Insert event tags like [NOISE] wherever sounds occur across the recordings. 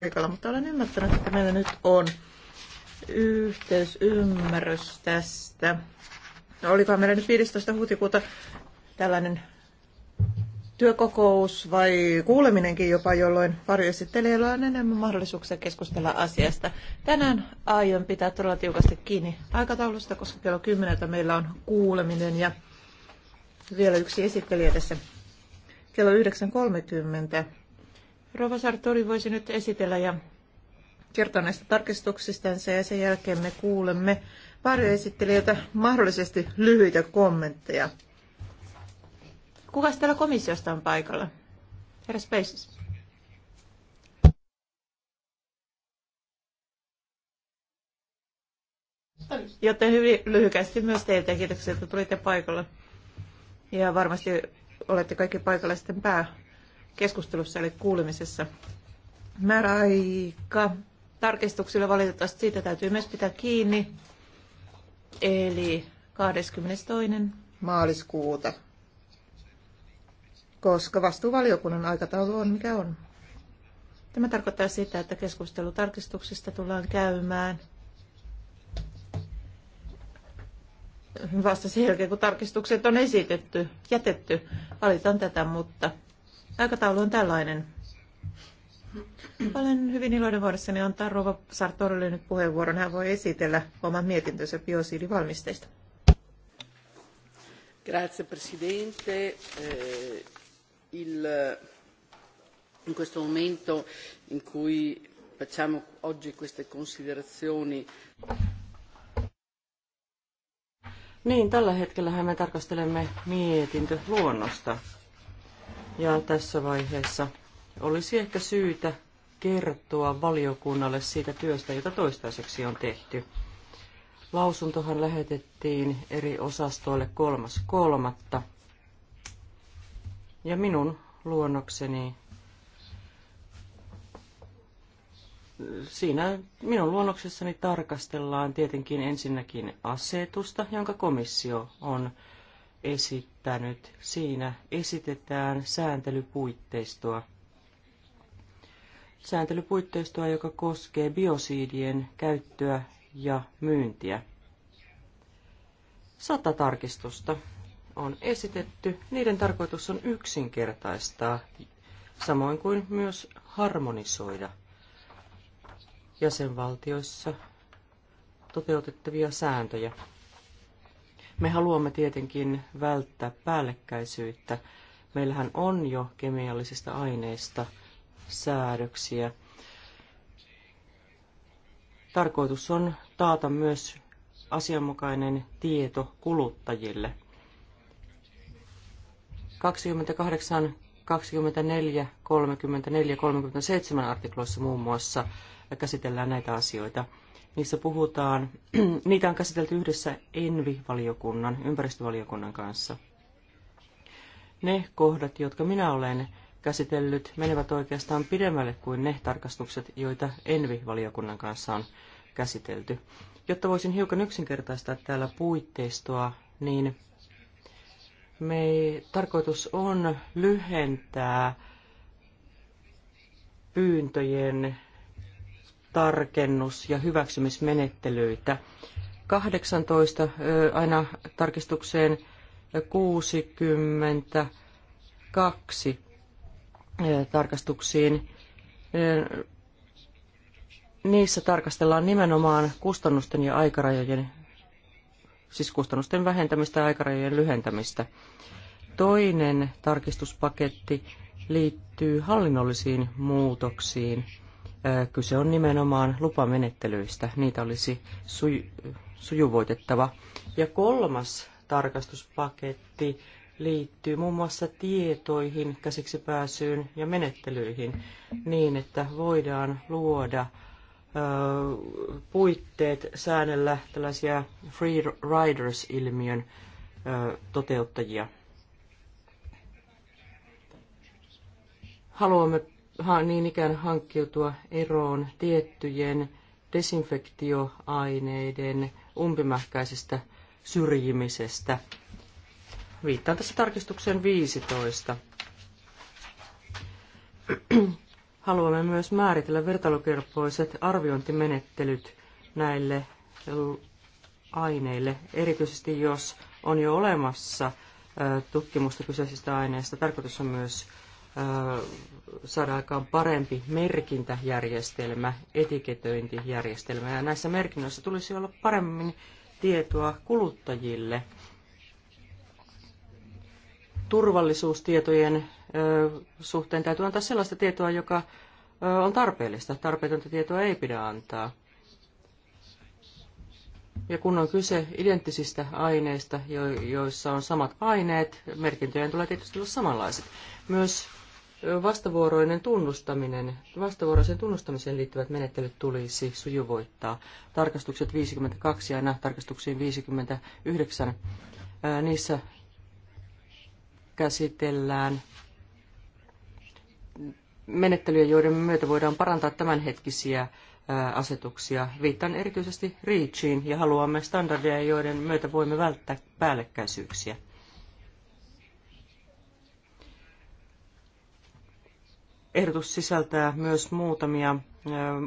paikalla, mutta olen ymmärtänyt, että meillä nyt on yhteisymmärrys tästä. No, oliko meillä nyt 15. huhtikuuta tällainen työkokous vai kuuleminenkin jopa, jolloin varjoesittelijöillä on enemmän mahdollisuuksia keskustella asiasta. Tänään aion pitää todella tiukasti kiinni aikataulusta, koska kello 10 meillä on kuuleminen ja vielä yksi esittelijä tässä kello Rova Sartori voisi nyt esitellä ja kertoa näistä tarkistuksistansa ja sen jälkeen me kuulemme varjoesittelijöiltä mahdollisesti lyhyitä kommentteja. Kuka täällä komissiosta on paikalla? Herra Spaces. Joten hyvin lyhykästi myös teiltä kiitoksia, että tulitte paikalle. Ja varmasti olette kaikki paikalla sitten pää keskustelussa eli kuulemisessa. Määräaika tarkistuksilla valitettavasti siitä täytyy myös pitää kiinni. Eli 22. maaliskuuta, koska vastuuvaliokunnan aikataulu on mikä on. Tämä tarkoittaa sitä, että keskustelu tarkistuksista tullaan käymään vasta sen jälkeen, kun tarkistukset on esitetty, jätetty. Valitan tätä, mutta Aikataulu on tällainen. Olen hyvin iloinen vuodessani antaa Rova Sartorille nyt puheenvuoron. Hän voi esitellä oman mietintönsä biosiilivalmisteista. Grazie Presidente. Eh, il, in questo momento in cui facciamo oggi queste considerazioni. Niin, tällä hetkellä me tarkastelemme mietintöluonnosta. luonnosta ja tässä vaiheessa olisi ehkä syytä kertoa valiokunnalle siitä työstä, jota toistaiseksi on tehty. Lausuntohan lähetettiin eri osastoille kolmas kolmatta. Ja minun luonnokseni siinä minun luonnoksessani tarkastellaan tietenkin ensinnäkin asetusta, jonka komissio on esittänyt. Siinä esitetään sääntelypuitteistoa. Sääntelypuitteistoa, joka koskee biosiidien käyttöä ja myyntiä. Sata tarkistusta on esitetty. Niiden tarkoitus on yksinkertaistaa, samoin kuin myös harmonisoida jäsenvaltioissa toteutettavia sääntöjä. Me haluamme tietenkin välttää päällekkäisyyttä. Meillähän on jo kemiallisista aineista säädöksiä. Tarkoitus on taata myös asianmukainen tieto kuluttajille. 28, 24, 34, 37 artikloissa muun muassa käsitellään näitä asioita. Niissä puhutaan, [CLEARS THROAT] niitä on käsitelty yhdessä Envi-valiokunnan, ympäristövaliokunnan kanssa. Ne kohdat, jotka minä olen käsitellyt, menevät oikeastaan pidemmälle kuin ne tarkastukset, joita Envi-valiokunnan kanssa on käsitelty. Jotta voisin hiukan yksinkertaistaa täällä puitteistoa, niin me, tarkoitus on lyhentää pyyntöjen tarkennus- ja hyväksymismenettelyitä. 18 aina tarkistukseen 62 tarkastuksiin. Niissä tarkastellaan nimenomaan kustannusten ja aikarajojen, siis kustannusten vähentämistä ja aikarajojen lyhentämistä. Toinen tarkistuspaketti liittyy hallinnollisiin muutoksiin – Kyse on nimenomaan lupamenettelyistä. Niitä olisi suju- sujuvoitettava. Ja kolmas tarkastuspaketti liittyy muun muassa tietoihin, käsiksi pääsyyn ja menettelyihin niin, että voidaan luoda puitteet säännellä tällaisia free riders-ilmiön toteuttajia. Haluamme niin ikään hankkiutua eroon tiettyjen desinfektioaineiden umpimähkäisestä syrjimisestä. Viittaan tässä tarkistukseen 15. Haluamme myös määritellä vertailukelpoiset arviointimenettelyt näille aineille, erityisesti jos on jo olemassa tutkimusta kyseisistä aineista. Tarkoitus on myös Äh, saada aikaan parempi merkintäjärjestelmä, etiketöintijärjestelmä. Ja näissä merkinnöissä tulisi olla paremmin tietoa kuluttajille. Turvallisuustietojen äh, suhteen täytyy antaa sellaista tietoa, joka äh, on tarpeellista. Tarpeetonta tietoa ei pidä antaa. Ja kun on kyse identtisistä aineista, joissa on samat aineet, merkintöjen tulee tietysti olla samanlaiset. Myös vastavuoroinen tunnustaminen, vastavuoroisen tunnustamiseen liittyvät menettelyt tulisi sujuvoittaa. Tarkastukset 52 ja aina tarkastuksiin 59. Niissä käsitellään menettelyjä, joiden myötä voidaan parantaa tämänhetkisiä asetuksia. Viittaan erityisesti REACHiin ja haluamme standardeja, joiden myötä voimme välttää päällekkäisyyksiä. ehdotus sisältää myös muutamia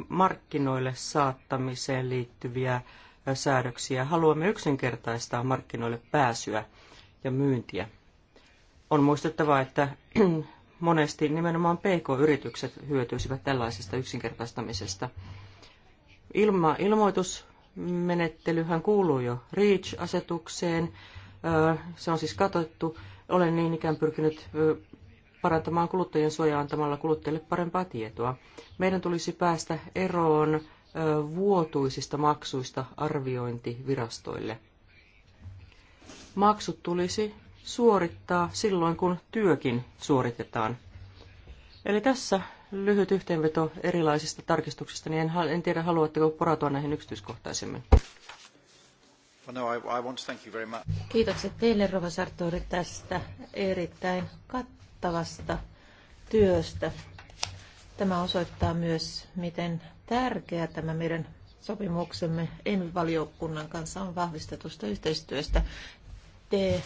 markkinoille saattamiseen liittyviä säädöksiä. Haluamme yksinkertaistaa markkinoille pääsyä ja myyntiä. On muistettava, että [CLEARS THROAT] monesti nimenomaan PK-yritykset hyötyisivät tällaisesta yksinkertaistamisesta. Ilma, ilmoitusmenettelyhän kuuluu jo REACH-asetukseen. Se on siis katsottu. Olen niin ikään pyrkinyt parantamaan kuluttajien suojaa antamalla kuluttajille parempaa tietoa. Meidän tulisi päästä eroon vuotuisista maksuista arviointivirastoille. Maksut tulisi suorittaa silloin, kun työkin suoritetaan. Eli tässä lyhyt yhteenveto erilaisista tarkistuksista, niin en, tiedä haluatteko poratua näihin yksityiskohtaisemmin. No, Kiitokset teille, Rova Sartori, tästä erittäin kattavasta kattavasta työstä. Tämä osoittaa myös, miten tärkeä tämä meidän sopimuksemme emi valiokunnan kanssa on vahvistetusta yhteistyöstä. Te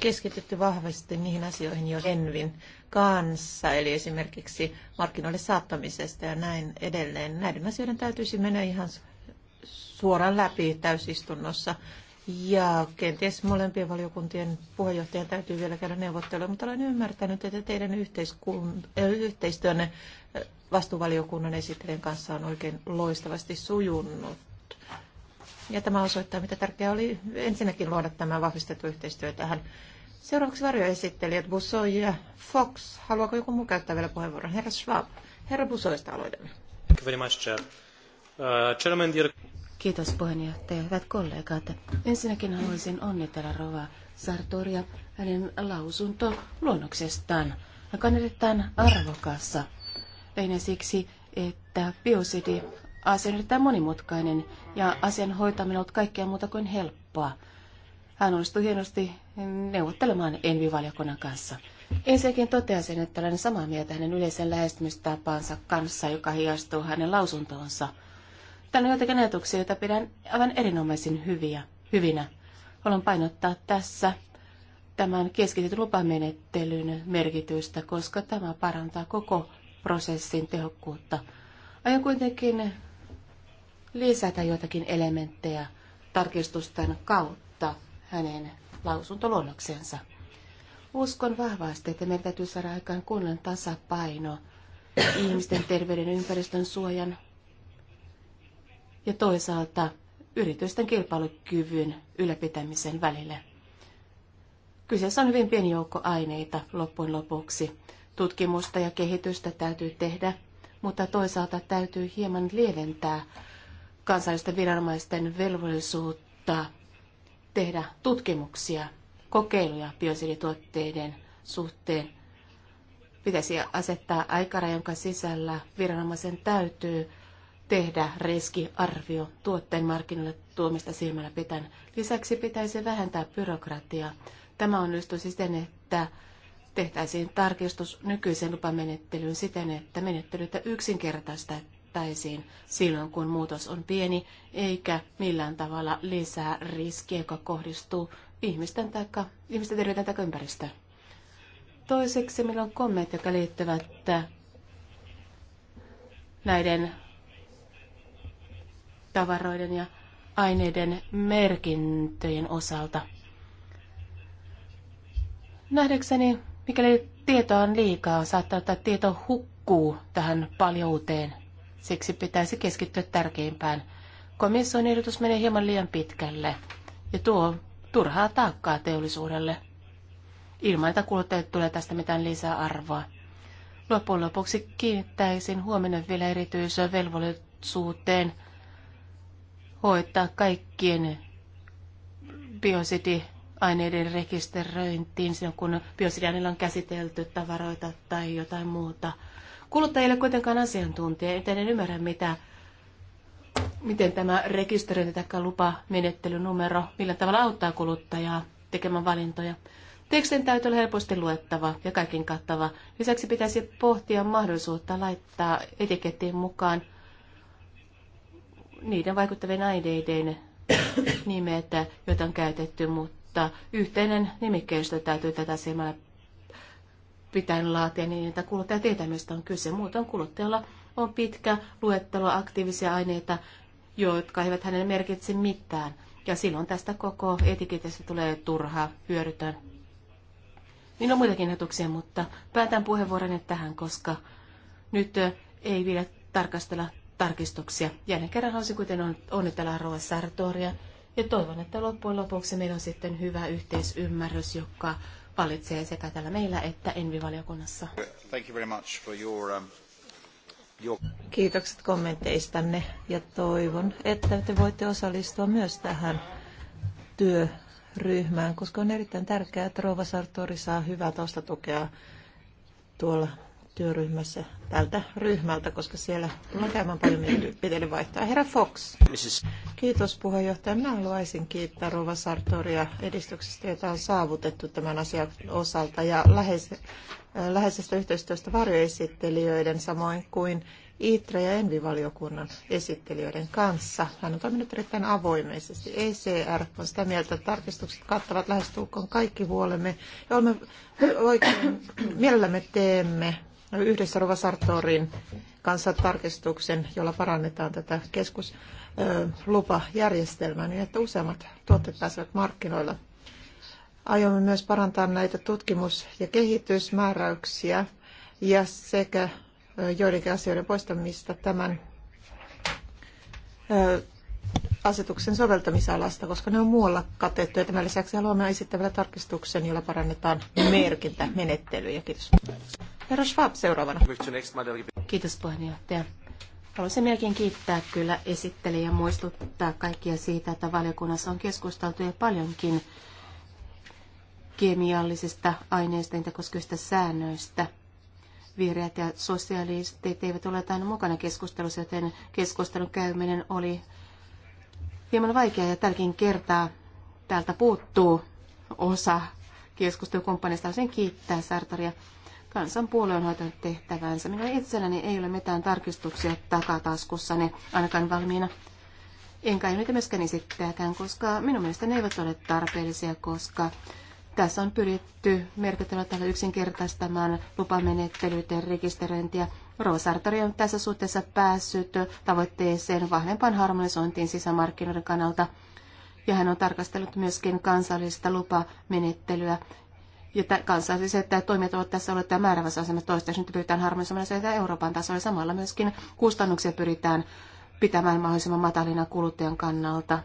keskitytty vahvasti niihin asioihin jo Envin kanssa, eli esimerkiksi markkinoille saattamisesta ja näin edelleen. Näiden asioiden täytyisi mennä ihan suoraan läpi täysistunnossa ja kenties molempien valiokuntien puheenjohtajan täytyy vielä käydä neuvotteluja, mutta olen ymmärtänyt, että teidän yhteistyönne vastuuvaliokunnan esittelijän kanssa on oikein loistavasti sujunnut. Ja tämä osoittaa, mitä tärkeää oli ensinnäkin luoda tämä vahvistettu yhteistyö tähän. Seuraavaksi varjoesittelijät Busoi ja Fox. Haluaako joku muu käyttää vielä puheenvuoron? Herra Schwab. Herra Busoista aloitamme. Uh, Kiitos puheenjohtaja. Hyvät kollegat, ensinnäkin haluaisin onnitella Rova Sartoria hänen lausunto luonnoksestaan, joka on erittäin arvokassa. Lähinnä siksi, että biosidi asia on erittäin monimutkainen ja asian hoitaminen on kaikkea muuta kuin helppoa. Hän onnistui hienosti neuvottelemaan Envi-valiokunnan kanssa. Ensinnäkin toteaisin, että olen samaa mieltä hänen yleisen lähestymistapansa kanssa, joka heijastuu hänen lausuntoonsa – Tänne joitakin ajatuksia, joita pidän aivan erinomaisin hyviä, hyvinä. Haluan painottaa tässä tämän keskitetyn lupamenettelyn merkitystä, koska tämä parantaa koko prosessin tehokkuutta. Aion kuitenkin lisätä joitakin elementtejä tarkistusten kautta hänen lausuntoluonnoksensa. Uskon vahvasti, että meidän täytyy saada aikaan kunnan tasapaino ihmisten terveyden ympäristön suojan ja toisaalta yritysten kilpailukyvyn ylläpitämisen välille. Kyseessä on hyvin pieni joukko aineita loppujen lopuksi. Tutkimusta ja kehitystä täytyy tehdä, mutta toisaalta täytyy hieman lieventää kansallisten viranomaisten velvollisuutta tehdä tutkimuksia, kokeiluja biosidituotteiden suhteen. Pitäisi asettaa aikaraja, jonka sisällä viranomaisen täytyy tehdä riskiarvio tuotteen markkinoille tuomista silmällä pitäen. Lisäksi pitäisi vähentää byrokratiaa. Tämä on onnistuu siten, että tehtäisiin tarkistus nykyisen lupamenettelyyn siten, että menettelytä yksinkertaistettaisiin silloin, kun muutos on pieni, eikä millään tavalla lisää riskiä, joka kohdistuu ihmisten, taikka, ihmisten terveyteen tai ympäristöön. Toiseksi meillä on kommentti, jotka liittyvät äh, näiden tavaroiden ja aineiden merkintöjen osalta. Nähdäkseni, mikäli tietoa on liikaa, saattaa, että tieto hukkuu tähän paljouteen. Siksi pitäisi keskittyä tärkeimpään. Komission ehdotus menee hieman liian pitkälle ja tuo turhaa taakkaa teollisuudelle. Ilman, että kuluttajat tulee tästä mitään arvoa. Loppujen lopuksi kiinnittäisin huomenna vielä erityisöön velvollisuuteen – hoitaa kaikkien biosidiaineiden rekisteröintiin kun biosidiaineilla on käsitelty tavaroita tai jotain muuta. Kuluttajille kuitenkaan asiantuntija, joten en ymmärrä, mitä, miten tämä rekisteröinti tai lupamenettelynumero, millä tavalla auttaa kuluttajaa tekemään valintoja. Tekstin täytyy olla helposti luettava ja kaikin kattava. Lisäksi pitäisi pohtia mahdollisuutta laittaa etikettiin mukaan – niiden vaikuttavien aineiden [COUGHS] nimet, joita on käytetty, mutta yhteinen nimikkeistö täytyy tätä silmällä pitää laatia niin, että kuluttaja tietää, mistä on kyse. muuten kuluttajalla on pitkä luettelo aktiivisia aineita, jotka eivät hänelle merkitse mitään. Ja silloin tästä koko etiketistä tulee turha hyödytön. Niin on muitakin ajatuksia, mutta päätän puheenvuoroni tähän, koska nyt eh, ei vielä tarkastella tarkistuksia. Jälleen kerran haluaisin kuitenkin onnitella Roa Sartoria ja toivon, että loppujen lopuksi meillä on sitten hyvä yhteisymmärrys, joka valitsee sekä täällä meillä että Envivaliokunnassa. Thank you very much for your, um, your... Kiitokset kommenteistanne ja toivon, että te voitte osallistua myös tähän työryhmään, koska on erittäin tärkeää, että Rova Sartori saa hyvää taustatukea tuolla työryhmässä tältä ryhmältä, koska siellä tullaan käymään paljon mielipiteiden vaihtoa. Herra Fox. Kiitos puheenjohtaja. Minä haluaisin kiittää Rova Sartoria edistyksestä, jota on saavutettu tämän asian osalta ja lähes, äh, läheisestä yhteistyöstä varjoesittelijöiden samoin kuin ITRE ja ENVI-valiokunnan esittelijöiden kanssa. Hän on toiminut erittäin avoimesti. ECR on sitä mieltä, että tarkistukset kattavat lähestulkoon kaikki huolemme ja olemme oikein, mielellämme teemme yhdessä Rova Sartorin kanssa tarkistuksen, jolla parannetaan tätä keskuslupajärjestelmää niin, että useammat tuotteet pääsevät markkinoilla. Aiomme myös parantaa näitä tutkimus- ja kehitysmääräyksiä ja sekä joidenkin asioiden poistamista tämän asetuksen soveltamisalasta, koska ne on muualla katettu. Ja tämän lisäksi haluamme esittävällä tarkistuksen, jolla parannetaan merkintämenettelyjä. Kiitos. Herra Schwab seuraavana. Kiitos puheenjohtaja. Haluaisin melkein kiittää kyllä esittelijä ja muistuttaa kaikkia siitä, että valiokunnassa on keskusteltu jo paljonkin kemiallisista aineista, niitä koskevista säännöistä. Vihreät ja sosialistit eivät ole aina mukana keskustelussa, joten keskustelun käyminen oli hieman vaikeaa ja tälläkin kertaa täältä puuttuu osa keskustelukumppaneista. Haluaisin kiittää Sartoria Kansanpuolue on hoitanut tehtävänsä. Minä itselläni ei ole mitään tarkistuksia takataskussani, ainakaan valmiina. Enkä niitä myöskään esittääkään, koska minun mielestäni ne eivät ole tarpeellisia, koska tässä on pyritty merkittävällä tavalla yksinkertaistamaan lupamenettelyiden rekisteröintiä. Rosartori on tässä suhteessa päässyt tavoitteeseen vahvempaan harmonisointiin sisämarkkinoiden kannalta. Ja hän on tarkastellut myöskin kansallista lupamenettelyä ja kansalliset toimijat ovat tässä olleet tämä määrävässä asemassa toistaiseksi. Nyt pyritään harmonisoimaan sitä Euroopan tasolla. Samalla myöskin kustannuksia pyritään pitämään mahdollisimman matalina kuluttajan kannalta.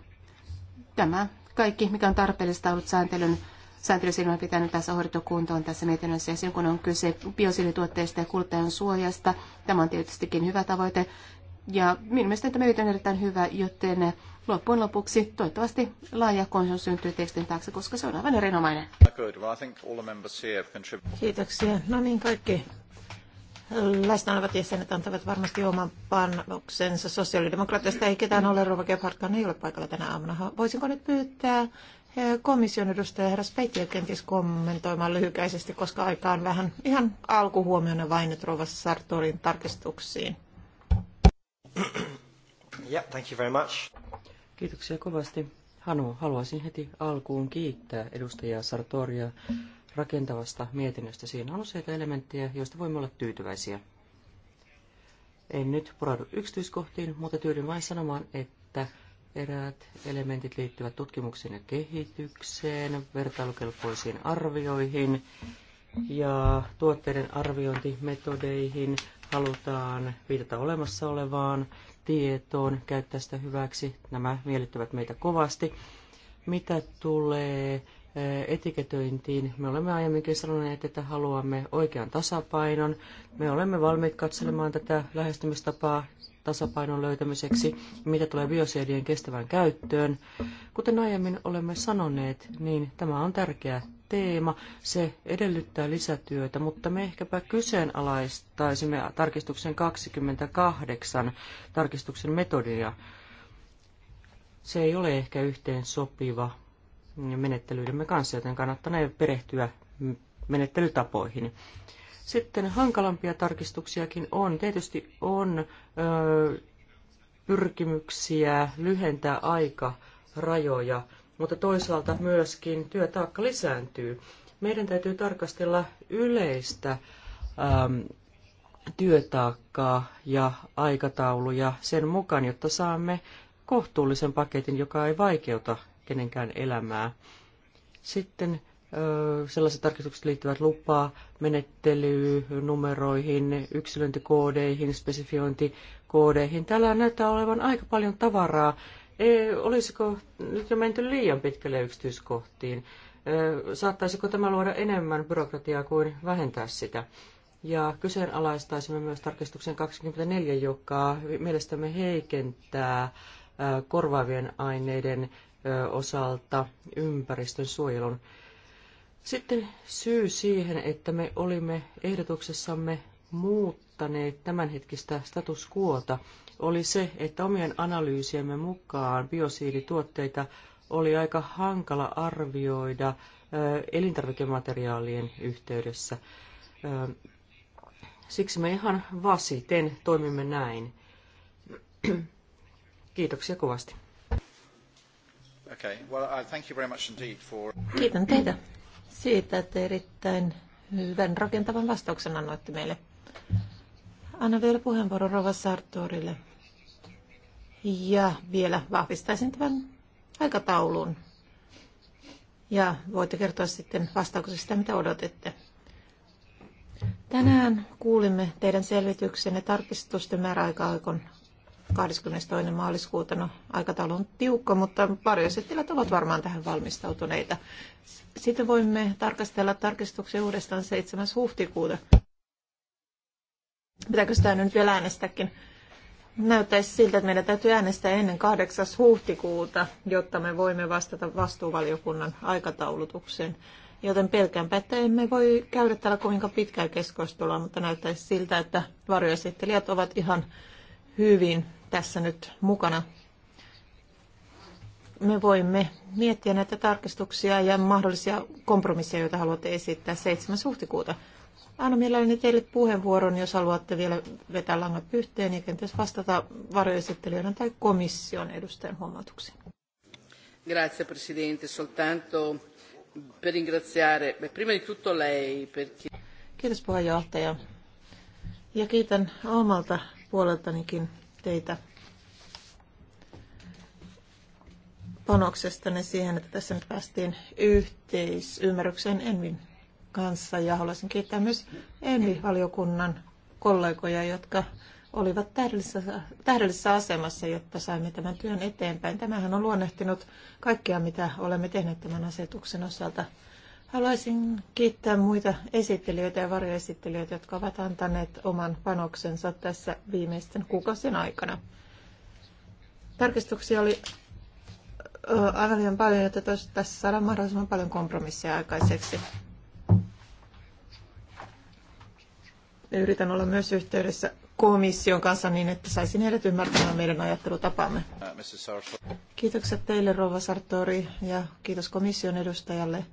Tämä kaikki, mikä on tarpeellista ollut sääntelyn sääntelysilmä pitänyt tässä hoidettu kuntoon tässä mietinnössä. Ja silloin kun on kyse biosilituotteista ja kuluttajan suojasta, tämä on tietystikin hyvä tavoite. Ja minun mielestäni tämä mietintö on erittäin hyvä, joten loppujen lopuksi toivottavasti laaja konsensus syntyy tekstin taakse, koska se on aivan erinomainen. Kiitoksia. No niin, kaikki läsnä olevat jäsenet antavat varmasti oman panoksensa. sosiaalidemokraattista. ei ketään ole, Rova Gebhardtkaan ei ole paikalla tänä aamuna. Voisinko nyt pyytää eh, komission edustaja herra Speitiä kenties kommentoimaan lyhykäisesti, koska aika on vähän ihan alkuhuomiona vain nyt Rova Sartorin tarkistuksiin. Yeah, thank you very much. Kiitoksia kovasti. Hanu, haluaisin heti alkuun kiittää edustajaa Sartoria rakentavasta mietinnöstä. Siinä on useita elementtejä, joista voimme olla tyytyväisiä. En nyt poraudu yksityiskohtiin, mutta tyydyn vain sanomaan, että eräät elementit liittyvät tutkimukseen ja kehitykseen, vertailukelpoisiin arvioihin ja tuotteiden arviointimetodeihin. Halutaan viitata olemassa olevaan tietoon, käyttää sitä hyväksi. Nämä miellyttävät meitä kovasti. Mitä tulee eh, etiketöintiin, me olemme aiemminkin sanoneet, että haluamme oikean tasapainon. Me olemme valmiit katselemaan tätä lähestymistapaa tasapainon löytämiseksi, mitä tulee biosiedien kestävään käyttöön. Kuten aiemmin olemme sanoneet, niin tämä on tärkeä teema. Se edellyttää lisätyötä, mutta me ehkäpä kyseenalaistaisimme tarkistuksen 28 tarkistuksen metodia. Se ei ole ehkä yhteen sopiva menettelyidemme kanssa, joten kannattaa perehtyä menettelytapoihin. Sitten hankalampia tarkistuksiakin on. Tietysti on ö, pyrkimyksiä lyhentää aika rajoja mutta toisaalta myöskin työtaakka lisääntyy. Meidän täytyy tarkastella yleistä ähm, työtaakkaa ja aikatauluja sen mukaan, jotta saamme kohtuullisen paketin, joka ei vaikeuta kenenkään elämää. Sitten äh, sellaiset tarkistukset liittyvät lupaa, menettelyyn, numeroihin, yksilöintikoodeihin, spesifiointikoodeihin. Täällä näyttää olevan aika paljon tavaraa, olisiko nyt jo menty liian pitkälle yksityiskohtiin? Saattaisiko tämä luoda enemmän byrokratiaa kuin vähentää sitä? Ja kyseenalaistaisimme myös tarkistuksen 24, joka mielestämme heikentää korvaavien aineiden osalta ympäristön suojelun. Sitten syy siihen, että me olimme ehdotuksessamme muuttaneet tämänhetkistä status quota oli se, että omien analyysiemme mukaan biosiilituotteita oli aika hankala arvioida elintarvikemateriaalien yhteydessä. Siksi me ihan vasiten toimimme näin. [CLEARS THROAT] Kiitoksia kovasti. Okay. Well, thank you very much for... Kiitän teitä siitä, että erittäin hyvän rakentavan vastauksen annoitte meille. Anna vielä puheenvuoro Rova Sartorille. Ja vielä vahvistaisin tämän aikataulun. Ja voitte kertoa sitten vastauksesta sitä, mitä odotette. Tänään kuulimme teidän selvityksenne tarkistusten määräaikaikon 22. maaliskuuta. No, aikataulu on tiukka, mutta varjoesittelijät ovat varmaan tähän valmistautuneita. Sitten voimme tarkastella tarkistuksia uudestaan 7. huhtikuuta. Pitääkö sitä nyt vielä äänestääkin? näyttäisi siltä, että meidän täytyy äänestää ennen 8. huhtikuuta, jotta me voimme vastata vastuuvaliokunnan aikataulutukseen. Joten pelkäänpä, että emme voi käydä täällä kovinkaan pitkää keskustelua, mutta näyttäisi siltä, että varjoesittelijät ovat ihan hyvin tässä nyt mukana. Me voimme miettiä näitä tarkistuksia ja mahdollisia kompromisseja, joita haluatte esittää 7. huhtikuuta. Anna mielelläni teille puheenvuoron, jos haluatte vielä vetää langat yhteen ja kenties vastata varjoesittelijöiden tai komission edustajan huomautuksiin. Grazie Presidente, soltanto per ringraziare, prima di tutto lei perché... Kiitos puheenjohtaja. Ja kiitän omalta puoleltanikin teitä panoksestanne siihen, että tässä nyt päästiin yhteisymmärrykseen Envin kanssa ja haluaisin kiittää myös emi valiokunnan kollegoja, jotka olivat tähdellisessä, tähdellisessä asemassa, jotta saimme tämän työn eteenpäin. Tämähän on luonnehtinut kaikkea, mitä olemme tehneet tämän asetuksen osalta. Haluaisin kiittää muita esittelijöitä ja varjoesittelijöitä, jotka ovat antaneet oman panoksensa tässä viimeisten kuukausien aikana. Tarkistuksia oli aivan liian paljon, jotta tässä saadaan mahdollisimman paljon kompromisseja aikaiseksi. yritän olla myös yhteydessä komission kanssa niin, että saisin heidät ymmärtämään meidän ajattelutapamme. Kiitokset teille, Rova Sartori, ja kiitos komission edustajalle.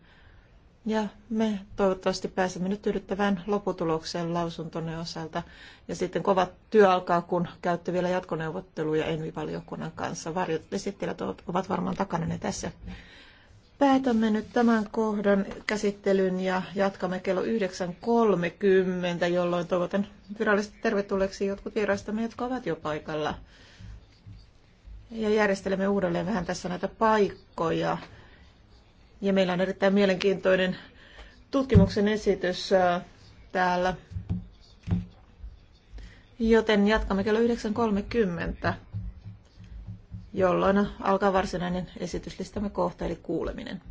Ja me toivottavasti pääsemme nyt tyydyttävään lopputulokseen lausuntonne osalta. Ja sitten kova työ alkaa, kun käytte vielä jatkoneuvotteluja Envi-valiokunnan kanssa. Varjot esittelijät ovat varmaan takana ne tässä. Päätämme nyt tämän kohdan käsittelyn ja jatkamme kello 9.30, jolloin toivotan virallisesti tervetulleeksi jotkut vieraistamme, jotka ovat jo paikalla. Ja järjestelemme uudelleen vähän tässä näitä paikkoja. Ja meillä on erittäin mielenkiintoinen tutkimuksen esitys äh, täällä. Joten jatkamme kello 9.30 jolloin alkaa varsinainen esityslistamme kohta, eli kuuleminen.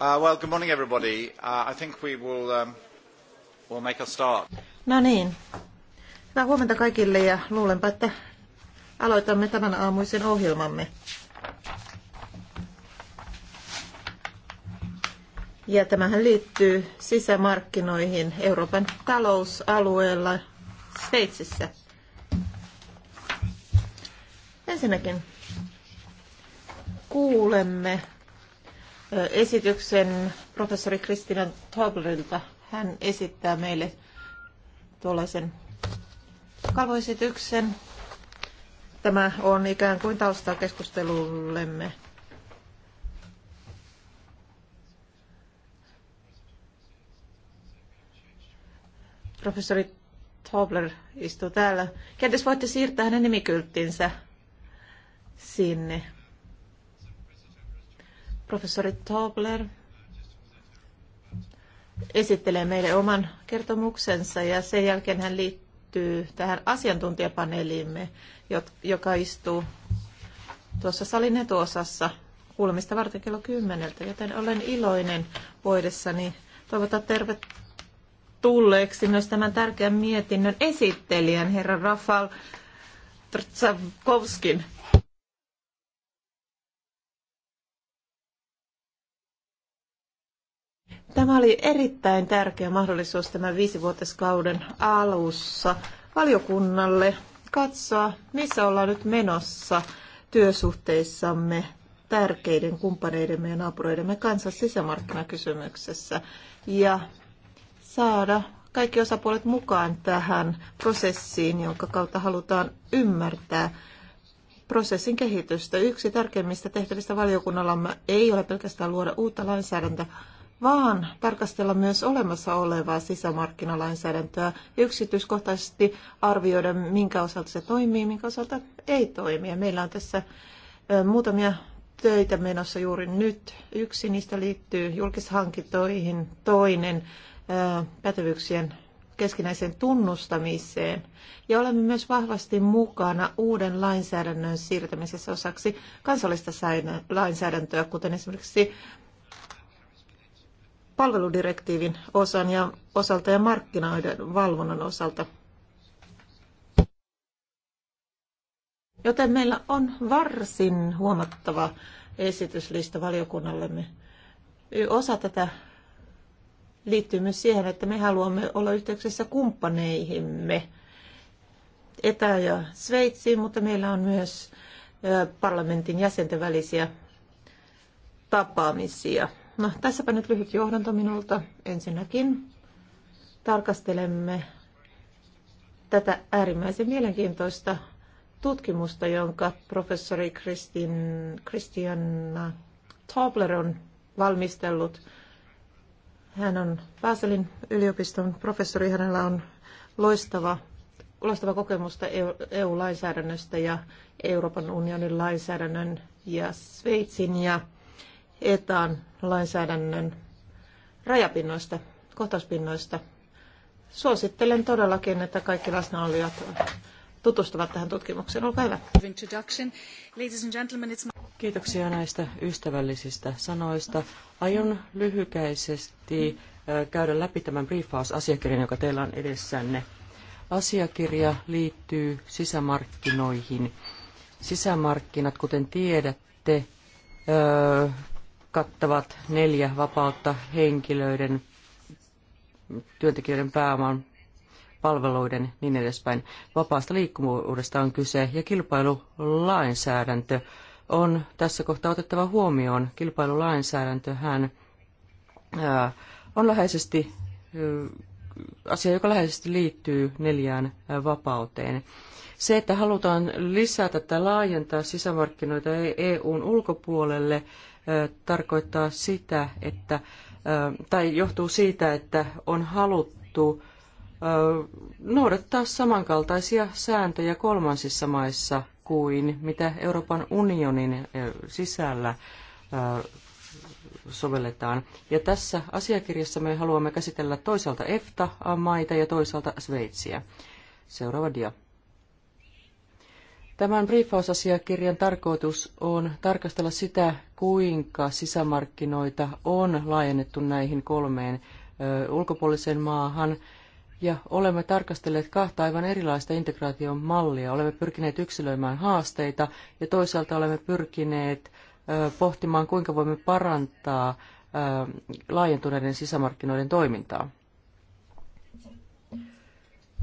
Uh, well, good morning everybody. Uh, I think we will, um, we'll make a start. No niin. Hyvää huomenta kaikille ja luulenpa, että aloitamme tämän aamuisen ohjelmamme. Ja tämähän liittyy sisämarkkinoihin Euroopan talousalueella Sveitsissä. Ensinnäkin kuulemme esityksen professori Kristina Toblerilta. Hän esittää meille tuollaisen kalvoesityksen. Tämä on ikään kuin taustaa keskustelullemme. Professori Tobler istuu täällä. Kenties voitte siirtää hänen nimikylttinsä sinne. Professori Tobler esittelee meille oman kertomuksensa ja sen jälkeen hän liittyy tähän asiantuntijapaneeliimme, joka istuu tuossa salin etuosassa kuulemista varten kello kymmeneltä, joten olen iloinen voidessani toivottaa tervetulleeksi myös tämän tärkeän mietinnön esittelijän, herra Rafal Trzakovskin. Tämä oli erittäin tärkeä mahdollisuus tämän viisivuotiskauden alussa valiokunnalle katsoa, missä ollaan nyt menossa työsuhteissamme tärkeiden kumppaneidemme ja naapureidemme kanssa sisämarkkinakysymyksessä ja saada kaikki osapuolet mukaan tähän prosessiin, jonka kautta halutaan ymmärtää prosessin kehitystä. Yksi tärkeimmistä tehtävistä valiokunnallamme ei ole pelkästään luoda uutta lainsäädäntöä, vaan tarkastella myös olemassa olevaa sisämarkkinalainsäädäntöä yksityiskohtaisesti arvioida, minkä osalta se toimii, minkä osalta ei toimi. Ja meillä on tässä muutamia töitä menossa juuri nyt. Yksi niistä liittyy julkishankintoihin, toinen pätevyyksien keskinäiseen tunnustamiseen. Ja olemme myös vahvasti mukana uuden lainsäädännön siirtämisessä osaksi kansallista lainsäädäntöä, kuten esimerkiksi palveludirektiivin osan ja osalta ja markkinoiden valvonnan osalta. Joten meillä on varsin huomattava esityslista valiokunnallemme. Osa tätä liittyy myös siihen, että me haluamme olla yhteyksissä kumppaneihimme Etä- ja Sveitsiin, mutta meillä on myös parlamentin jäsenten välisiä tapaamisia No, tässäpä nyt lyhyt johdanto minulta. Ensinnäkin tarkastelemme tätä äärimmäisen mielenkiintoista tutkimusta, jonka professori Kristin, Christian Tobler on valmistellut. Hän on Pääselin yliopiston professori. Hänellä on loistava, loistava kokemusta EU-lainsäädännöstä e ja Euroopan unionin lainsäädännön ja Sveitsin ja etaan lainsäädännön rajapinnoista, kohtauspinnoista. Suosittelen todellakin, että kaikki läsnäolijat tutustuvat tähän tutkimukseen. Olkaa hyvä. Kiitoksia näistä ystävällisistä sanoista. Aion lyhykäisesti käydä läpi tämän briefaus-asiakirjan, joka teillä on edessänne. Asiakirja liittyy sisämarkkinoihin. Sisämarkkinat, kuten tiedätte, kattavat neljä vapautta henkilöiden, työntekijöiden pääoman, palveluiden niin edespäin. Vapaasta liikkuvuudesta on kyse ja kilpailulainsäädäntö on tässä kohtaa otettava huomioon. Kilpailulainsäädäntöhän ää, on läheisesti asia, joka läheisesti liittyy neljään vapauteen. Se, että halutaan lisätä tai laajentaa sisämarkkinoita e- EUn ulkopuolelle, tarkoittaa sitä, että, tai johtuu siitä, että on haluttu noudattaa samankaltaisia sääntöjä kolmansissa maissa kuin mitä Euroopan unionin sisällä sovelletaan. Ja tässä asiakirjassa me haluamme käsitellä toisaalta EFTA-maita ja toisaalta Sveitsiä. Seuraava dia. Tämän briefausasiakirjan tarkoitus on tarkastella sitä, kuinka sisämarkkinoita on laajennettu näihin kolmeen ö, ulkopuoliseen maahan. Ja olemme tarkastelleet kahta aivan erilaista integraation mallia. Olemme pyrkineet yksilöimään haasteita ja toisaalta olemme pyrkineet ö, pohtimaan, kuinka voimme parantaa ö, laajentuneiden sisämarkkinoiden toimintaa.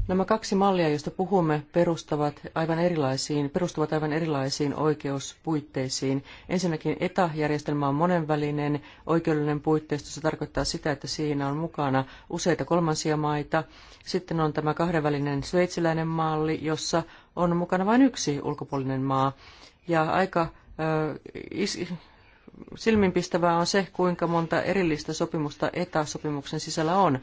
Nämä kaksi mallia, joista puhumme, perustavat aivan erilaisiin, perustuvat aivan erilaisiin oikeuspuitteisiin. Ensinnäkin ETA-järjestelmä on monenvälinen oikeudellinen puitteisto. Se tarkoittaa sitä, että siinä on mukana useita kolmansia maita. Sitten on tämä kahdenvälinen sveitsiläinen malli, jossa on mukana vain yksi ulkopuolinen maa. Ja aika äh, is, silminpistävää on se, kuinka monta erillistä sopimusta ETA-sopimuksen sisällä on.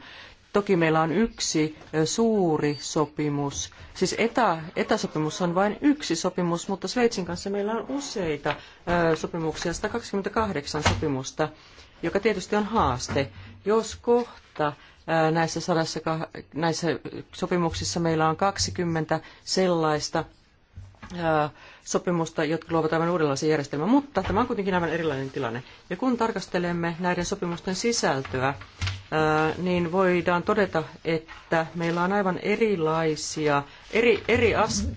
Toki meillä on yksi suuri sopimus, siis etä, etäsopimus on vain yksi sopimus, mutta Sveitsin kanssa meillä on useita sopimuksia, 128 sopimusta, joka tietysti on haaste. Jos kohta näissä, sadassa, näissä sopimuksissa meillä on 20 sellaista, sopimusta, jotka luovat aivan uudenlaisen järjestelmän, mutta tämä on kuitenkin aivan erilainen tilanne. Ja kun tarkastelemme näiden sopimusten sisältöä, niin voidaan todeta, että meillä on aivan erilaisia, eri, eri as,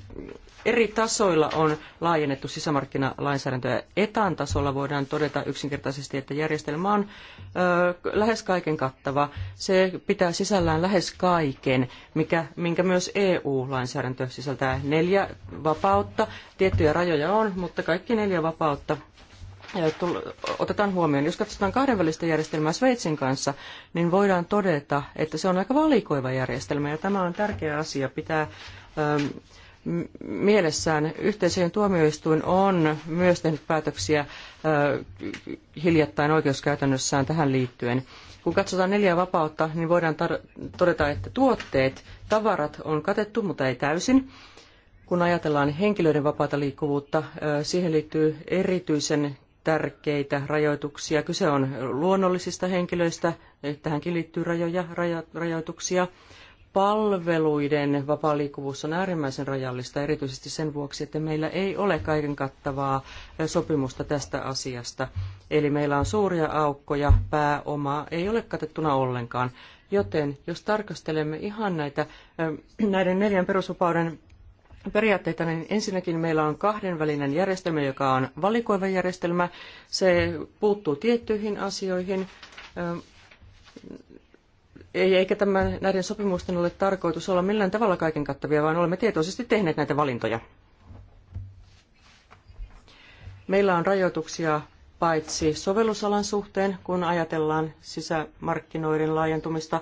eri tasoilla on laajennettu sisämarkkinalainsäädäntöä. Etan tasolla voidaan todeta yksinkertaisesti, että järjestelmä on lähes kaiken kattava. Se pitää sisällään lähes kaiken, mikä, minkä myös EU-lainsäädäntö sisältää. Neljä vapautta. Tiettyjä rajoja on, mutta kaikki neljä vapautta otetaan huomioon. Jos katsotaan kahdenvälistä järjestelmää Sveitsin kanssa, niin voidaan todeta, että se on aika valikoiva järjestelmä ja tämä on tärkeä asia pitää mielessään. Yhteisöjen tuomioistuin on myös tehnyt päätöksiä hiljattain oikeuskäytännössään tähän liittyen. Kun katsotaan neljää vapautta, niin voidaan todeta, että tuotteet, tavarat on katettu, mutta ei täysin. Kun ajatellaan henkilöiden vapaata liikkuvuutta, siihen liittyy erityisen tärkeitä rajoituksia. Kyse on luonnollisista henkilöistä, tähänkin liittyy rajoja, raja, rajoituksia palveluiden vapaa liikkuvuus on äärimmäisen rajallista, erityisesti sen vuoksi, että meillä ei ole kaiken kattavaa sopimusta tästä asiasta. Eli meillä on suuria aukkoja, pääomaa ei ole katettuna ollenkaan. Joten jos tarkastelemme ihan näitä, näiden neljän perusvapauden periaatteita, niin ensinnäkin meillä on kahdenvälinen järjestelmä, joka on valikoiva järjestelmä. Se puuttuu tiettyihin asioihin ei, eikä tämä, näiden sopimusten ole tarkoitus olla millään tavalla kaiken kattavia, vaan olemme tietoisesti tehneet näitä valintoja. Meillä on rajoituksia paitsi sovellusalan suhteen, kun ajatellaan sisämarkkinoiden laajentumista,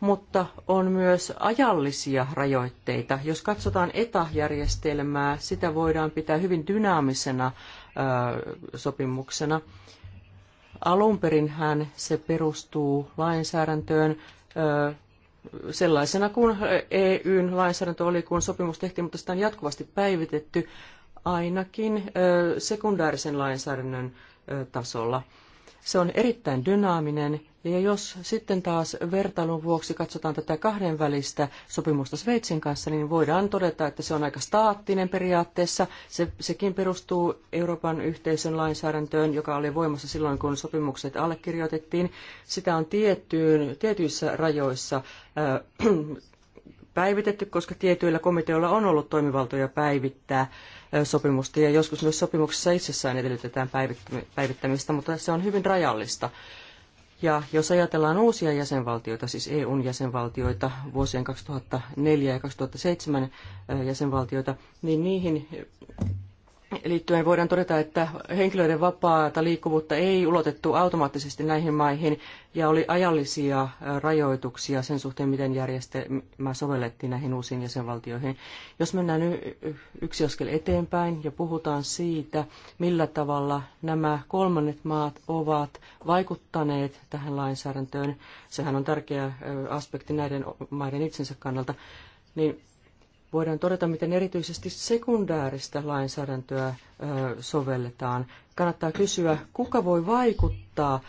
mutta on myös ajallisia rajoitteita. Jos katsotaan etäjärjestelmää, sitä voidaan pitää hyvin dynaamisena sopimuksena. Alunperinhän se perustuu lainsäädäntöön sellaisena kuin EUn lainsäädäntö oli, kun sopimus tehtiin, mutta sitä on jatkuvasti päivitetty ainakin sekundaarisen lainsäädännön tasolla. Se on erittäin dynaaminen ja jos sitten taas vertailun vuoksi katsotaan tätä kahdenvälistä sopimusta Sveitsin kanssa, niin voidaan todeta, että se on aika staattinen periaatteessa. Se, sekin perustuu Euroopan yhteisön lainsäädäntöön, joka oli voimassa silloin, kun sopimukset allekirjoitettiin. Sitä on tiettyyn, tietyissä rajoissa äh, [CLEARS THROAT] päivitetty, koska tietyillä komiteoilla on ollut toimivaltoja päivittää äh, sopimusta ja joskus myös sopimuksessa itsessään edellytetään päivittämistä, mutta se on hyvin rajallista. Ja jos ajatellaan uusia jäsenvaltioita, siis EUn jäsenvaltioita, vuosien 2004 ja 2007 jäsenvaltioita, niin niihin liittyen voidaan todeta, että henkilöiden vapaata liikkuvuutta ei ulotettu automaattisesti näihin maihin ja oli ajallisia rajoituksia sen suhteen, miten järjestelmä sovellettiin näihin uusiin jäsenvaltioihin. Jos mennään yksi askel eteenpäin ja puhutaan siitä, millä tavalla nämä kolmannet maat ovat vaikuttaneet tähän lainsäädäntöön, sehän on tärkeä aspekti näiden maiden itsensä kannalta, niin voidaan todeta, miten erityisesti sekundääristä lainsäädäntöä sovelletaan. Kannattaa kysyä, kuka voi vaikuttaa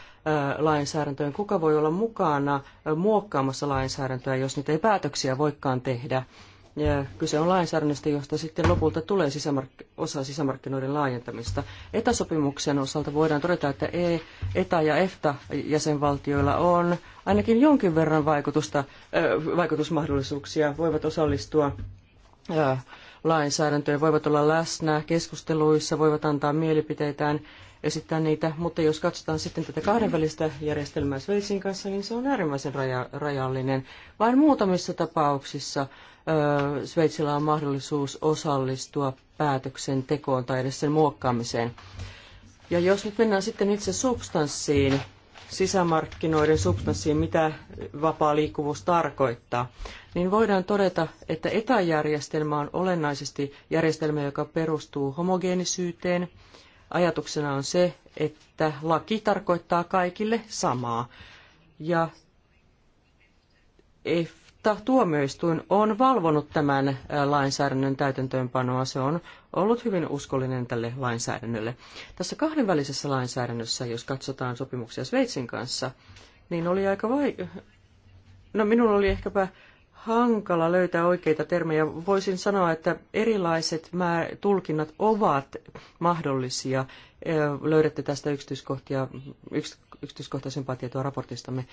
lainsäädäntöön, kuka voi olla mukana muokkaamassa lainsäädäntöä, jos niitä ei päätöksiä voikaan tehdä. Ja kyse on lainsäädännöstä, josta sitten lopulta tulee sisämark- osa sisämarkkinoiden laajentamista. Etäsopimuksen osalta voidaan todeta, että e, ETA- ja EFTA-jäsenvaltioilla on ainakin jonkin verran vaikutusta, vaikutusmahdollisuuksia, voivat osallistua lainsäädäntöä, voivat olla läsnä keskusteluissa, voivat antaa mielipiteitään, esittää niitä, mutta jos katsotaan sitten tätä kahdenvälistä järjestelmää Sveitsin kanssa, niin se on äärimmäisen raja, rajallinen. Vain muutamissa tapauksissa ö, Sveitsillä on mahdollisuus osallistua päätöksentekoon tai edes sen muokkaamiseen. Ja jos nyt mennään sitten itse substanssiin, sisämarkkinoiden substanssiin, mitä vapaa liikkuvuus tarkoittaa, niin voidaan todeta, että etäjärjestelmä on olennaisesti järjestelmä, joka perustuu homogeenisyyteen. Ajatuksena on se, että laki tarkoittaa kaikille samaa. Ja mutta tuomioistuin on valvonut tämän lainsäädännön täytäntöönpanoa. Se on ollut hyvin uskollinen tälle lainsäädännölle. Tässä kahdenvälisessä lainsäädännössä, jos katsotaan sopimuksia Sveitsin kanssa, niin oli aika vai... No minulla oli ehkäpä hankala löytää oikeita termejä. Voisin sanoa, että erilaiset määr- tulkinnat ovat mahdollisia. Löydätte tästä yksityiskohtia, yks- yksityiskohtaisempaa tietoa raportistamme.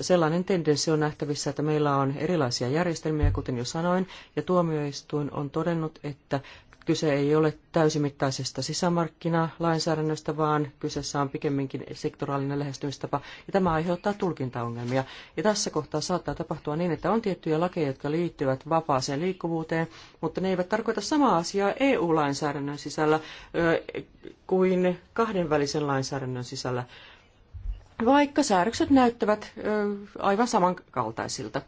Sellainen tendenssi on nähtävissä, että meillä on erilaisia järjestelmiä, kuten jo sanoin, ja tuomioistuin on todennut, että kyse ei ole täysimittaisesta sisämarkkinalainsäädännöstä, vaan kyseessä on pikemminkin sektoraalinen lähestymistapa, ja tämä aiheuttaa tulkintaongelmia. Ja tässä kohtaa saattaa tapahtua niin, että on tiettyjä lakeja, jotka liittyvät vapaaseen liikkuvuuteen, mutta ne eivät tarkoita samaa asiaa EU-lainsäädännön sisällä kuin kahdenvälisen lainsäädännön sisällä vaikka säädökset näyttävät ö, aivan samankaltaisilta.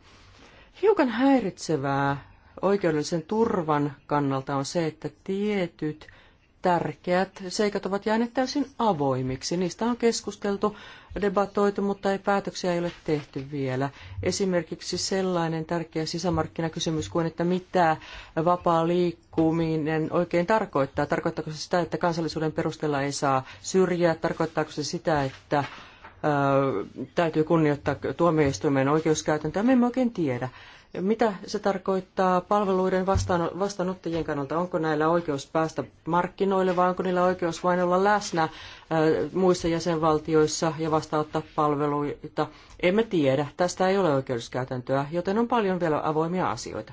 Hiukan häiritsevää oikeudellisen turvan kannalta on se, että tietyt tärkeät seikat ovat jääneet täysin avoimiksi. Niistä on keskusteltu, debatoitu, mutta ei päätöksiä ei ole tehty vielä. Esimerkiksi sellainen tärkeä sisämarkkinakysymys kuin, että mitä vapaa liikkuminen oikein tarkoittaa. Tarkoittaako se sitä, että kansallisuuden perusteella ei saa syrjää? Tarkoittaako se sitä, että täytyy kunnioittaa tuomioistuimen oikeuskäytäntöä. Me emme oikein tiedä, mitä se tarkoittaa palveluiden vastaanottajien kannalta. Onko näillä oikeus päästä markkinoille vai onko niillä oikeus vain olla läsnä muissa jäsenvaltioissa ja vastaanottaa palveluita? Emme tiedä. Tästä ei ole oikeuskäytäntöä, joten on paljon vielä avoimia asioita.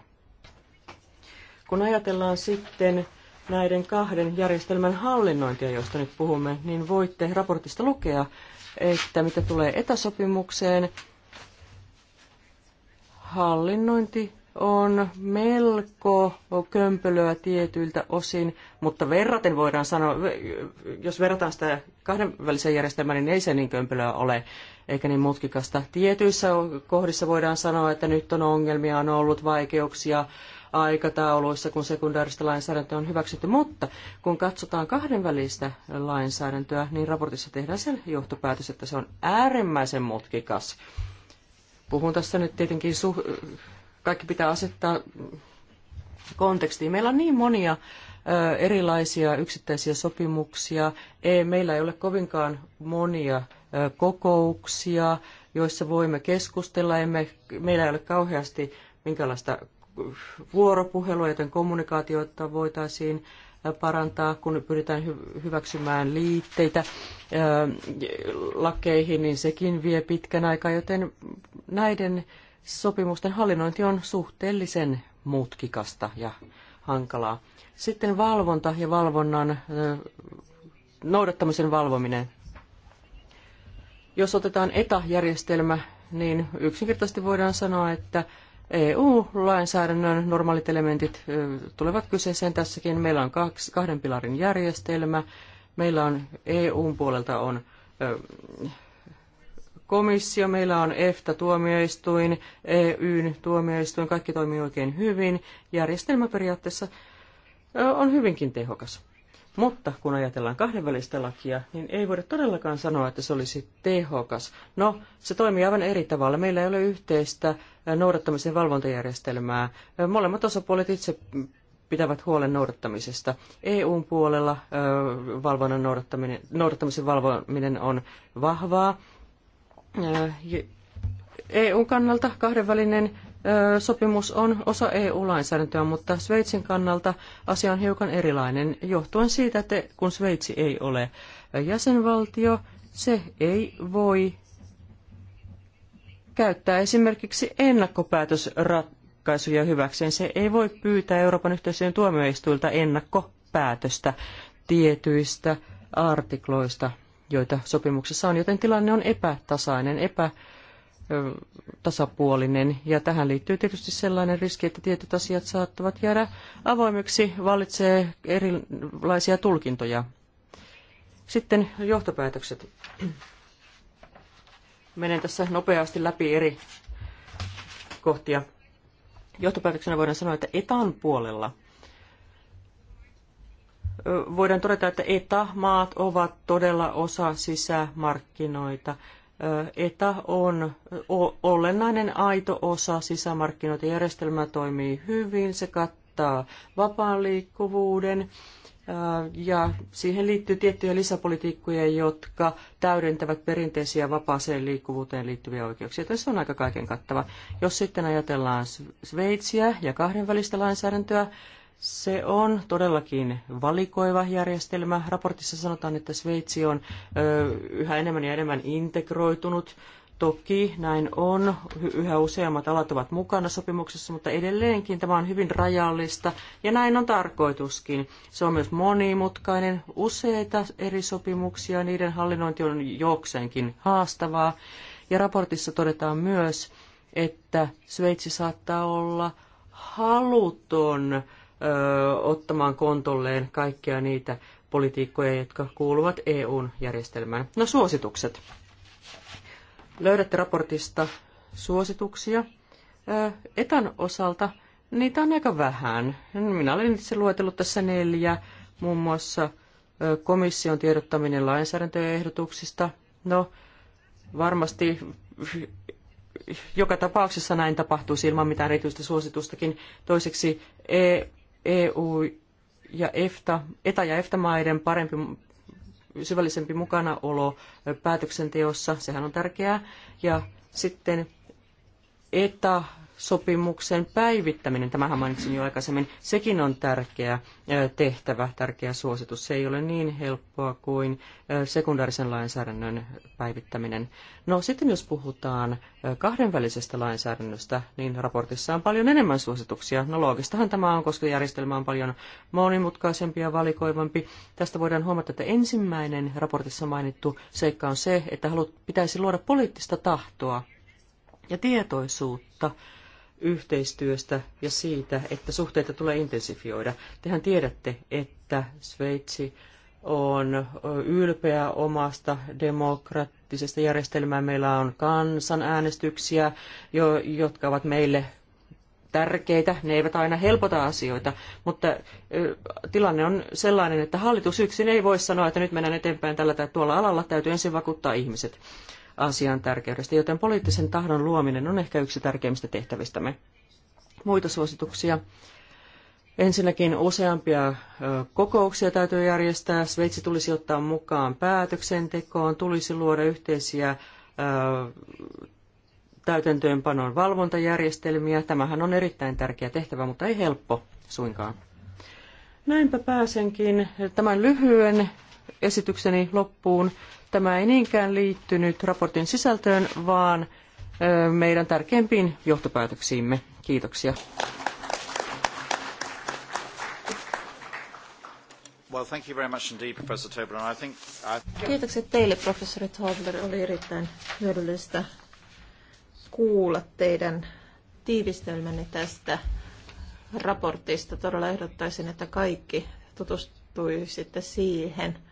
Kun ajatellaan sitten näiden kahden järjestelmän hallinnointia, josta nyt puhumme, niin voitte raportista lukea, että mitä tulee etäsopimukseen, hallinnointi on melko kömpelöä tietyiltä osin, mutta verraten voidaan sanoa, jos verrataan sitä kahdenväliseen järjestelmään, niin ei se niin kömpelöä ole, eikä niin mutkikasta. Tietyissä kohdissa voidaan sanoa, että nyt on ongelmia, on ollut vaikeuksia, aikatauluissa, kun sekundaarista lainsäädäntöä on hyväksytty, mutta kun katsotaan kahdenvälistä lainsäädäntöä, niin raportissa tehdään sen johtopäätös, että se on äärimmäisen mutkikas. Puhun tässä nyt tietenkin, kaikki pitää asettaa kontekstiin. Meillä on niin monia erilaisia yksittäisiä sopimuksia. Ei, meillä ei ole kovinkaan monia kokouksia, joissa voimme keskustella. Emme, meillä ei ole kauheasti minkälaista vuoropuhelua, joten kommunikaatioita voitaisiin parantaa, kun pyritään hyväksymään liitteitä lakeihin, niin sekin vie pitkän aikaa, joten näiden sopimusten hallinnointi on suhteellisen mutkikasta ja hankalaa. Sitten valvonta ja valvonnan noudattamisen valvominen. Jos otetaan etäjärjestelmä, niin yksinkertaisesti voidaan sanoa, että EU-lainsäädännön normaalit elementit tulevat kyseeseen tässäkin. Meillä on kaksi, kahden pilarin järjestelmä. Meillä on EUn puolelta on komissio, meillä on EFTA-tuomioistuin, EYn tuomioistuin, kaikki toimii oikein hyvin. Järjestelmä periaatteessa on hyvinkin tehokas. Mutta kun ajatellaan kahdenvälistä lakia, niin ei voida todellakaan sanoa, että se olisi tehokas. No, se toimii aivan eri tavalla. Meillä ei ole yhteistä noudattamisen valvontajärjestelmää. Molemmat osapuolet itse pitävät huolen noudattamisesta. EUn puolella valvonnan noudattaminen, noudattamisen valvominen on vahvaa. EUn kannalta kahdenvälinen sopimus on osa EU-lainsäädäntöä, mutta Sveitsin kannalta asia on hiukan erilainen, johtuen siitä, että kun Sveitsi ei ole jäsenvaltio, se ei voi käyttää esimerkiksi ennakkopäätösratkaisuja hyväkseen. Se ei voi pyytää Euroopan yhteisöjen tuomioistuilta ennakkopäätöstä tietyistä artikloista, joita sopimuksessa on, joten tilanne on epätasainen, epätasainen tasapuolinen. Ja tähän liittyy tietysti sellainen riski, että tietyt asiat saattavat jäädä avoimeksi, vallitsee erilaisia tulkintoja. Sitten johtopäätökset. Menen tässä nopeasti läpi eri kohtia. Johtopäätöksenä voidaan sanoa, että etan puolella voidaan todeta, että ETA-maat ovat todella osa sisämarkkinoita. ETA on olennainen aito osa sisämarkkinoita. Järjestelmä toimii hyvin, se kattaa vapaan liikkuvuuden ja siihen liittyy tiettyjä lisäpolitiikkoja, jotka täydentävät perinteisiä vapaaseen liikkuvuuteen liittyviä oikeuksia. Tässä on aika kaiken kattava. Jos sitten ajatellaan Sveitsiä ja kahdenvälistä lainsäädäntöä, se on todellakin valikoiva järjestelmä. Raportissa sanotaan, että Sveitsi on yhä enemmän ja enemmän integroitunut. Toki näin on. Yhä useammat alat ovat mukana sopimuksessa, mutta edelleenkin tämä on hyvin rajallista ja näin on tarkoituskin. Se on myös monimutkainen, useita eri sopimuksia, niiden hallinnointi on jokseenkin haastavaa. Ja raportissa todetaan myös, että Sveitsi saattaa olla haluton ottamaan kontolleen kaikkia niitä politiikkoja, jotka kuuluvat EUn järjestelmään. No suositukset. Löydätte raportista suosituksia. Etan osalta niitä on aika vähän. Minä olen itse luetellut tässä neljä, muun muassa komission tiedottaminen lainsäädäntöehdotuksista. No, varmasti joka tapauksessa näin tapahtuisi ilman mitään erityistä suositustakin. Toiseksi e EU ja EFTA, ETA- ja EFTA-maiden parempi syvällisempi mukanaolo päätöksenteossa, sehän on tärkeää. Ja sitten ETA sopimuksen päivittäminen, tämähän mainitsin jo aikaisemmin, sekin on tärkeä tehtävä, tärkeä suositus. Se ei ole niin helppoa kuin sekundaarisen lainsäädännön päivittäminen. No sitten jos puhutaan kahdenvälisestä lainsäädännöstä, niin raportissa on paljon enemmän suosituksia. No loogistahan tämä on, koska järjestelmä on paljon monimutkaisempi ja valikoivampi. Tästä voidaan huomata, että ensimmäinen raportissa mainittu seikka on se, että halut, pitäisi luoda poliittista tahtoa ja tietoisuutta yhteistyöstä ja siitä, että suhteita tulee intensifioida. Tehän tiedätte, että Sveitsi on ylpeä omasta demokraattisesta järjestelmää. Meillä on kansanäänestyksiä, jo, jotka ovat meille tärkeitä. Ne eivät aina helpota asioita, mutta tilanne on sellainen, että hallitus yksin ei voi sanoa, että nyt mennään eteenpäin tällä tai tuolla alalla. Täytyy ensin vakuuttaa ihmiset asian tärkeydestä, joten poliittisen tahdon luominen on ehkä yksi tärkeimmistä tehtävistämme. Muita suosituksia. Ensinnäkin useampia kokouksia täytyy järjestää. Sveitsi tulisi ottaa mukaan päätöksentekoon, tulisi luoda yhteisiä täytäntöönpanon valvontajärjestelmiä. Tämähän on erittäin tärkeä tehtävä, mutta ei helppo suinkaan. Näinpä pääsenkin tämän lyhyen esitykseni loppuun. Tämä ei niinkään liittynyt raportin sisältöön, vaan meidän tärkeimpiin johtopäätöksiimme. Kiitoksia. Kiitokset teille, professori Tobler. Oli erittäin hyödyllistä kuulla teidän tiivistelmänne tästä raportista. Todella ehdottaisin, että kaikki tutustuisitte siihen –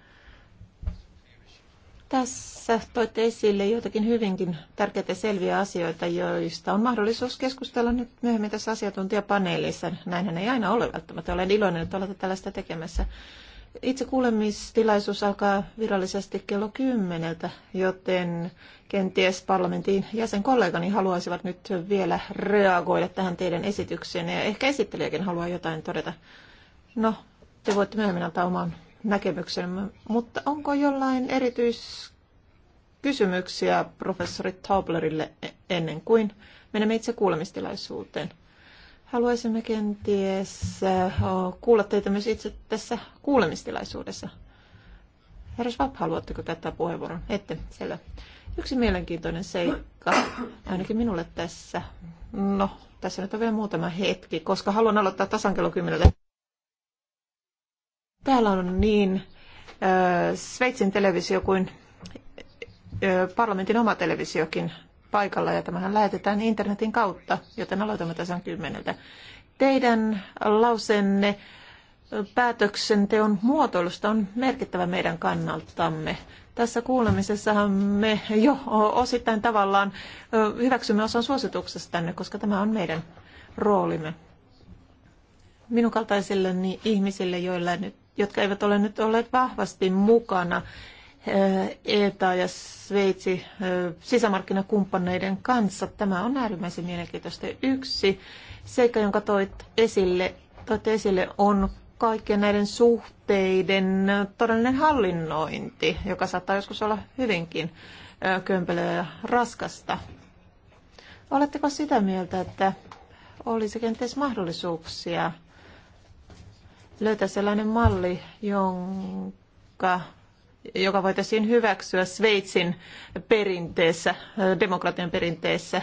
tässä toitte esille joitakin hyvinkin tärkeitä selviä asioita, joista on mahdollisuus keskustella nyt myöhemmin tässä asiantuntijapaneelissa. Näinhän ei aina ole välttämättä. Olen iloinen, että olette tällaista tekemässä. Itse kuulemistilaisuus alkaa virallisesti kello kymmeneltä, joten kenties parlamentin jäsenkollegani haluaisivat nyt vielä reagoida tähän teidän esitykseen, ja ehkä esittelijäkin haluaa jotain todeta. No, te voitte myöhemmin antaa oman näkemyksen, mutta onko jollain erityiskysymyksiä professori Taublerille e- ennen kuin menemme itse kuulemistilaisuuteen? Haluaisimme kenties äh, kuulla teitä myös itse tässä kuulemistilaisuudessa. Herra Schwab, haluatteko käyttää puheenvuoron? Ette, selvä. Yksi mielenkiintoinen seikka, ainakin minulle tässä. No, tässä nyt on vielä muutama hetki, koska haluan aloittaa tasan kello 10. Täällä on niin Sveitsin televisio kuin parlamentin oma televisiokin paikalla ja tämähän lähetetään internetin kautta, joten aloitamme tasan kymmeneltä. Teidän lausenne päätöksenteon muotoilusta on merkittävä meidän kannaltamme. Tässä kuulemisessahan me jo osittain tavallaan hyväksymme osan tänne, koska tämä on meidän roolimme. Minun kaltaisilleni ihmisille, joilla nyt jotka eivät ole nyt olleet vahvasti mukana eh, ETA ja Sveitsi eh, sisämarkkinakumppaneiden kanssa. Tämä on äärimmäisen mielenkiintoista. Yksi seikka, jonka toit esille, toit esille on kaikkien näiden suhteiden todellinen hallinnointi, joka saattaa joskus olla hyvinkin eh, kömpelöä ja raskasta. Oletteko sitä mieltä, että olisi kenties mahdollisuuksia löytää sellainen malli, jonka, joka voitaisiin hyväksyä Sveitsin perinteessä, demokratian perinteessä,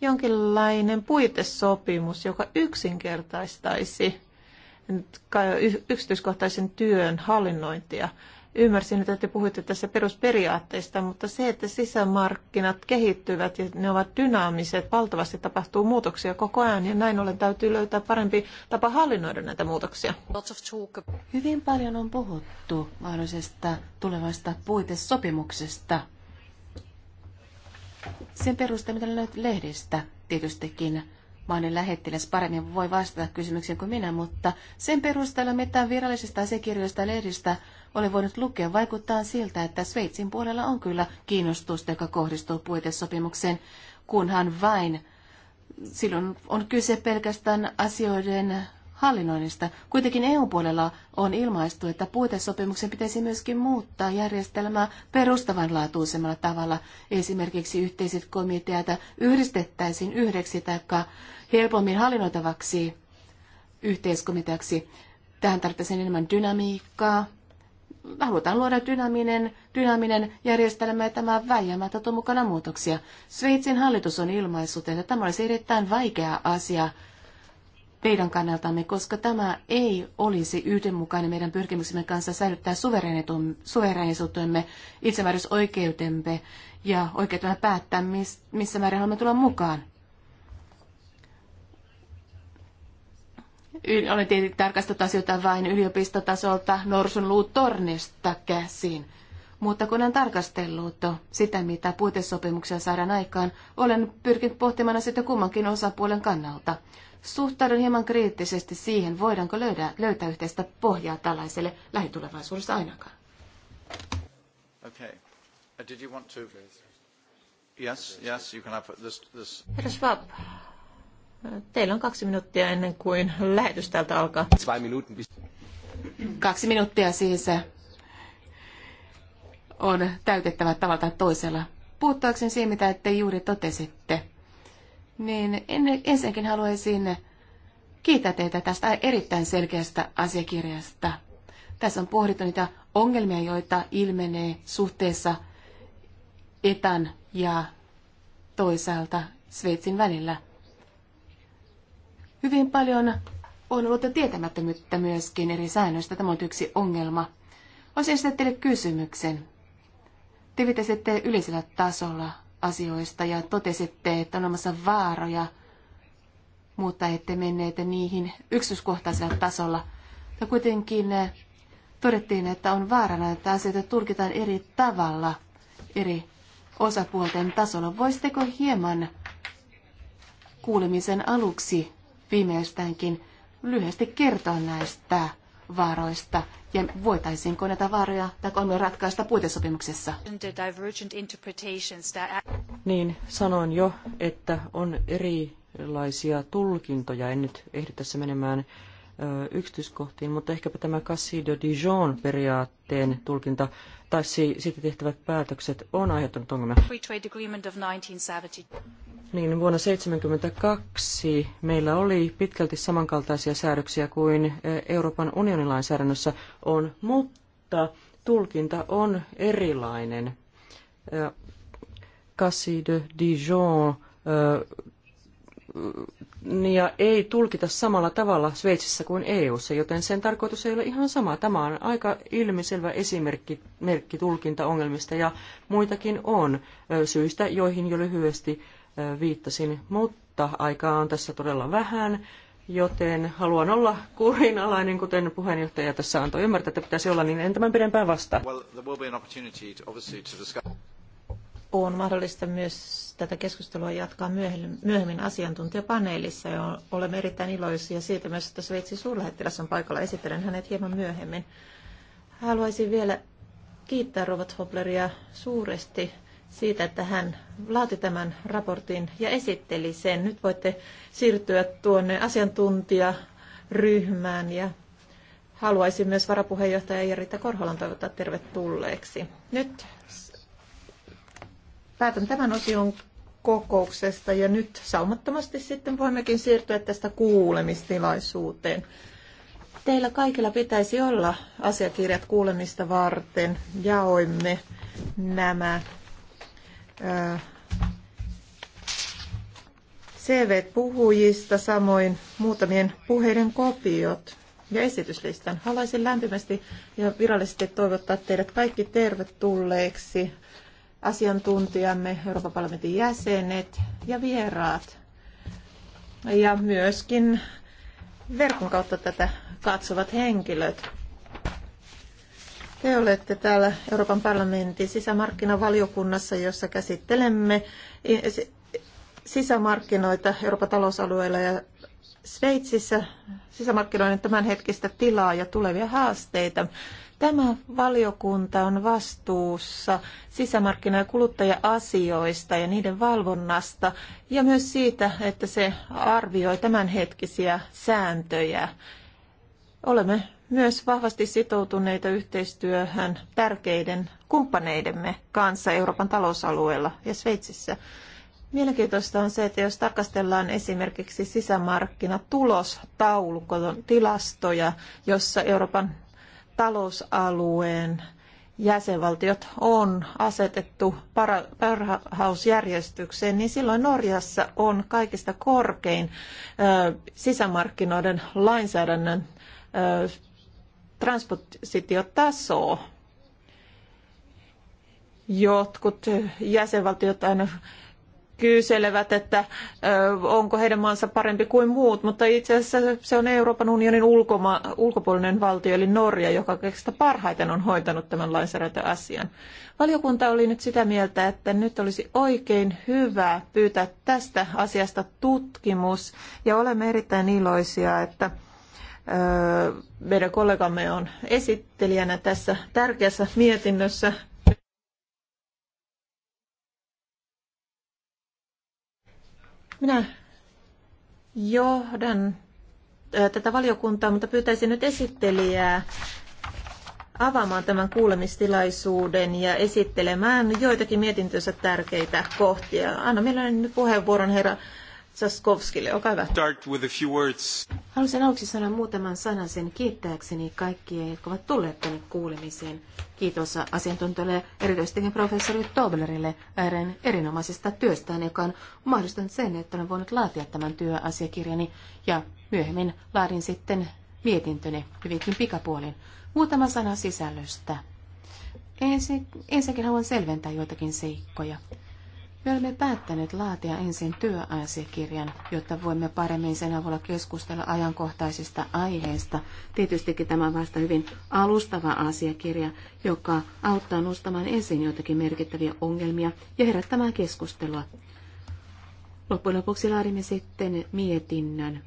jonkinlainen puitesopimus, joka yksinkertaistaisi yksityiskohtaisen työn hallinnointia Ymmärsin, että te puhuitte tässä perusperiaatteista, mutta se, että sisämarkkinat kehittyvät ja ne ovat dynaamiset, valtavasti tapahtuu muutoksia koko ajan ja näin ollen täytyy löytää parempi tapa hallinnoida näitä muutoksia. Hyvin paljon on puhuttu mahdollisesta tulevasta puitesopimuksesta. Sen perusteella, mitä löydät lehdistä, tietystikin maanen lähettiläs paremmin voi vastata kysymykseen kuin minä, mutta sen perusteella, mitä virallisista asiakirjoista ja lehdistä olen voinut lukea, vaikuttaa siltä, että Sveitsin puolella on kyllä kiinnostusta, joka kohdistuu puitesopimukseen, kunhan vain silloin on kyse pelkästään asioiden hallinnoinnista. Kuitenkin EU-puolella on ilmaistu, että puitesopimuksen pitäisi myöskin muuttaa järjestelmää perustavanlaatuisemmalla tavalla. Esimerkiksi yhteiset komiteat yhdistettäisiin yhdeksi tai helpommin hallinnoitavaksi yhteiskomiteaksi. Tähän tarvittaisiin enemmän dynamiikkaa, halutaan luoda dynaaminen, dynaaminen järjestelmä ja tämä väijämättä tuo mukana muutoksia. Sveitsin hallitus on ilmaissut, että tämä olisi erittäin vaikea asia meidän kannaltamme, koska tämä ei olisi yhdenmukainen meidän pyrkimyksemme kanssa säilyttää suvereenisuutemme, itsemääräysoikeutemme ja oikeutemme päättää, missä määrin haluamme tulla mukaan. olen tietenkin tarkastanut asioita vain yliopistotasolta Norsun luutornista käsin. Mutta kun olen tarkastellut sitä, mitä puitesopimuksia saadaan aikaan, olen pyrkinyt pohtimaan sitä kummankin osapuolen kannalta. Suhtaudun hieman kriittisesti siihen, voidaanko löydä, löytää yhteistä pohjaa tällaiselle lähitulevaisuudessa ainakaan. Uh, Herra Schwab, Teillä on kaksi minuuttia ennen kuin lähetys täältä alkaa. Kaksi minuuttia siis on täytettävä tavalla toisella. Puuttuakseni siihen, mitä te juuri totesitte, niin ensinnäkin haluaisin kiittää teitä tästä erittäin selkeästä asiakirjasta. Tässä on pohdittu niitä ongelmia, joita ilmenee suhteessa etan ja toisaalta Sveitsin välillä – Hyvin paljon on ollut tietämättömyyttä myöskin eri säännöistä. Tämä on yksi ongelma. Olisin sitten teille kysymyksen. Te viittasitte yleisellä tasolla asioista ja totesitte, että on olemassa vaaroja, mutta ette menneet niihin yksityiskohtaisella tasolla. Ja kuitenkin eh, todettiin, että on vaarana, että asioita tulkitaan eri tavalla eri osapuolten tasolla. Voisitteko hieman kuulemisen aluksi viimeistäänkin lyhyesti kertoa näistä vaaroista ja voitaisiinko näitä vaaroja tai ongelmia ratkaista puitesopimuksessa? Niin, sanoin jo, että on erilaisia tulkintoja. En nyt ehdi tässä menemään yksityiskohtiin, mutta ehkäpä tämä Cassis de Dijon periaatteen tulkinta tai siitä tehtävät päätökset on aiheuttanut ongelmia. Free Trade Agreement of 1970. Niin, vuonna 1972 meillä oli pitkälti samankaltaisia säädöksiä kuin Euroopan unionin lainsäädännössä on, mutta tulkinta on erilainen. Cassis de Dijon ja ei tulkita samalla tavalla Sveitsissä kuin EU:ssa, joten sen tarkoitus ei ole ihan sama. Tämä on aika ilmiselvä esimerkki merkki tulkintaongelmista ja muitakin on syistä, joihin jo lyhyesti viittasin, mutta aikaa on tässä todella vähän, joten haluan olla kurinalainen, kuten puheenjohtaja tässä antoi ymmärtää, että pitäisi olla, niin en tämän pidempään vastaa. Well, on mahdollista myös tätä keskustelua jatkaa myöhemmin asiantuntijapaneelissa. Ja olemme erittäin iloisia siitä myös, että Sveitsin suurlähettiläs on paikalla. Esittelen hänet hieman myöhemmin. Haluaisin vielä kiittää Robert Hobleria suuresti siitä, että hän laati tämän raportin ja esitteli sen. Nyt voitte siirtyä tuonne asiantuntijaryhmään ja haluaisin myös varapuheenjohtaja Jarita Korholan toivottaa tervetulleeksi. Nyt päätän tämän osion kokouksesta ja nyt saumattomasti sitten voimmekin siirtyä tästä kuulemistilaisuuteen. Teillä kaikilla pitäisi olla asiakirjat kuulemista varten. Jaoimme nämä CV-puhujista, samoin muutamien puheiden kopiot ja esityslistan. Haluaisin lämpimästi ja virallisesti toivottaa teidät kaikki tervetulleeksi asiantuntijamme, Euroopan parlamentin jäsenet ja vieraat. Ja myöskin verkon kautta tätä katsovat henkilöt. Te olette täällä Euroopan parlamentin sisämarkkinavaliokunnassa, jossa käsittelemme sisämarkkinoita Euroopan talousalueella ja Sveitsissä sisämarkkinoiden tämänhetkistä tilaa ja tulevia haasteita. Tämä valiokunta on vastuussa sisämarkkina- ja kuluttaja-asioista ja niiden valvonnasta ja myös siitä, että se arvioi tämänhetkisiä sääntöjä. Olemme myös vahvasti sitoutuneita yhteistyöhön tärkeiden kumppaneidemme kanssa Euroopan talousalueella ja Sveitsissä. Mielenkiintoista on se, että jos tarkastellaan esimerkiksi sisämarkkinatulostaulukon tilastoja, jossa Euroopan talousalueen jäsenvaltiot on asetettu parhausjärjestykseen, niin silloin Norjassa on kaikista korkein sisämarkkinoiden lainsäädännön transpositiotaso. Jotkut jäsenvaltiot aina kyselevät, että onko heidän maansa parempi kuin muut, mutta itse asiassa se on Euroopan unionin ulkoma, ulkopuolinen valtio, eli Norja, joka kaikista parhaiten on hoitanut tämän lainsäädäntöasian. Valiokunta oli nyt sitä mieltä, että nyt olisi oikein hyvä pyytää tästä asiasta tutkimus, ja olemme erittäin iloisia, että meidän kollegamme on esittelijänä tässä tärkeässä mietinnössä Minä johdan tätä valiokuntaa, mutta pyytäisin nyt esittelijää avaamaan tämän kuulemistilaisuuden ja esittelemään joitakin mietintönsä tärkeitä kohtia. Anna mielelläni nyt puheenvuoron herra Saskovskille. Olkaa hyvä. Start with a few words. Haluaisin aluksi sanoa muutaman sanan sen kiittääkseni kaikkia, jotka ovat tulleet tänne kuulemiseen. Kiitos asiantuntijoille, erityisesti professori Toblerille hänen erinomaisesta työstään, joka on mahdollistanut sen, että olen voinut laatia tämän työasiakirjani ja myöhemmin laadin sitten mietintöni hyvinkin pikapuolin. Muutama sana sisällöstä. Ensinnäkin haluan selventää joitakin seikkoja. Me olemme päättäneet laatia ensin työasiakirjan, jotta voimme paremmin sen avulla keskustella ajankohtaisista aiheista. Tietystikin tämä on vasta hyvin alustava asiakirja, joka auttaa nostamaan esiin joitakin merkittäviä ongelmia ja herättämään keskustelua. Loppujen lopuksi laadimme sitten mietinnön.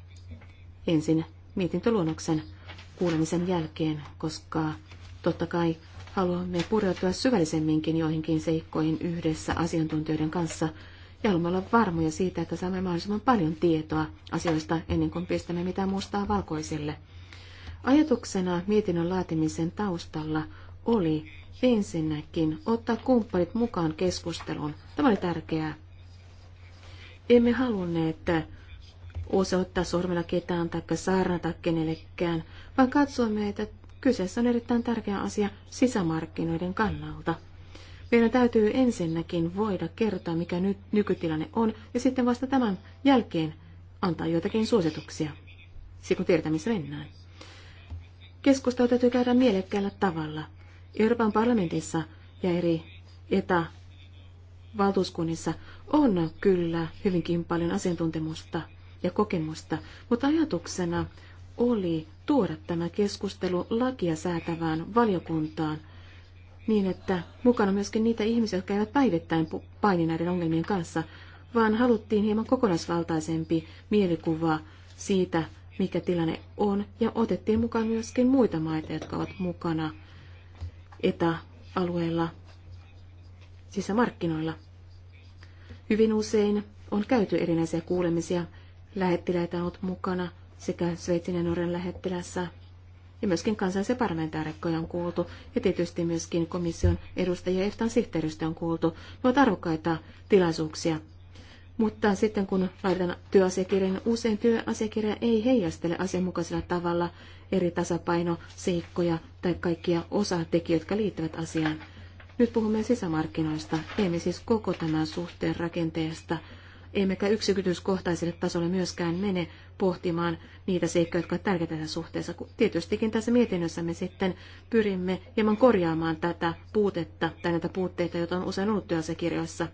Ensin mietintöluonnoksen kuulemisen jälkeen, koska totta kai Haluamme pureutua syvällisemminkin joihinkin seikkoihin yhdessä asiantuntijoiden kanssa ja haluamme olla varmoja siitä, että saamme mahdollisimman paljon tietoa asioista ennen kuin pistämme mitään mustaa valkoiselle. Ajatuksena mietinnön laatimisen taustalla oli ensinnäkin ottaa kumppanit mukaan keskusteluun. Tämä oli tärkeää. Emme halunneet osoittaa sormella ketään tai saarnata kenellekään, vaan katsoimme, että Kyseessä on erittäin tärkeä asia sisämarkkinoiden kannalta. Meidän täytyy ensinnäkin voida kertoa, mikä nyt nykytilanne on, ja sitten vasta tämän jälkeen antaa joitakin suosituksia, sitten siis kun tiedetään, missä mennään. Keskustelu täytyy käydä mielekkäällä tavalla. Euroopan parlamentissa ja eri etävaltuuskunnissa on kyllä hyvinkin paljon asiantuntemusta ja kokemusta, mutta ajatuksena oli tuoda tämä keskustelu lakia säätävään valiokuntaan niin, että mukana myöskin niitä ihmisiä, jotka eivät päivittäin paini näiden ongelmien kanssa, vaan haluttiin hieman kokonaisvaltaisempi mielikuva siitä, mikä tilanne on, ja otettiin mukaan myöskin muita maita, jotka ovat mukana etäalueella sisämarkkinoilla. Hyvin usein on käyty erinäisiä kuulemisia, lähettiläitä on ollut mukana, sekä Sveitsin ja Norjan lähettilässä. Ja myöskin kansallisia parlamentaarikkoja on kuultu ja tietysti myöskin komission edustajia EFTAn sihteeristä on kuultu. Ne ovat arvokkaita tilaisuuksia. Mutta sitten kun laitetaan työasiakirjan, niin usein työasiakirja ei heijastele asianmukaisella tavalla eri tasapainoseikkoja tai kaikkia osatekijöitä, jotka liittyvät asiaan. Nyt puhumme sisämarkkinoista, emme siis koko tämän suhteen rakenteesta, emmekä yksityiskohtaiselle tasolle myöskään mene pohtimaan niitä seikkoja, jotka ovat tärkeitä tässä suhteessa. Tietystikin tässä mietinnössä me sitten pyrimme hieman korjaamaan tätä puutetta tai näitä puutteita, joita on usein ollut työasiakirjoissa.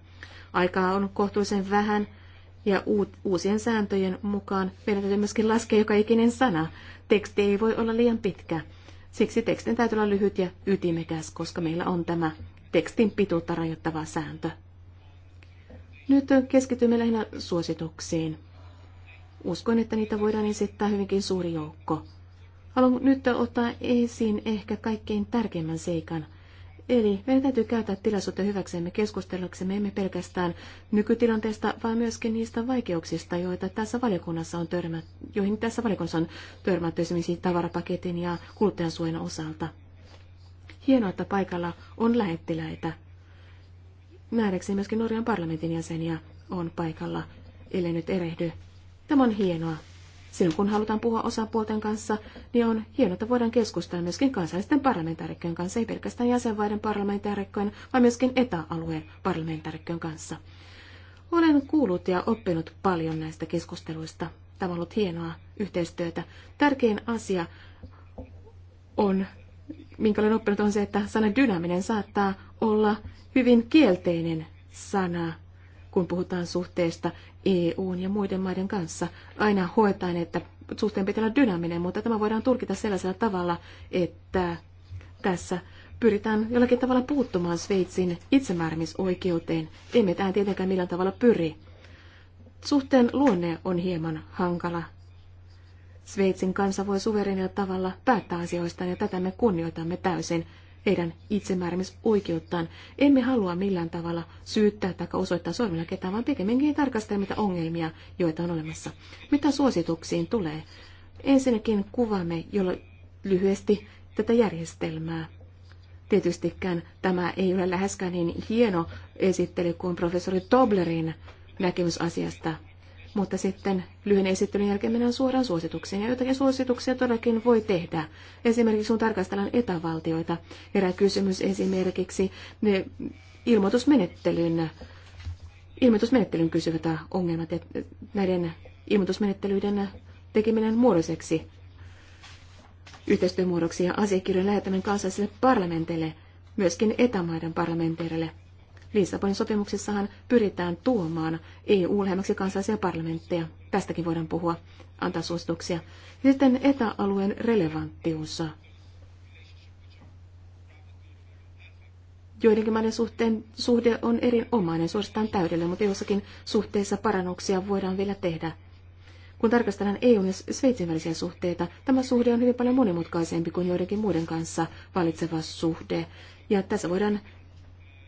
Aikaa on kohtuullisen vähän ja uusien sääntöjen mukaan meidän täytyy myöskin laskea joka ikinen sana. Teksti ei voi olla liian pitkä. Siksi tekstin täytyy olla lyhyt ja ytimekäs, koska meillä on tämä tekstin pituutta rajoittava sääntö nyt keskitymme lähinnä suosituksiin. Uskon, että niitä voidaan esittää hyvinkin suuri joukko. Haluan nyt ottaa esiin ehkä kaikkein tärkeimmän seikan. Eli meidän täytyy käyttää tilaisuutta hyväksemme keskustellaksemme emme pelkästään nykytilanteesta, vaan myöskin niistä vaikeuksista, joita tässä valiokunnassa on törmät, joihin tässä valiokunnassa on törmätty esimerkiksi tavarapaketin ja kuluttajansuojan osalta. Hienoa, että paikalla on lähettiläitä nähdäkseni myöskin Norjan parlamentin jäseniä on paikalla, ellei nyt erehdy. Tämä on hienoa. Silloin kun halutaan puhua osapuolten kanssa, niin on hienoa, että voidaan keskustella myöskin kansallisten parlamentaarikkojen kanssa, ei pelkästään jäsenvaiden parlamentaarikkojen, vaan myöskin etäalueen parlamentaarikkojen kanssa. Olen kuullut ja oppinut paljon näistä keskusteluista. Tämä on ollut hienoa yhteistyötä. Tärkein asia on minkä olen oppinut, on se, että sana dynaaminen saattaa olla hyvin kielteinen sana, kun puhutaan suhteesta EUn ja muiden maiden kanssa. Aina hoetaan, että suhteen pitää olla dynaaminen, mutta tämä voidaan tulkita sellaisella tavalla, että tässä pyritään jollakin tavalla puuttumaan Sveitsin itsemääräämisoikeuteen. Emme tähän tietenkään millään tavalla pyri. Suhteen luonne on hieman hankala Sveitsin kansa voi suverenilla tavalla päättää asioistaan ja tätä me kunnioitamme täysin heidän itsemääräämisoikeuttaan. Emme halua millään tavalla syyttää tai osoittaa sormilla ketään, vaan pikemminkin tarkastella mitä ongelmia, joita on olemassa. Mitä suosituksiin tulee? Ensinnäkin kuvaamme jolla lyhyesti tätä järjestelmää. Tietystikään tämä ei ole läheskään niin hieno esittely kuin professori Toblerin näkemys asiasta mutta sitten lyhyen esittelyn jälkeen mennään suoraan suosituksiin. Ja jotakin suosituksia todellakin voi tehdä. Esimerkiksi kun tarkastellaan etävaltioita. Herää kysymys esimerkiksi ne ilmoitusmenettelyn, ilmoitusmenettelyn kysyvät ongelmat. ja näiden ilmoitusmenettelyiden tekeminen muodoseksi yhteistyömuodoksi ja asiakirjojen lähettäminen kansalliselle parlamenteille, myöskin etämaiden parlamenteille – Lissabonin sopimuksessahan pyritään tuomaan EU lähemmäksi kansallisia parlamentteja. Tästäkin voidaan puhua, antaa suosituksia. Ja sitten etäalueen relevanttius. Joidenkin maiden suhteen suhde on erinomainen, suorastaan täydellinen, mutta jossakin suhteessa parannuksia voidaan vielä tehdä. Kun tarkastellaan EUn ja Sveitsin välisiä suhteita, tämä suhde on hyvin paljon monimutkaisempi kuin joidenkin muiden kanssa valitseva suhde. Ja tässä voidaan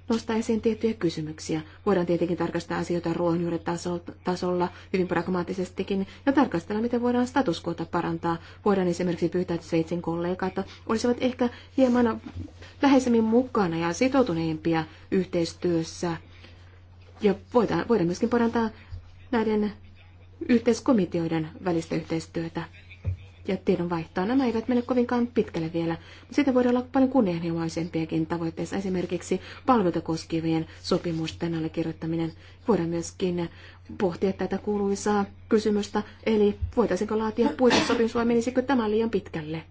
nostaa esiin tiettyjä kysymyksiä. Voidaan tietenkin tarkastaa asioita ruohonjuuritasolla hyvin pragmaattisestikin ja tarkastella, miten voidaan statuskuota parantaa. Voidaan esimerkiksi pyytää, että Sveitsin kollegat olisivat ehkä hieman läheisemmin mukana ja sitoutuneempia yhteistyössä. Ja voidaan, voidaan myöskin parantaa näiden yhteiskomiteoiden välistä yhteistyötä ja vaihtaa Nämä eivät mene kovinkaan pitkälle vielä. mutta Sitten voidaan olla paljon kunnianhimoisempiakin tavoitteissa, esimerkiksi palveluita koskevien sopimusten allekirjoittaminen. Voidaan myöskin pohtia tätä kuuluisaa kysymystä, eli voitaisiinko laatia puitesopimus vai menisikö tämä liian pitkälle?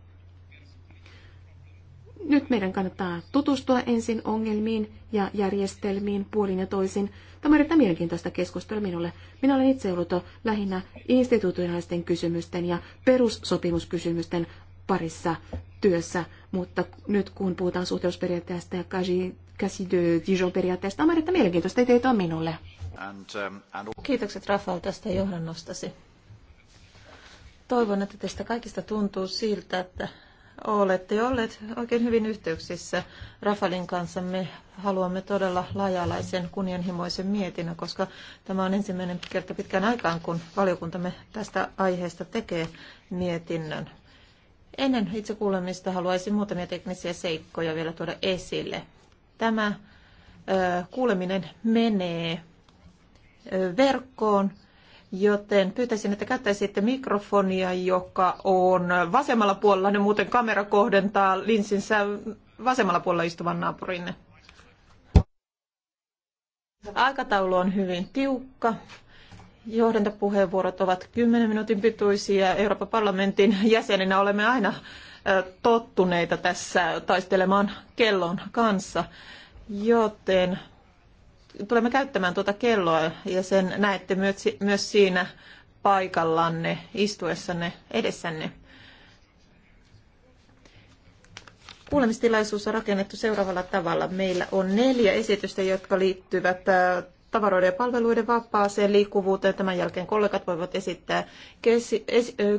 Nyt meidän kannattaa tutustua ensin ongelmiin ja järjestelmiin puolin ja toisin. Tämä on erittäin mielenkiintoista keskustelua minulle. Minä olen itse ollut lähinnä institutionaalisten kysymysten ja perussopimuskysymysten parissa työssä, mutta nyt kun puhutaan suhteusperiaatteesta ja käsi de Dijon periaatteesta, on erittäin mielenkiintoista ei teitä minulle. And, um, and... Kiitokset Rafael tästä johdannostasi. Toivon, että teistä kaikista tuntuu siltä, että olette olleet oikein hyvin yhteyksissä Rafalin kanssa. Me haluamme todella laajalaisen kunnianhimoisen mietinnön, koska tämä on ensimmäinen kerta pitkään aikaan, kun valiokuntamme tästä aiheesta tekee mietinnön. Ennen itse kuulemista haluaisin muutamia teknisiä seikkoja vielä tuoda esille. Tämä kuuleminen menee verkkoon Joten pyytäisin, että käyttäisitte mikrofonia, joka on vasemmalla puolella, ne muuten kamera kohdentaa linssinsä vasemmalla puolella istuvan naapurinne. Aikataulu on hyvin tiukka. Johdantapuheenvuorot ovat 10 minuutin pituisia. Euroopan parlamentin jäseninä olemme aina tottuneita tässä taistelemaan kellon kanssa, joten tulemme käyttämään tuota kelloa ja sen näette myös siinä paikallanne, istuessanne, edessänne. Kuulemistilaisuus on rakennettu seuraavalla tavalla. Meillä on neljä esitystä, jotka liittyvät äh, tavaroiden ja palveluiden vapaaseen liikkuvuuteen. Tämän jälkeen kollegat voivat esittää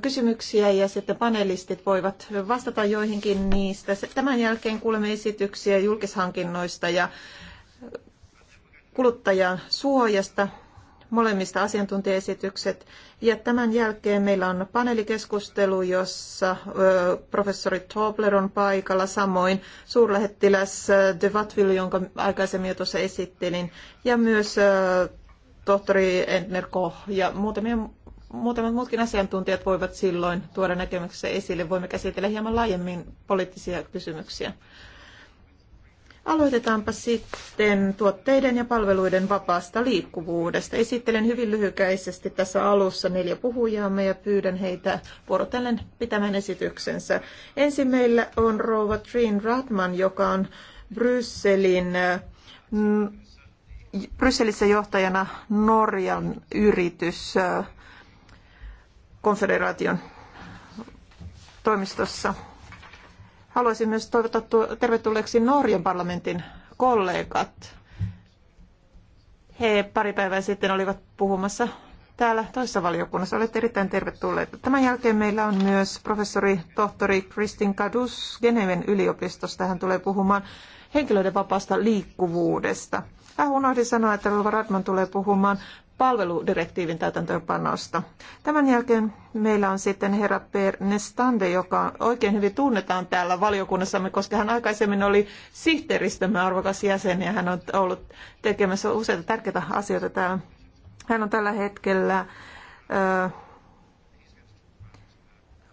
kysymyksiä ja sitten panelistit voivat vastata joihinkin niistä. Tämän jälkeen kuulemme esityksiä julkishankinnoista ja kuluttajan suojasta, molemmista asiantuntijaesitykset. Ja tämän jälkeen meillä on paneelikeskustelu, jossa professori Tobler on paikalla, samoin suurlähettiläs De Vatville, jonka aikaisemmin jo tuossa esittelin, niin- ja myös tohtori Entner Koch ja muutamia muutamat muutkin asiantuntijat voivat silloin tuoda näkemyksensä esille. Voimme käsitellä hieman laajemmin poliittisia kysymyksiä. Aloitetaanpa sitten tuotteiden ja palveluiden vapaasta liikkuvuudesta. Esittelen hyvin lyhykäisesti tässä alussa neljä puhujaamme ja pyydän heitä vuorotellen pitämään esityksensä. Ensin meillä on rouva Trin Ratman, joka on Brysselin mm, Brysselissä johtajana Norjan yritys äh, konfederaation toimistossa Haluaisin myös toivottaa tervetulleeksi Norjan parlamentin kollegat. He pari päivää sitten olivat puhumassa täällä toisessa valiokunnassa. Olette erittäin tervetulleita. Tämän jälkeen meillä on myös professori tohtori Kristin Kadus Geneven yliopistosta. Hän tulee puhumaan henkilöiden vapaasta liikkuvuudesta. Hän unohdin sanoa, että Rova Radman tulee puhumaan palveludirektiivin täytäntöönpanosta. Tämän jälkeen meillä on sitten herra Per Nestande, joka oikein hyvin tunnetaan täällä valiokunnassamme, koska hän aikaisemmin oli sihteeristömme arvokas jäsen ja hän on ollut tekemässä useita tärkeitä asioita täällä. Hän on tällä hetkellä ö,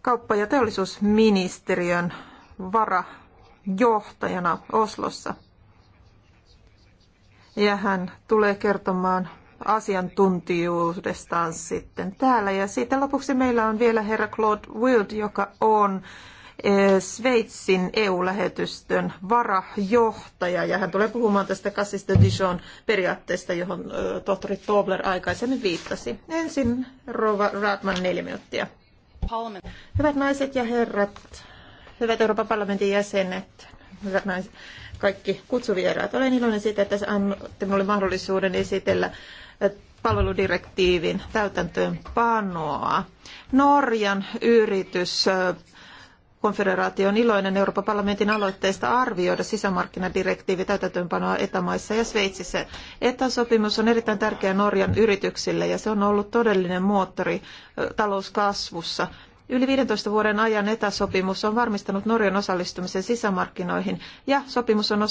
kauppa- ja teollisuusministeriön varajohtajana Oslossa. Ja hän tulee kertomaan asiantuntijuudestaan sitten täällä. Ja sitten lopuksi meillä on vielä herra Claude Wild, joka on eh, Sveitsin EU-lähetystön varajohtaja ja hän tulee puhumaan tästä Cassista Dijon periaatteesta, johon eh, tohtori Tobler aikaisemmin viittasi. Ensin Rova Radman neljä minuuttia. Hyvät naiset ja herrat, hyvät Euroopan parlamentin jäsenet, hyvät naiset, kaikki kutsuvieraat. Olen iloinen siitä, että annatte minulle mahdollisuuden esitellä palveludirektiivin täytäntöönpanoa. Norjan yritys Konfederaatio on iloinen Euroopan parlamentin aloitteesta arvioida sisämarkkinadirektiivi täytäntöönpanoa etämaissa ja Sveitsissä. Etäsopimus on erittäin tärkeä Norjan yrityksille ja se on ollut todellinen moottori talouskasvussa Yli 15 vuoden ajan etäsopimus on varmistanut Norjan osallistumisen sisämarkkinoihin ja sopimus on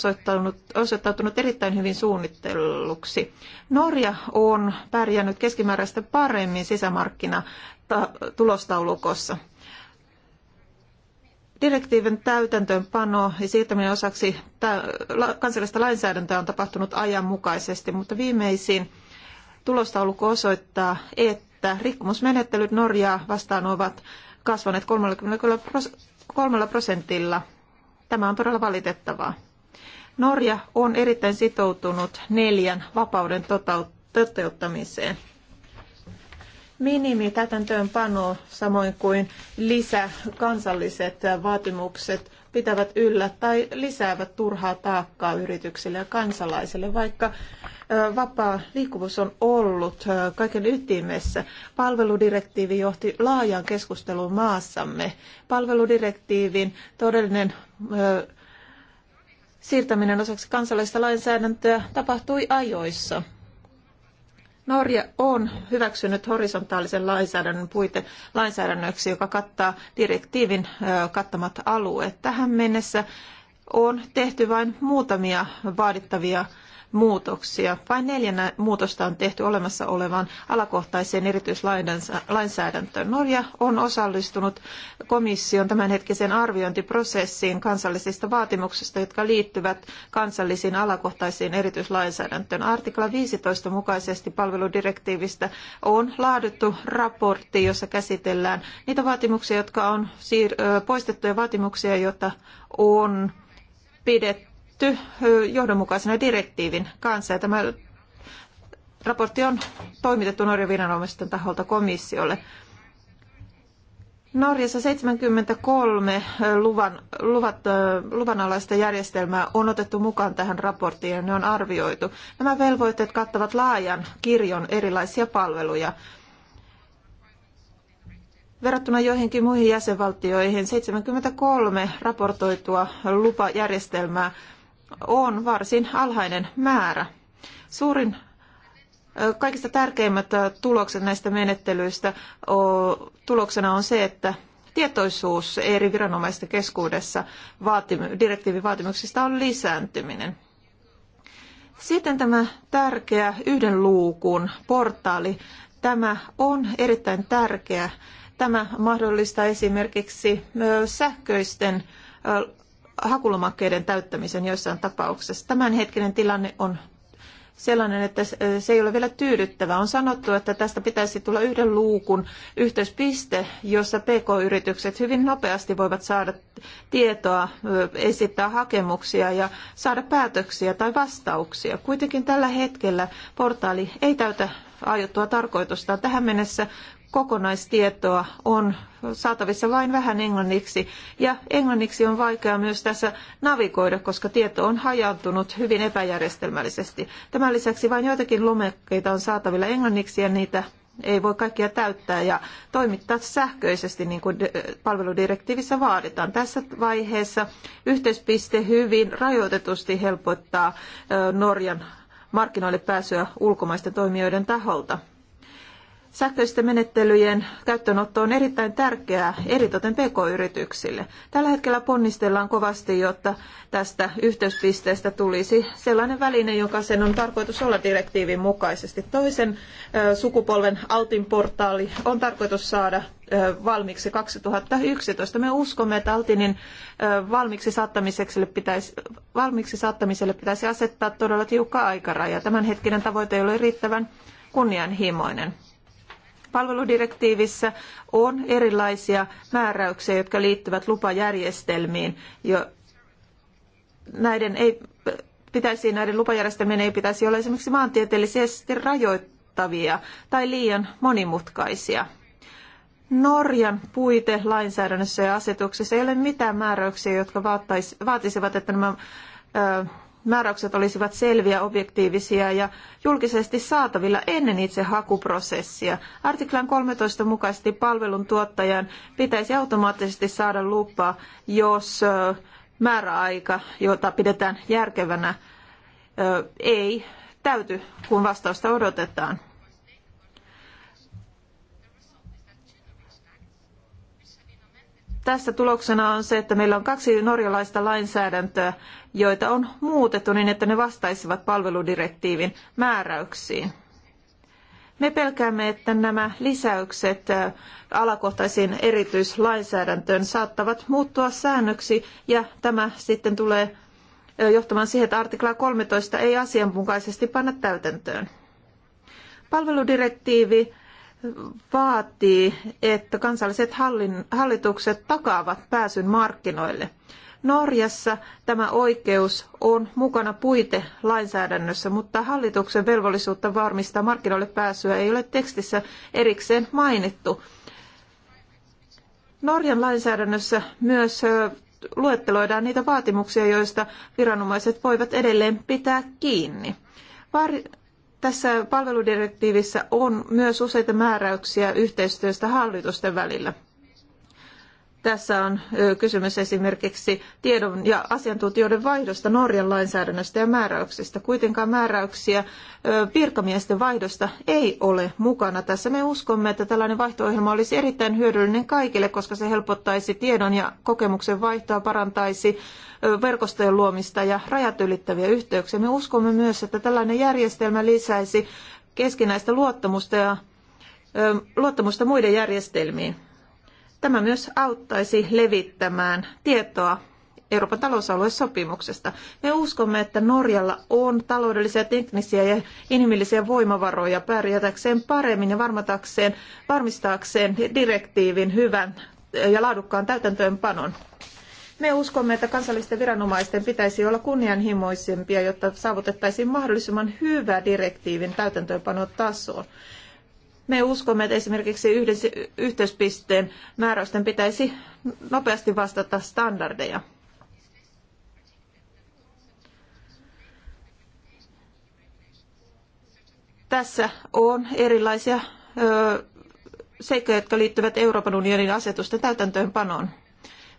osoittautunut erittäin hyvin suunnitelluksi. Norja on pärjännyt keskimääräistä paremmin sisämarkkinatulostaulukossa. Direktiivin täytäntöönpano ja siirtäminen osaksi kansallista lainsäädäntöä on tapahtunut ajanmukaisesti, mutta viimeisin tulostaulukko osoittaa, että että rikkomusmenettelyt Norjaa vastaan ovat kasvaneet 33 prosentilla. Tämä on todella valitettavaa. Norja on erittäin sitoutunut neljän vapauden toteuttamiseen – minimi täytäntöönpano samoin kuin lisä kansalliset vaatimukset pitävät yllä tai lisäävät turhaa taakkaa yrityksille ja kansalaisille, vaikka vapaa liikkuvuus on ollut kaiken ytimessä. Palveludirektiivi johti laajaan keskusteluun maassamme. Palveludirektiivin todellinen siirtäminen osaksi kansallista lainsäädäntöä tapahtui ajoissa. Norja on hyväksynyt horisontaalisen lainsäädännön puite lainsäädännöksi, joka kattaa direktiivin kattamat alueet. Tähän mennessä on tehty vain muutamia vaadittavia muutoksia. Vain neljä muutosta on tehty olemassa olevaan alakohtaiseen erityislainsäädäntöön. Norja on osallistunut komission tämänhetkiseen arviointiprosessiin kansallisista vaatimuksista, jotka liittyvät kansallisiin alakohtaisiin erityislainsäädäntöön. Artikla 15 mukaisesti palveludirektiivistä on laadittu raportti, jossa käsitellään niitä vaatimuksia, jotka on siir- poistettuja vaatimuksia, joita on pidetty pidetty johdonmukaisena direktiivin kanssa. Ja tämä raportti on toimitettu Norjan viranomaisten taholta komissiolle. Norjassa 73 luvan, luvat, luvanalaista järjestelmää on otettu mukaan tähän raporttiin ja ne on arvioitu. Nämä velvoitteet kattavat laajan kirjon erilaisia palveluja. Verrattuna joihinkin muihin jäsenvaltioihin 73 raportoitua lupajärjestelmää on varsin alhainen määrä. Suurin Kaikista tärkeimmät tulokset näistä menettelyistä tuloksena on se, että tietoisuus eri viranomaisten keskuudessa direktiivin vaatimuksista on lisääntyminen. Sitten tämä tärkeä yhden luukun portaali. Tämä on erittäin tärkeä. Tämä mahdollistaa esimerkiksi sähköisten hakulomakkeiden täyttämisen joissain tapauksissa. Tämänhetkinen tilanne on sellainen, että eh, se ei ole vielä tyydyttävä. On sanottu, että tästä pitäisi tulla yhden luukun yhteyspiste, jossa PK-yritykset hyvin nopeasti voivat saada tietoa, eh, esittää hakemuksia ja saada päätöksiä tai vastauksia. Kuitenkin tällä hetkellä portaali ei täytä aiottua tarkoitusta. Tähän mennessä kokonaistietoa on saatavissa vain vähän englanniksi. Ja englanniksi on vaikea myös tässä navigoida, koska tieto on hajantunut hyvin epäjärjestelmällisesti. Tämän lisäksi vain joitakin lomekkeita on saatavilla englanniksi ja niitä ei voi kaikkia täyttää ja toimittaa sähköisesti niin kuin palveludirektiivissä vaaditaan. Tässä vaiheessa yhteispiste hyvin rajoitetusti helpottaa Norjan markkinoille pääsyä ulkomaisten toimijoiden taholta. Sähköisten menettelyjen käyttöönotto on erittäin tärkeää eritoten pk-yrityksille. Tällä hetkellä ponnistellaan kovasti, jotta tästä yhteyspisteestä tulisi sellainen väline, joka sen on tarkoitus olla direktiivin mukaisesti. Toisen sukupolven Altin portaali on tarkoitus saada valmiiksi 2011. Me uskomme, että Altinin valmiiksi saattamiseksi pitäisi, valmiiksi saattamiselle pitäisi asettaa todella tiukka aikaraja. Tämänhetkinen tavoite ei ole riittävän kunnianhimoinen palveludirektiivissä on erilaisia määräyksiä, jotka liittyvät lupajärjestelmiin. Jo näiden ei, pitäisi, näiden lupajärjestelmien ei pitäisi olla esimerkiksi maantieteellisesti rajoittavia tai liian monimutkaisia. Norjan puitelainsäädännössä ja asetuksessa ei ole mitään määräyksiä, jotka vaatisivat, että nämä määräykset olisivat selviä, objektiivisia ja julkisesti saatavilla ennen itse hakuprosessia. Artiklan 13 mukaisesti palvelun tuottajan pitäisi automaattisesti saada lupa, jos määräaika, jota pidetään järkevänä, ei täyty, kun vastausta odotetaan. Tässä tuloksena on se, että meillä on kaksi norjalaista lainsäädäntöä, joita on muutettu niin, että ne vastaisivat palveludirektiivin määräyksiin. Me pelkäämme, että nämä lisäykset alakohtaisiin erityislainsäädäntöön saattavat muuttua säännöksi ja tämä sitten tulee johtamaan siihen, että artiklaa 13 ei asianmukaisesti panna täytäntöön. Palveludirektiivi vaatii, että kansalliset hallitukset takaavat pääsyn markkinoille. Norjassa tämä oikeus on mukana puitelainsäädännössä, mutta hallituksen velvollisuutta varmistaa markkinoille pääsyä ei ole tekstissä erikseen mainittu. Norjan lainsäädännössä myös luetteloidaan niitä vaatimuksia, joista viranomaiset voivat edelleen pitää kiinni. Tässä palveludirektiivissä on myös useita määräyksiä yhteistyöstä hallitusten välillä. Tässä on kysymys esimerkiksi tiedon ja asiantuntijoiden vaihdosta Norjan lainsäädännöstä ja määräyksistä. Kuitenkaan määräyksiä virkamiesten vaihdosta ei ole mukana tässä. Me uskomme, että tällainen vaihto-ohjelma olisi erittäin hyödyllinen kaikille, koska se helpottaisi tiedon ja kokemuksen vaihtoa, parantaisi verkostojen luomista ja rajat ylittäviä yhteyksiä. Me uskomme myös, että tällainen järjestelmä lisäisi keskinäistä luottamusta ja luottamusta muiden järjestelmiin. Tämä myös auttaisi levittämään tietoa Euroopan talousaluesopimuksesta. Me uskomme, että Norjalla on taloudellisia, teknisiä ja inhimillisiä voimavaroja pärjätäkseen paremmin ja varmatakseen, varmistaakseen direktiivin hyvän ja laadukkaan täytäntöönpanon. Me uskomme, että kansallisten viranomaisten pitäisi olla kunnianhimoisempia, jotta saavutettaisiin mahdollisimman hyvä direktiivin täytäntöönpanotaso. Me uskomme, että esimerkiksi yhden, yhteyspisteen määräysten pitäisi nopeasti vastata standardeja. Tässä on erilaisia ö, seikkoja, jotka liittyvät Euroopan unionin asetusten täytäntöönpanoon.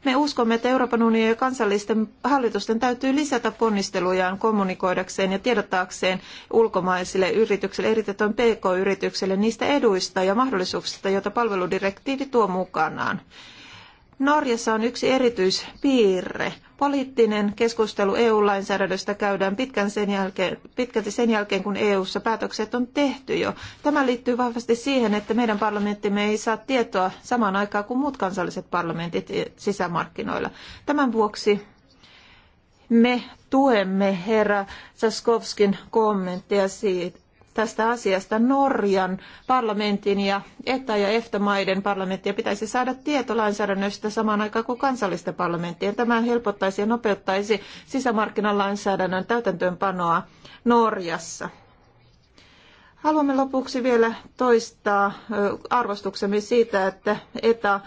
Me uskomme, että Euroopan unionin ja kansallisten hallitusten täytyy lisätä ponnistelujaan kommunikoidakseen ja tiedottaakseen ulkomaisille yrityksille, erityisesti PK-yrityksille, niistä eduista ja mahdollisuuksista, joita palveludirektiivi tuo mukanaan. Norjassa on yksi erityispiirre. Poliittinen keskustelu EU-lainsäädännöstä käydään pitkän sen jälkeen, pitkälti sen jälkeen, kun EU-ssa päätökset on tehty jo. Tämä liittyy vahvasti siihen, että meidän parlamenttimme ei saa tietoa samaan aikaan kuin muut kansalliset parlamentit sisämarkkinoilla. Tämän vuoksi me tuemme herra Saskovskin kommenttia siitä, tästä asiasta Norjan parlamentin ja ETA- ja EFTA-maiden parlamenttia pitäisi saada tietolainsäädännöstä samaan aikaan kuin kansallisten parlamenttien. Tämä helpottaisi ja nopeuttaisi sisämarkkinalainsäädännön täytäntöönpanoa Norjassa. Haluamme lopuksi vielä toistaa arvostuksemme siitä, että ETA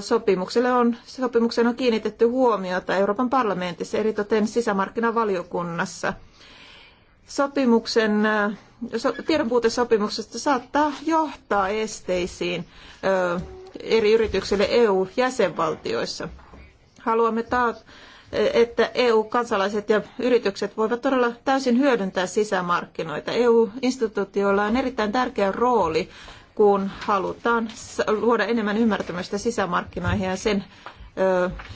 sopimukselle on, sopimukseen on kiinnitetty huomiota Euroopan parlamentissa, eritoten sisämarkkinavaliokunnassa. Sopimuksen tiedonpuutesopimuksesta saattaa johtaa esteisiin eri yrityksille EU-jäsenvaltioissa. Haluamme taas, että EU-kansalaiset ja yritykset voivat todella täysin hyödyntää sisämarkkinoita. EU-instituutioilla on erittäin tärkeä rooli, kun halutaan luoda enemmän ymmärtämystä sisämarkkinoihin ja sen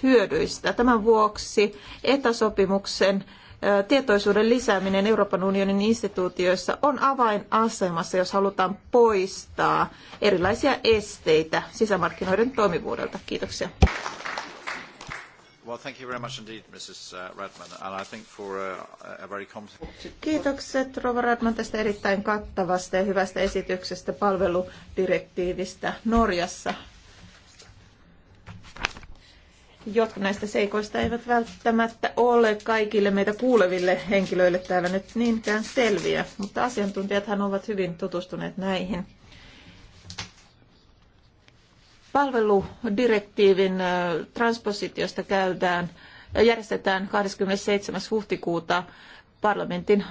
hyödyistä. Tämän vuoksi etäsopimuksen tietoisuuden lisääminen Euroopan unionin instituutioissa on avainasemassa, jos halutaan poistaa erilaisia esteitä sisämarkkinoiden toimivuudelta. Kiitoksia. Uh, uh, Kiitokset Rova Radman tästä erittäin kattavasta ja hyvästä esityksestä palveludirektiivistä Norjassa jotkut näistä seikoista eivät välttämättä ole kaikille meitä kuuleville henkilöille täällä nyt niinkään selviä, mutta asiantuntijathan ovat hyvin tutustuneet näihin. Palveludirektiivin transpositiosta käydään, järjestetään 27. huhtikuuta parlamentin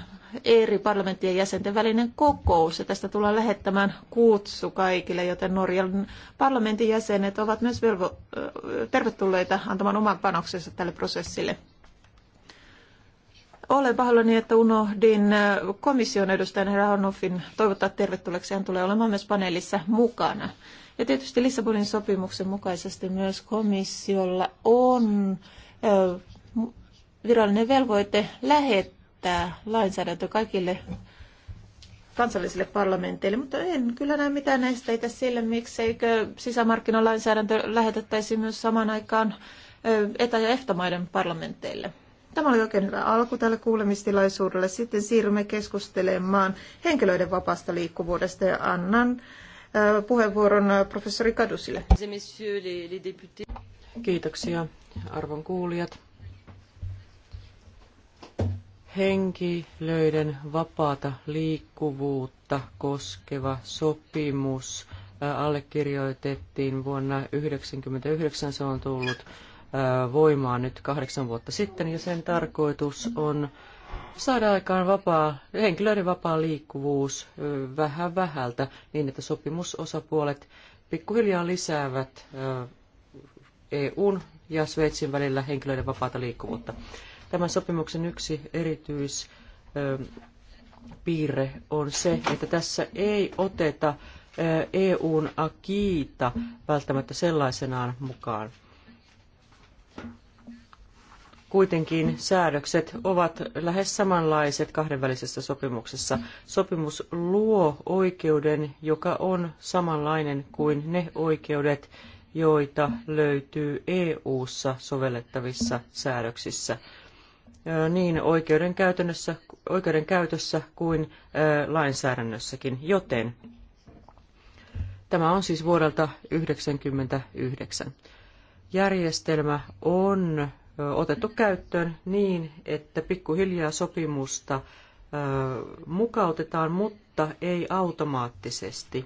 eri parlamenttien jäsenten välinen kokous. Ja tästä tullaan lähettämään kutsu kaikille, joten Norjan parlamentin jäsenet ovat myös velvo- tervetulleita antamaan oman panoksensa tälle prosessille. Olen pahoillani, että unohdin komission edustajan herra Honoffin toivottaa tervetulleeksi. Hän tulee olemaan myös paneelissa mukana. Ja tietysti Lissabonin sopimuksen mukaisesti myös komissiolla on virallinen velvoite lähettää lähettää lainsäädäntö kaikille kansallisille parlamenteille, mutta en kyllä näe mitään näistä esteitä sille, mikseikö sisämarkkinalainsäädäntö lähetettäisiin myös samaan aikaan etä- ja EFTA-maiden parlamenteille. Tämä oli oikein hyvä alku tälle kuulemistilaisuudelle. Sitten siirrymme keskustelemaan henkilöiden vapaasta liikkuvuudesta ja annan puheenvuoron professori Kadusille. Kiitoksia arvon kuulijat henkilöiden vapaata liikkuvuutta koskeva sopimus allekirjoitettiin vuonna 1999. Se on tullut voimaan nyt kahdeksan vuotta sitten ja sen tarkoitus on saada aikaan vapaa, henkilöiden vapaa liikkuvuus vähän vähältä niin, että sopimusosapuolet pikkuhiljaa lisäävät EUn ja Sveitsin välillä henkilöiden vapaata liikkuvuutta. Tämän sopimuksen yksi erityispiirre on se, että tässä ei oteta EUn akiita välttämättä sellaisenaan mukaan. Kuitenkin säädökset ovat lähes samanlaiset kahdenvälisessä sopimuksessa. Sopimus luo oikeuden, joka on samanlainen kuin ne oikeudet, joita löytyy EU-ssa sovellettavissa säädöksissä niin oikeudenkäytännössä, oikeudenkäytössä kuin lainsäädännössäkin, joten tämä on siis vuodelta 1999. Järjestelmä on otettu käyttöön niin, että pikkuhiljaa sopimusta mukautetaan, mutta ei automaattisesti.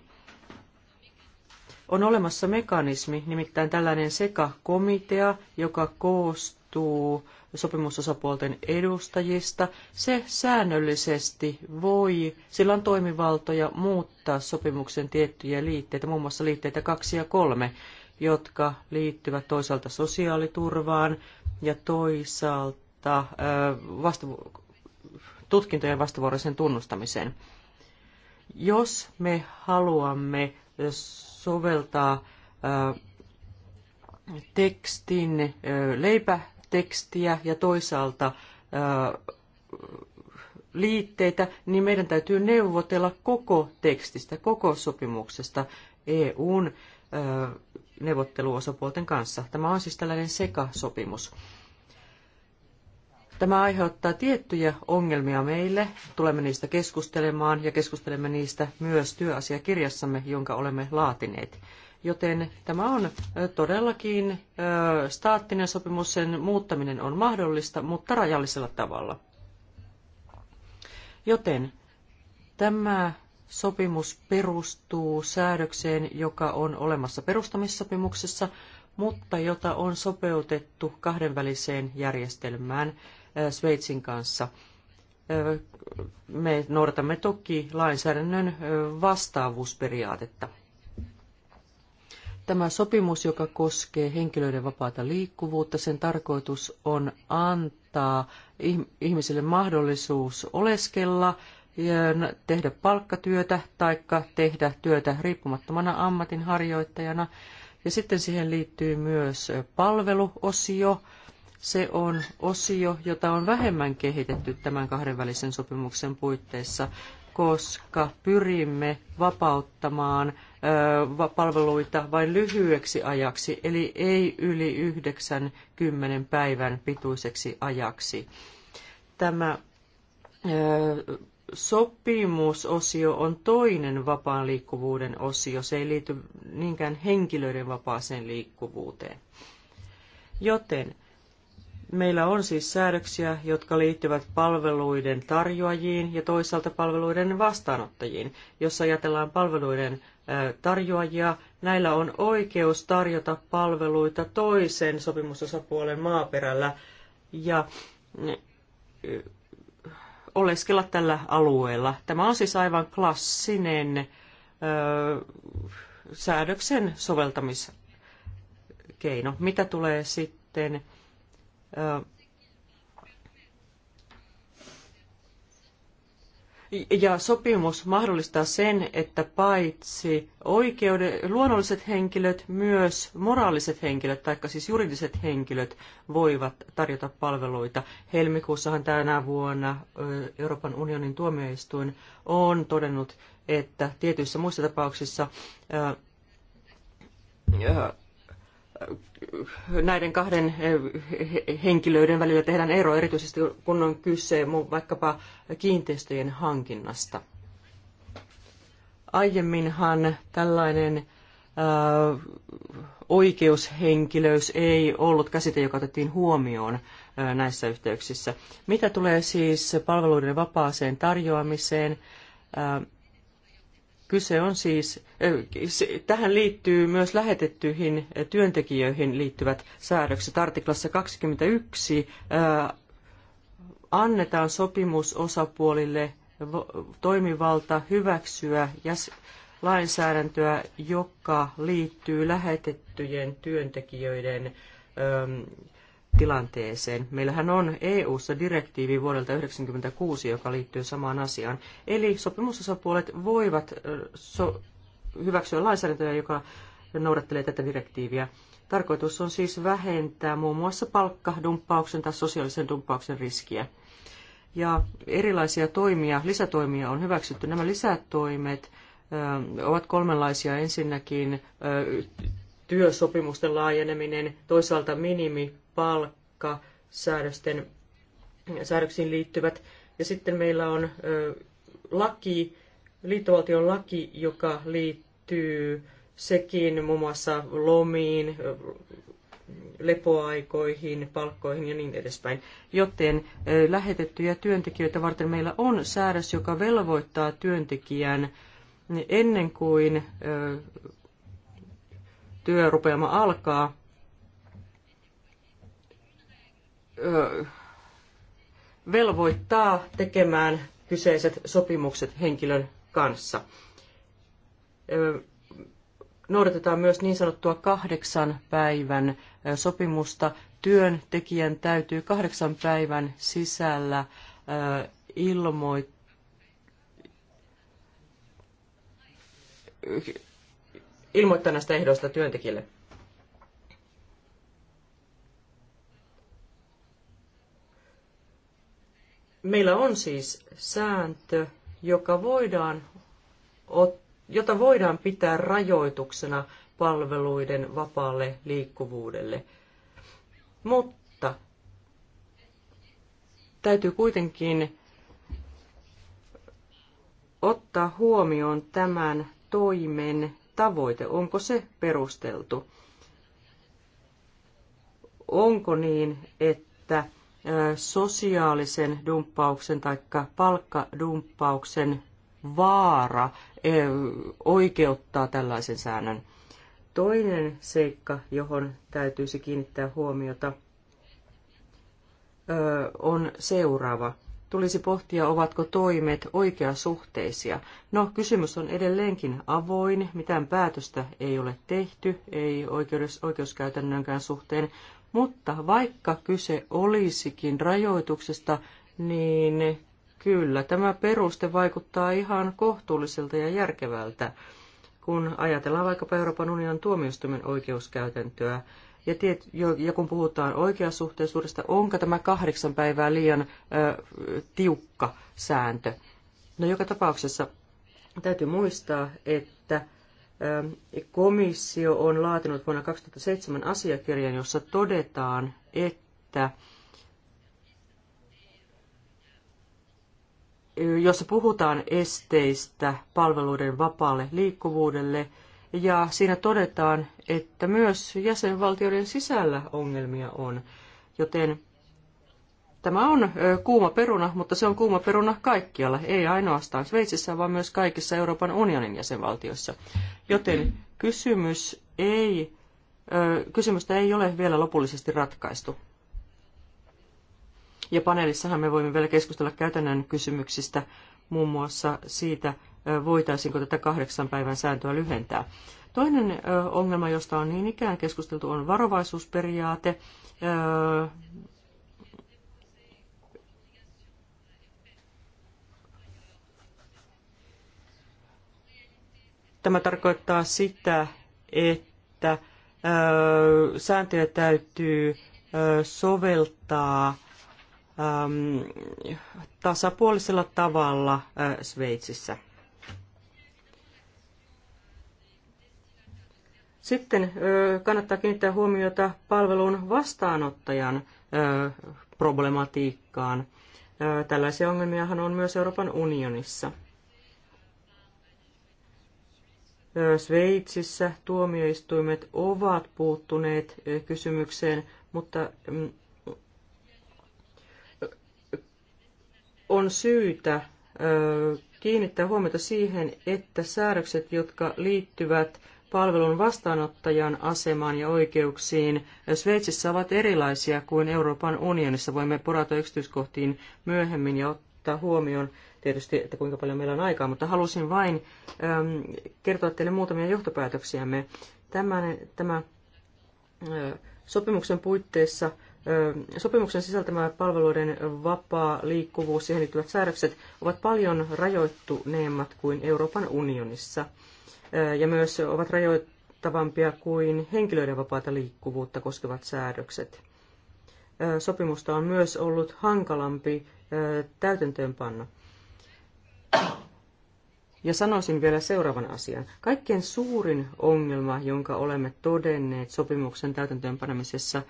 On olemassa mekanismi, nimittäin tällainen sekakomitea, joka koostuu sopimusosapuolten edustajista. Se säännöllisesti voi, sillä on toimivaltoja muuttaa sopimuksen tiettyjä liitteitä, muun muassa liitteitä kaksi ja kolme, jotka liittyvät toisaalta sosiaaliturvaan ja toisaalta tutkintojen vastavuoroisen tunnustamiseen. Jos me haluamme soveltaa tekstin leipä tekstiä ja toisaalta liitteitä, niin meidän täytyy neuvotella koko tekstistä, koko sopimuksesta EUn neuvotteluosapuolten kanssa. Tämä on siis tällainen sekasopimus. Tämä aiheuttaa tiettyjä ongelmia meille. Tulemme niistä keskustelemaan ja keskustelemme niistä myös työasiakirjassamme, jonka olemme laatineet. Joten tämä on todellakin staattinen sopimus, sen muuttaminen on mahdollista, mutta rajallisella tavalla. Joten tämä sopimus perustuu säädökseen, joka on olemassa perustamissopimuksessa, mutta jota on sopeutettu kahdenväliseen järjestelmään Sveitsin kanssa. Me noudatamme toki lainsäädännön vastaavuusperiaatetta. Tämä sopimus, joka koskee henkilöiden vapaata liikkuvuutta, sen tarkoitus on antaa ihmisille mahdollisuus oleskella, tehdä palkkatyötä tai tehdä työtä riippumattomana ammatinharjoittajana. Ja sitten siihen liittyy myös palveluosio. Se on osio, jota on vähemmän kehitetty tämän kahdenvälisen sopimuksen puitteissa koska pyrimme vapauttamaan palveluita vain lyhyeksi ajaksi, eli ei yli 90 päivän pituiseksi ajaksi. Tämä sopimusosio on toinen vapaan liikkuvuuden osio. Se ei liity niinkään henkilöiden vapaaseen liikkuvuuteen. Joten Meillä on siis säädöksiä, jotka liittyvät palveluiden tarjoajiin ja toisaalta palveluiden vastaanottajiin. Jos ajatellaan palveluiden tarjoajia, näillä on oikeus tarjota palveluita toisen sopimusosapuolen maaperällä ja oleskella tällä alueella. Tämä on siis aivan klassinen säädöksen soveltamiskeino. Mitä tulee sitten ja sopimus mahdollistaa sen, että paitsi oikeuden, luonnolliset henkilöt, myös moraaliset henkilöt, taikka siis juridiset henkilöt, voivat tarjota palveluita. Helmikuussahan tänä vuonna Euroopan unionin tuomioistuin on todennut, että tietyissä muissa tapauksissa näiden kahden henkilöiden välillä tehdään ero, erityisesti kun on kyse vaikkapa kiinteistöjen hankinnasta. Aiemminhan tällainen äh, oikeushenkilöys ei ollut käsite, joka otettiin huomioon äh, näissä yhteyksissä. Mitä tulee siis palveluiden vapaaseen tarjoamiseen, äh, Kyse on siis, tähän liittyy myös lähetettyihin työntekijöihin liittyvät säädökset. Artiklassa 21 annetaan sopimusosapuolille toimivalta hyväksyä lainsäädäntöä, joka liittyy lähetettyjen työntekijöiden tilanteeseen. Meillähän on EU-ssa direktiivi vuodelta 1996, joka liittyy samaan asiaan. Eli sopimusosapuolet voivat so- hyväksyä lainsäädäntöä, joka noudattelee tätä direktiiviä. Tarkoitus on siis vähentää muun muassa palkkadumppauksen tai sosiaalisen dumppauksen riskiä. Ja erilaisia toimia, lisätoimia on hyväksytty. Nämä lisätoimet ovat kolmenlaisia. Ensinnäkin työsopimusten laajeneminen, toisaalta minimi palkkasäädösten säädöksiin liittyvät. Ja sitten meillä on laki, liittovaltion laki, joka liittyy sekin muun muassa lomiin, lepoaikoihin, palkkoihin ja niin edespäin. Joten lähetettyjä työntekijöitä varten meillä on säädös, joka velvoittaa työntekijän ennen kuin työrupeama alkaa, velvoittaa tekemään kyseiset sopimukset henkilön kanssa. Noudatetaan myös niin sanottua kahdeksan päivän sopimusta. Työntekijän täytyy kahdeksan päivän sisällä ilmoittaa ilmoittaa näistä ehdoista työntekijälle. meillä on siis sääntö, joka voidaan, jota voidaan pitää rajoituksena palveluiden vapaalle liikkuvuudelle. Mutta täytyy kuitenkin ottaa huomioon tämän toimen tavoite. Onko se perusteltu? Onko niin, että sosiaalisen dumppauksen tai palkkadumppauksen vaara oikeuttaa tällaisen säännön. Toinen seikka, johon täytyisi kiinnittää huomiota, on seuraava. Tulisi pohtia, ovatko toimet oikeasuhteisia. No, kysymys on edelleenkin avoin, mitään päätöstä ei ole tehty, ei oikeus, oikeuskäytännönkään suhteen, mutta vaikka kyse olisikin rajoituksesta, niin kyllä tämä peruste vaikuttaa ihan kohtuulliselta ja järkevältä, kun ajatellaan vaikkapa Euroopan unionin tuomioistuimen oikeuskäytäntöä. Ja, tiet, ja kun puhutaan oikeasuhteisuudesta, onko tämä kahdeksan päivää liian ö, tiukka sääntö? No joka tapauksessa täytyy muistaa, että komissio on laatinut vuonna 2007 asiakirjan, jossa todetaan, että jossa puhutaan esteistä palveluiden vapaalle liikkuvuudelle, ja siinä todetaan, että myös jäsenvaltioiden sisällä ongelmia on, joten Tämä on kuuma peruna, mutta se on kuuma peruna kaikkialla, ei ainoastaan Sveitsissä, vaan myös kaikissa Euroopan unionin jäsenvaltioissa. Joten kysymys ei, kysymystä ei ole vielä lopullisesti ratkaistu. Ja paneelissahan me voimme vielä keskustella käytännön kysymyksistä, muun muassa siitä, voitaisiinko tätä kahdeksan päivän sääntöä lyhentää. Toinen ongelma, josta on niin ikään keskusteltu, on varovaisuusperiaate. Tämä tarkoittaa sitä, että sääntöjä täytyy soveltaa tasapuolisella tavalla Sveitsissä. Sitten kannattaa kiinnittää huomiota palvelun vastaanottajan problematiikkaan. Tällaisia ongelmiahan on myös Euroopan unionissa. Sveitsissä tuomioistuimet ovat puuttuneet kysymykseen, mutta mm, on syytä kiinnittää huomiota siihen, että säädökset, jotka liittyvät palvelun vastaanottajan asemaan ja oikeuksiin Sveitsissä ovat erilaisia kuin Euroopan unionissa. Voimme porata yksityiskohtiin myöhemmin ja ottaa huomioon tietysti, että kuinka paljon meillä on aikaa, mutta halusin vain äm, kertoa teille muutamia johtopäätöksiämme. Tämän, tämä ä, äh, sopimuksen puitteissa ä, äh, Sopimuksen sisältämä palveluiden vapaa liikkuvuus, siihen liittyvät säädökset ovat paljon rajoittuneemmat kuin Euroopan unionissa ä, äh, ja myös ovat rajoittavampia kuin henkilöiden vapaata liikkuvuutta koskevat säädökset sopimusta on myös ollut hankalampi täytäntöönpanna. Ja sanoisin vielä seuraavan asian. Kaikkein suurin ongelma, jonka olemme todenneet sopimuksen täytäntöönpanemisessa,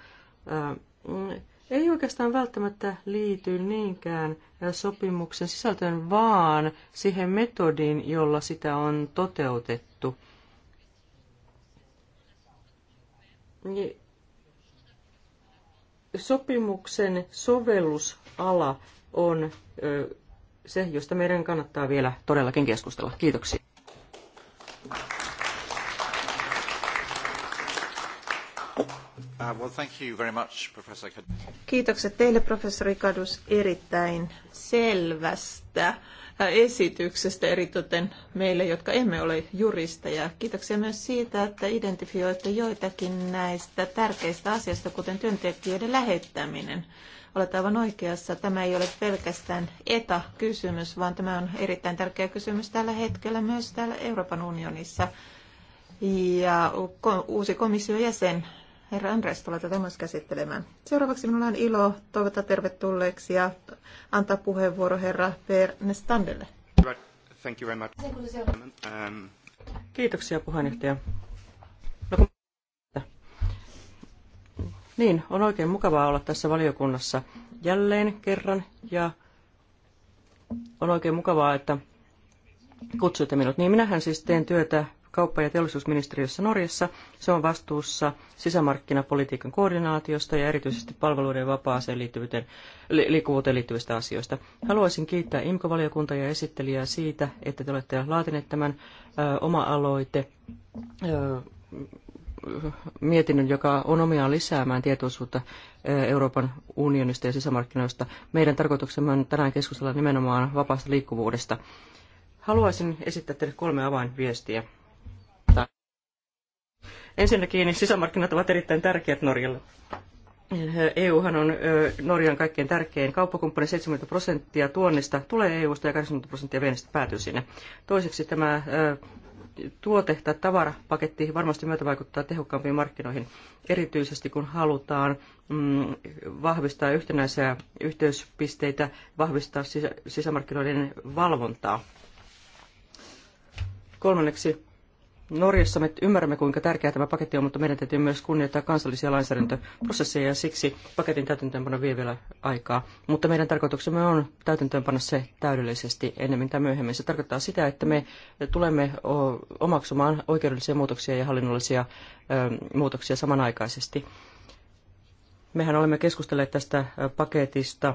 ei oikeastaan välttämättä liity niinkään sopimuksen sisältöön, vaan siihen metodiin, jolla sitä on toteutettu. Sopimuksen sovellusala on se, josta meidän kannattaa vielä todellakin keskustella. Kiitoksia. Uh, Kiitokset teille, professori Kadus, erittäin selvästä uh, esityksestä, eritoten meille, jotka emme ole juristeja. Kiitoksia myös siitä, että identifioitte joitakin näistä tärkeistä asioista, kuten työntekijöiden lähettäminen. Olet aivan oikeassa. Tämä ei ole pelkästään ETA-kysymys, vaan tämä on erittäin tärkeä kysymys tällä hetkellä myös täällä Euroopan unionissa. Ja uusi komission jäsen, herra Andres, tulee tätä myös käsittelemään. Seuraavaksi minulla on ilo toivottaa tervetulleeksi ja antaa puheenvuoro herra Per Nestandelle. Thank you very much. Kiitoksia puheenjohtaja. Niin, on oikein mukavaa olla tässä valiokunnassa jälleen kerran ja on oikein mukavaa, että kutsuitte minut. Niin minähän siis teen työtä kauppa- ja teollisuusministeriössä Norjassa. Se on vastuussa sisämarkkinapolitiikan koordinaatiosta ja erityisesti palveluiden vapaaseen liittyvyyteen, li- liikkuvuuteen liittyvistä asioista. Haluaisin kiittää IMKO-valiokunta ja esittelijää siitä, että te olette laatineet tämän ö, oma-aloite ö, mietinnön, joka on omiaan lisäämään tietoisuutta Euroopan unionista ja sisämarkkinoista. Meidän tarkoituksemme on tänään keskustella nimenomaan vapaasta liikkuvuudesta. Haluaisin esittää teille kolme avainviestiä. Ensinnäkin sisämarkkinat ovat erittäin tärkeät Norjalle. EUhan on Norjan kaikkein tärkein kauppakumppani, 70 prosenttia tuonnista tulee EUsta ja 80 prosenttia viennistä päätyy sinne. Toiseksi tämä tuote- tai tavarapaketti varmasti myötä vaikuttaa tehokkaampiin markkinoihin, erityisesti kun halutaan mm, vahvistaa yhtenäisiä yhteyspisteitä, vahvistaa sisä, sisämarkkinoiden valvontaa. Kolmanneksi Norjassa me ymmärrämme, kuinka tärkeä tämä paketti on, mutta meidän täytyy myös kunnioittaa kansallisia lainsäädäntöprosesseja ja siksi paketin täytäntöönpano vie vielä aikaa. Mutta meidän tarkoituksemme on täytäntöönpano se täydellisesti ennemmin tai myöhemmin. Se tarkoittaa sitä, että me tulemme omaksumaan oikeudellisia muutoksia ja hallinnollisia muutoksia samanaikaisesti. Mehän olemme keskustelleet tästä paketista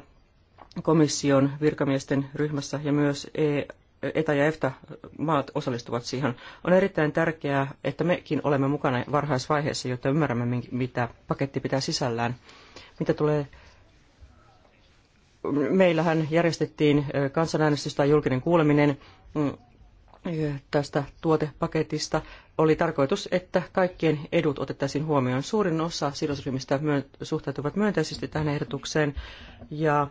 komission virkamiesten ryhmässä ja myös e- ETA- ja EFTA-maat osallistuvat siihen. On erittäin tärkeää, että mekin olemme mukana varhaisvaiheessa, jotta ymmärrämme, mitä paketti pitää sisällään. Mitä tulee Meillähän järjestettiin kansanäänestys tai julkinen kuuleminen mm, tästä tuotepaketista. Oli tarkoitus, että kaikkien edut otettaisiin huomioon. Suurin osa sidosryhmistä suhtautuvat myönteisesti tähän ehdotukseen ja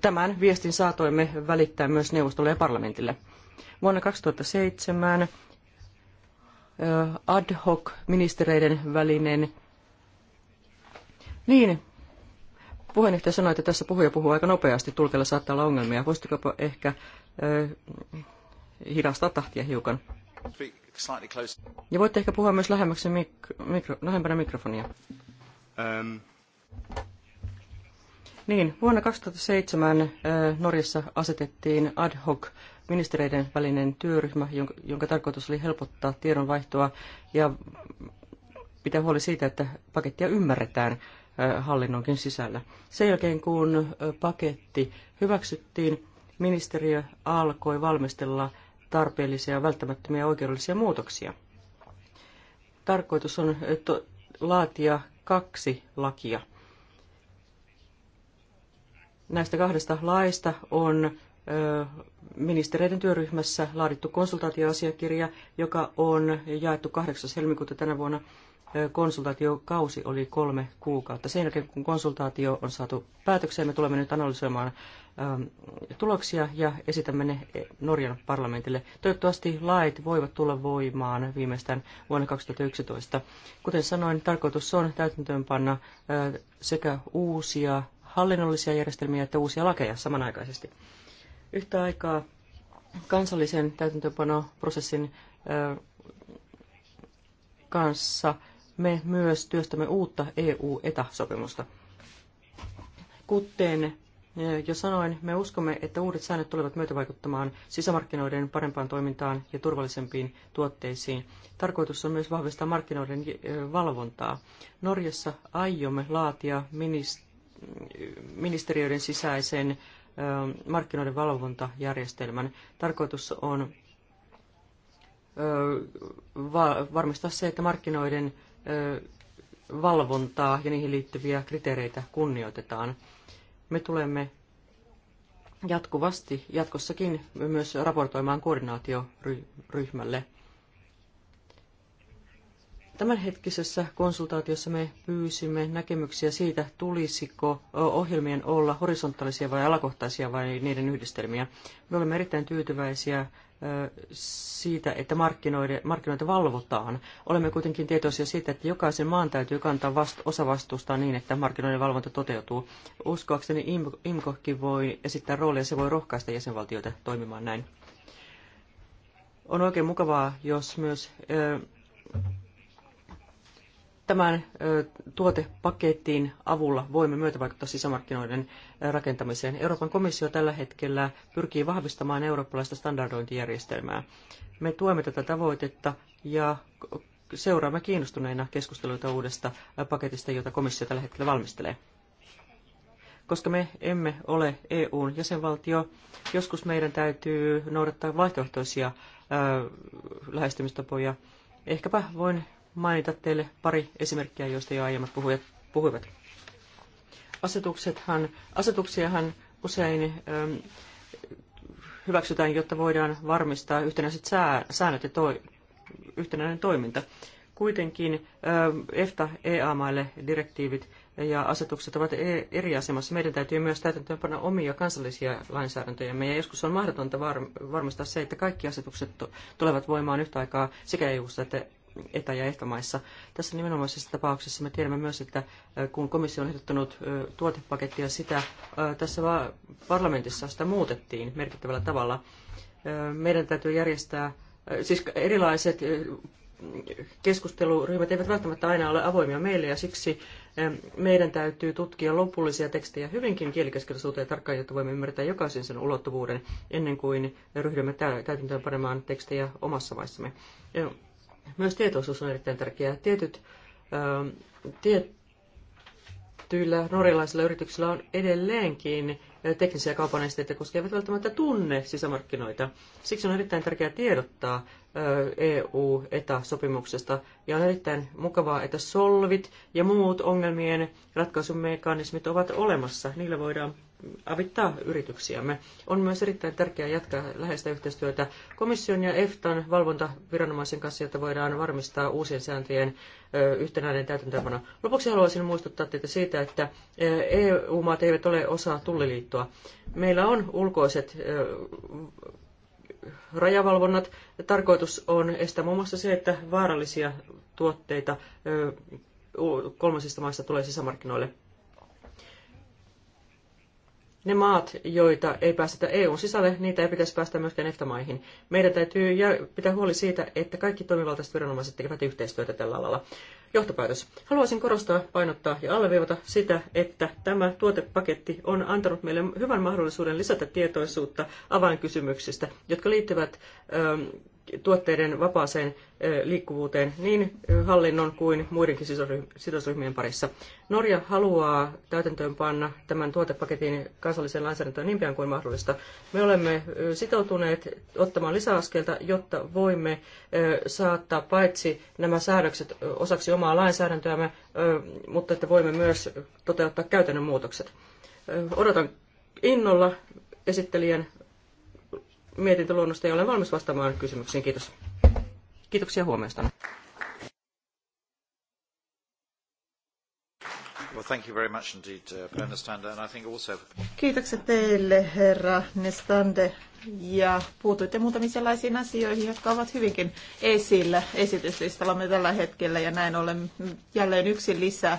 Tämän viestin saatoimme välittää myös neuvostolle ja parlamentille. Vuonna 2007 ad hoc ministereiden välinen. Niin, puheenjohtaja sanoi, että tässä puhuja puhuu aika nopeasti, tulkella saattaa olla ongelmia. Voisitteko ehkä äh, hidastaa tahtia hiukan? Ja voitte ehkä puhua myös lähemmäksi mik- mikro- lähempänä mikrofonia. Um. Niin, vuonna 2007 Norjassa asetettiin ad hoc ministereiden välinen työryhmä, jonka, jonka tarkoitus oli helpottaa tiedonvaihtoa ja pitää huoli siitä, että pakettia ymmärretään hallinnonkin sisällä. Sen jälkeen, kun paketti hyväksyttiin, ministeriö alkoi valmistella tarpeellisia ja välttämättömiä oikeudellisia muutoksia. Tarkoitus on laatia kaksi lakia – näistä kahdesta laista on ministereiden työryhmässä laadittu konsultaatioasiakirja, joka on jaettu 8. helmikuuta tänä vuonna. Konsultaatiokausi oli kolme kuukautta. Sen jälkeen, kun konsultaatio on saatu päätökseen, me tulemme nyt analysoimaan tuloksia ja esitämme ne e, Norjan parlamentille. Toivottavasti lait voivat tulla voimaan viimeistään vuonna 2011. Kuten sanoin, tarkoitus on täytäntöönpanna sekä uusia hallinnollisia järjestelmiä että uusia lakeja samanaikaisesti. Yhtä aikaa kansallisen täytäntöönpanoprosessin kanssa me myös työstämme uutta EU-ETA-sopimusta. Kuten jo sanoin, me uskomme, että uudet säännöt tulevat myötävaikuttamaan sisämarkkinoiden parempaan toimintaan ja turvallisempiin tuotteisiin. Tarkoitus on myös vahvistaa markkinoiden valvontaa. Norjassa aiomme laatia ministeri ministeriöiden sisäisen markkinoiden valvontajärjestelmän. Tarkoitus on varmistaa se, että markkinoiden valvontaa ja niihin liittyviä kriteereitä kunnioitetaan. Me tulemme jatkuvasti jatkossakin myös raportoimaan koordinaatioryhmälle. Tämänhetkisessä konsultaatiossa me pyysimme näkemyksiä siitä, tulisiko ohjelmien olla horisontaalisia vai alakohtaisia vai niiden yhdistelmiä. Me olemme erittäin tyytyväisiä siitä, että markkinoita valvotaan. Olemme kuitenkin tietoisia siitä, että jokaisen maan täytyy kantaa vast, osa vastuusta niin, että markkinoiden valvonta toteutuu. Uskoakseni IMKOkin voi esittää roolia, se voi rohkaista jäsenvaltioita toimimaan näin. On oikein mukavaa, jos myös Tämän tuotepaketin avulla voimme myötävaikuttaa sisämarkkinoiden rakentamiseen. Euroopan komissio tällä hetkellä pyrkii vahvistamaan eurooppalaista standardointijärjestelmää. Me tuemme tätä tavoitetta ja seuraamme kiinnostuneina keskusteluita uudesta paketista, jota komissio tällä hetkellä valmistelee. Koska me emme ole EUn jäsenvaltio, joskus meidän täytyy noudattaa vaihtoehtoisia lähestymistapoja. Ehkäpä voin mainita teille pari esimerkkiä, joista jo aiemmat puhujat puhuivat. Asetuksethan, asetuksiahan usein ähm, hyväksytään, jotta voidaan varmistaa yhtenäiset sää, säännöt ja toi, yhtenäinen toiminta. Kuitenkin ähm, EFTA, EA-maille direktiivit ja asetukset ovat e- eri asemassa. Meidän täytyy myös täytäntöönpanna omia kansallisia lainsäädäntöjämme ja joskus on mahdotonta varmistaa se, että kaikki asetukset tulevat voimaan yhtä aikaa sekä EU-ssa että etä- ja ehtomaissa. Tässä nimenomaisessa tapauksessa me tiedämme myös, että kun komissio on ehdottanut tuotepakettia, sitä tässä parlamentissa sitä muutettiin merkittävällä tavalla. Meidän täytyy järjestää, siis erilaiset keskusteluryhmät eivät välttämättä aina ole avoimia meille ja siksi meidän täytyy tutkia lopullisia tekstejä hyvinkin ja tarkkaan, jotta voimme ymmärtää jokaisen sen ulottuvuuden ennen kuin ryhdymme täytäntöön panemaan tekstejä omassa maissamme. Myös tietoisuus on erittäin tärkeää. Tietyt, ö, tietyillä norjalaisilla yrityksillä on edelleenkin teknisiä kaupanesteitä esteitä, koska eivät välttämättä tunne sisämarkkinoita. Siksi on erittäin tärkeää tiedottaa EU-ETA-sopimuksesta. Ja on erittäin mukavaa, että solvit ja muut ongelmien ratkaisumekanismit ovat olemassa. Niillä voidaan avittaa yrityksiämme. On myös erittäin tärkeää jatkaa läheistä yhteistyötä komission ja EFTAn valvontaviranomaisen kanssa, jotta voidaan varmistaa uusien sääntöjen yhtenäinen täytäntöönpano. Lopuksi haluaisin muistuttaa teitä siitä, että EU-maat eivät ole osa tulliliittoa. Meillä on ulkoiset rajavalvonnat. Tarkoitus on estää muun muassa se, että vaarallisia tuotteita kolmansista maista tulee sisämarkkinoille ne maat, joita ei päästetä EUn sisälle, niitä ei pitäisi päästä myöskään EFTA-maihin. Meidän täytyy pitää huoli siitä, että kaikki toimivaltaiset viranomaiset tekevät yhteistyötä tällä alalla. Johtopäätös. Haluaisin korostaa, painottaa ja alleviivata sitä, että tämä tuotepaketti on antanut meille hyvän mahdollisuuden lisätä tietoisuutta avainkysymyksistä, jotka liittyvät ähm, tuotteiden vapaaseen liikkuvuuteen niin hallinnon kuin muidenkin sidosryhmien parissa. Norja haluaa täytäntöönpanna tämän tuotepaketin kansalliseen lainsäädäntöön niin pian kuin mahdollista. Me olemme sitoutuneet ottamaan lisäaskelta, jotta voimme saattaa paitsi nämä säädökset osaksi omaa lainsäädäntöämme, mutta että voimme myös toteuttaa käytännön muutokset. Odotan innolla esittelijän mietintöluonnosta ja olen valmis vastaamaan kysymyksiin. Kiitos. Kiitoksia huomiosta. Kiitokset teille, herra Nestande ja puutuitte muutamiin sellaisiin asioihin, jotka ovat hyvinkin esillä esityslistallamme tällä hetkellä ja näin ollen jälleen yksi, lisä,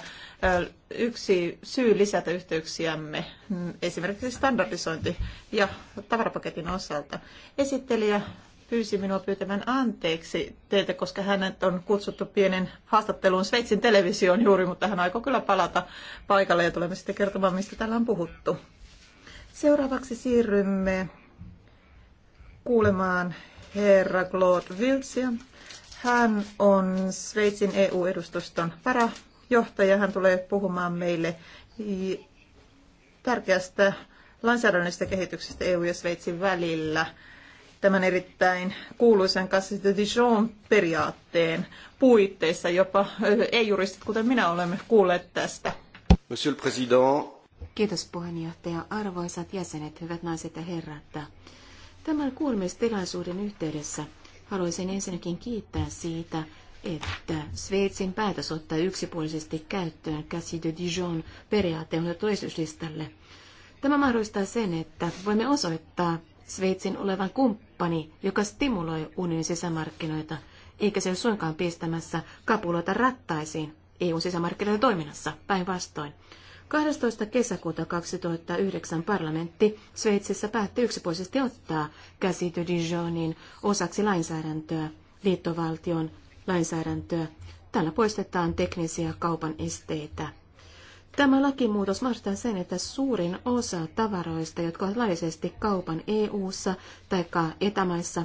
yksi syy lisätä yhteyksiämme mm, esimerkiksi standardisointi ja tavarapaketin osalta. Esittelijä pyysi minua pyytämään anteeksi teiltä, koska hänet on kutsuttu pienen haastatteluun Sveitsin televisioon juuri, mutta hän aikoo kyllä palata paikalle ja tulemme sitten kertomaan, mistä täällä on puhuttu. Seuraavaksi siirrymme kuulemaan herra Claude Wiltsia. Hän on Sveitsin EU-edustuston parajohtaja. Hän tulee puhumaan meille tärkeästä lainsäädännöllisestä kehityksestä EU ja Sveitsin välillä tämän erittäin kuuluisen Cassis de Dijon-periaatteen puitteissa. Jopa ei-juristit, kuten minä, olemme kuulleet tästä. Monsieur le Président. Kiitos puheenjohtaja. Arvoisat jäsenet, hyvät naiset ja herrat. Tämän kuulemistilaisuuden yhteydessä haluaisin ensinnäkin kiittää siitä, että Sveitsin päätös ottaa yksipuolisesti käyttöön Cassis de Dijon periaatteen toisuuslistalle. Tämä mahdollistaa sen, että voimme osoittaa Sveitsin olevan kumppani, joka stimuloi unionin sisämarkkinoita, eikä se ole suinkaan pistämässä kapuloita rattaisiin eu sisämarkkinoiden toiminnassa päinvastoin. 12. kesäkuuta 2009 parlamentti Sveitsissä päätti yksipuolisesti ottaa de Dijonin osaksi lainsäädäntöä, liittovaltion lainsäädäntöä. Tällä poistetaan teknisiä kaupan esteitä. Tämä lakimuutos mahdollistaa sen, että suurin osa tavaroista, jotka ovat laillisesti kaupan EU-ssa tai etämaissa,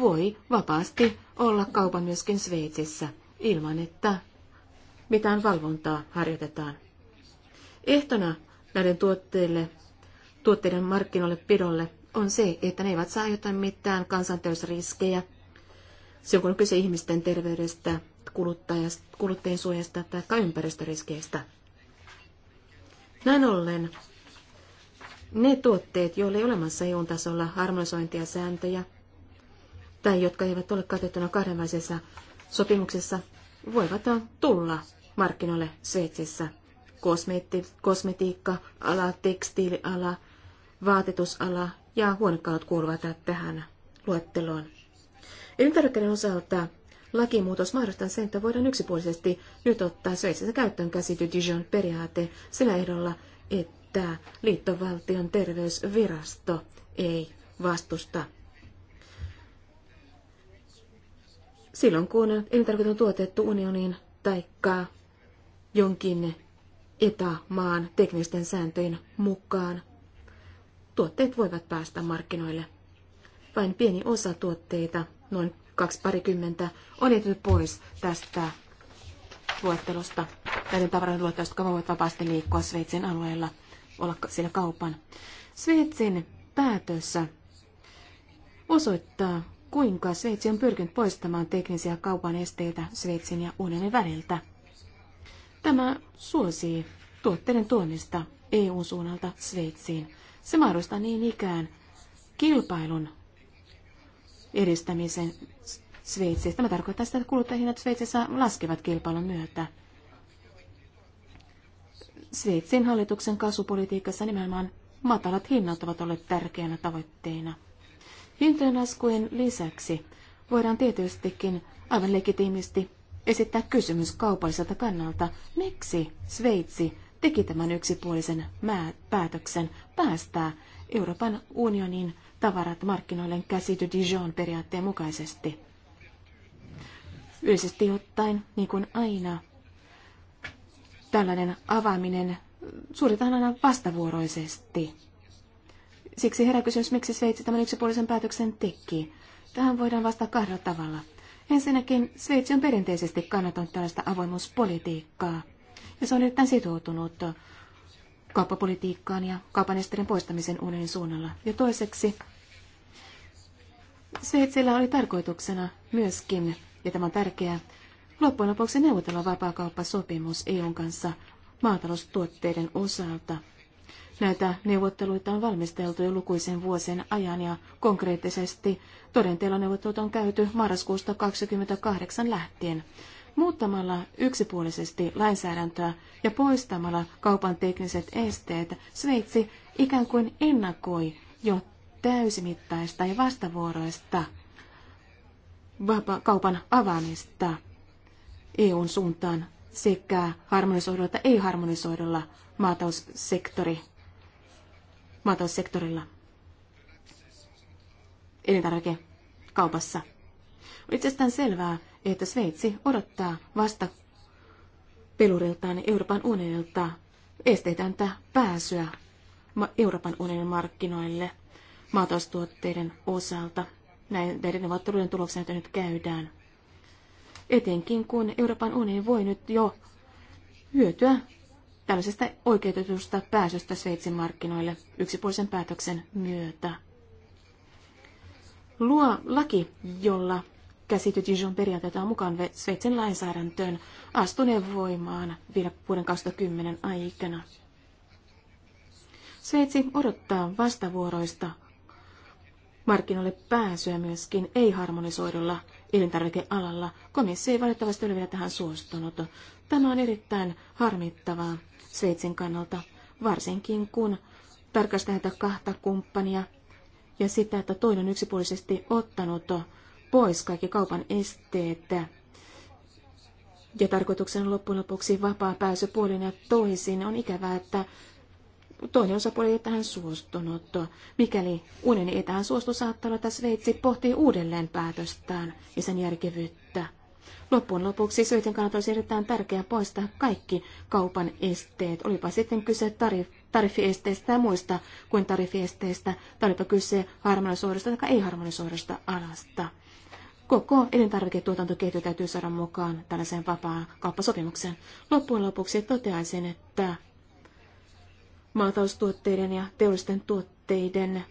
voi vapaasti olla kaupan myöskin Sveitsissä ilman, että mitään valvontaa harjoitetaan. Ehtona näiden tuotteille, tuotteiden markkinoille pidolle on se, että ne eivät saa jotain mitään kansanterveysriskejä, silloin kun on kyse ihmisten terveydestä, kuluttajien suojasta tai ympäristöriskeistä. Näin ollen ne tuotteet, joille ei olemassa EU-tasolla harmonisointia sääntöjä, tai jotka eivät ole katettuna kahdenvälisessä sopimuksessa, voivat tulla markkinoille Sveitsissä kosmeetti, kosmetiikka-ala, tekstiiliala, vaatetusala ja huonekalut kuuluvat tähän luetteloon. Elintarvikkeiden osalta lakimuutos mahdollistaa sen, että voidaan yksipuolisesti nyt ottaa Sveitsissä käyttöön käsity Dijon periaate sillä ehdolla, että liittovaltion terveysvirasto ei vastusta. Silloin kun elintarvikkeet on tuotettu unioniin taikka jonkin etämaan teknisten sääntöjen mukaan. Tuotteet voivat päästä markkinoille. Vain pieni osa tuotteita, noin kaksi parikymmentä, on jätetty pois tästä luettelosta, näiden tavaroiden luettelosta, jotka voivat vapaasti liikkua Sveitsin alueella, olla siellä kaupan. Sveitsin päätös osoittaa, kuinka Sveitsi on pyrkinyt poistamaan teknisiä kaupan esteitä Sveitsin ja unionin väliltä. Tämä suosii tuotteiden tuonnista EUn suunnalta Sveitsiin. Se mahdollistaa niin ikään kilpailun edistämisen Sveitsissä. Tämä tarkoittaa sitä, että kuluttajahinnat Sveitsissä laskevat kilpailun myötä. Sveitsin hallituksen kasvupolitiikassa nimenomaan matalat hinnat ovat olleet tärkeänä tavoitteena. Hintojen laskujen lisäksi voidaan tietystikin aivan legitiimisti esittää kysymys kaupalliselta kannalta, miksi Sveitsi teki tämän yksipuolisen päätöksen päästää Euroopan unionin tavarat markkinoille käsity Dijon periaatteen mukaisesti. Yleisesti ottaen, niin kuin aina, tällainen avaaminen suoritetaan aina vastavuoroisesti. Siksi herää kysymys, miksi Sveitsi tämän yksipuolisen päätöksen teki. Tähän voidaan vastata kahdella tavalla. Ensinnäkin Sveitsi on perinteisesti kannattanut tällaista avoimuuspolitiikkaa, ja se on erittäin sitoutunut kauppapolitiikkaan ja kaupanesterin poistamisen unionin suunnalla. Ja toiseksi Sveitsillä oli tarkoituksena myöskin, ja tämä on tärkeää, loppujen lopuksi neuvotella vapaakauppasopimus EUn kanssa maataloustuotteiden osalta Näitä neuvotteluita on valmisteltu jo lukuisen vuosien ajan ja konkreettisesti todenteella neuvottelut on käyty marraskuusta 28 lähtien. Muuttamalla yksipuolisesti lainsäädäntöä ja poistamalla kaupan tekniset esteet, Sveitsi ikään kuin ennakoi jo täysimittaista ja vastavuoroista kaupan avaamista EUn suuntaan sekä harmonisoidulla että ei-harmonisoidulla maataussektori Elintarvike kaupassa. On itsestään selvää, että Sveitsi odottaa vasta peluriltaan Euroopan unionilta esteetäntä pääsyä Euroopan unionin markkinoille maataloustuotteiden osalta. Näin, näiden neuvottelujen tuloksena nyt käydään. Etenkin kun Euroopan unioni voi nyt jo hyötyä tällaisesta oikeutetusta pääsystä Sveitsin markkinoille yksipuolisen päätöksen myötä. Luo laki, jolla käsity Dijon periaatteita on mukaan Sveitsin lainsäädäntöön astuneen voimaan vielä vuoden 2010 aikana. Sveitsi odottaa vastavuoroista markkinoille pääsyä myöskin ei-harmonisoidulla elintarvikealalla. Komissio ei valitettavasti ole vielä tähän suostunut. Tämä on erittäin harmittavaa Sveitsin kannalta, varsinkin kun tarkastetaan tätä kahta kumppania ja sitä, että toinen on yksipuolisesti ottanut pois kaikki kaupan esteet. Ja tarkoituksena loppujen lopuksi vapaa pääsy puolin ja toisin on ikävää, että toinen osapuoli ei tähän suostunut. Mikäli unioni ei tähän suostu, saattaa olla, että Sveitsi pohtii uudelleen päätöstään ja sen järkevyyttä. Loppujen lopuksi syötön kannalta olisi erittäin tärkeää poistaa kaikki kaupan esteet, olipa sitten kyse tarif- tariffiesteistä tai muista kuin tariffiesteistä, tai olipa kyse harmonisoidusta tai ei-harmonisoidusta alasta. Koko elintarviketuotantoketju täytyy saada mukaan tällaiseen vapaa kauppasopimukseen. Loppujen lopuksi toteaisin, että maataloustuotteiden ja teollisten tuotteiden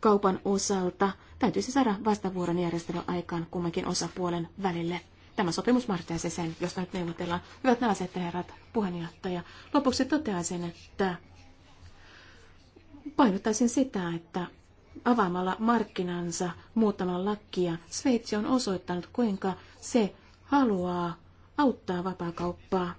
kaupan osalta täytyisi saada vastavuoron järjestely aikaan kummankin osapuolen välille. Tämä sopimus mahdollistaisi sen, jos nyt neuvotellaan. Hyvät naiset ja herrat, puheenjohtaja. Lopuksi toteaisin, että painottaisin sitä, että avaamalla markkinansa muuttamalla lakia Sveitsi on osoittanut, kuinka se haluaa auttaa vapaakauppaa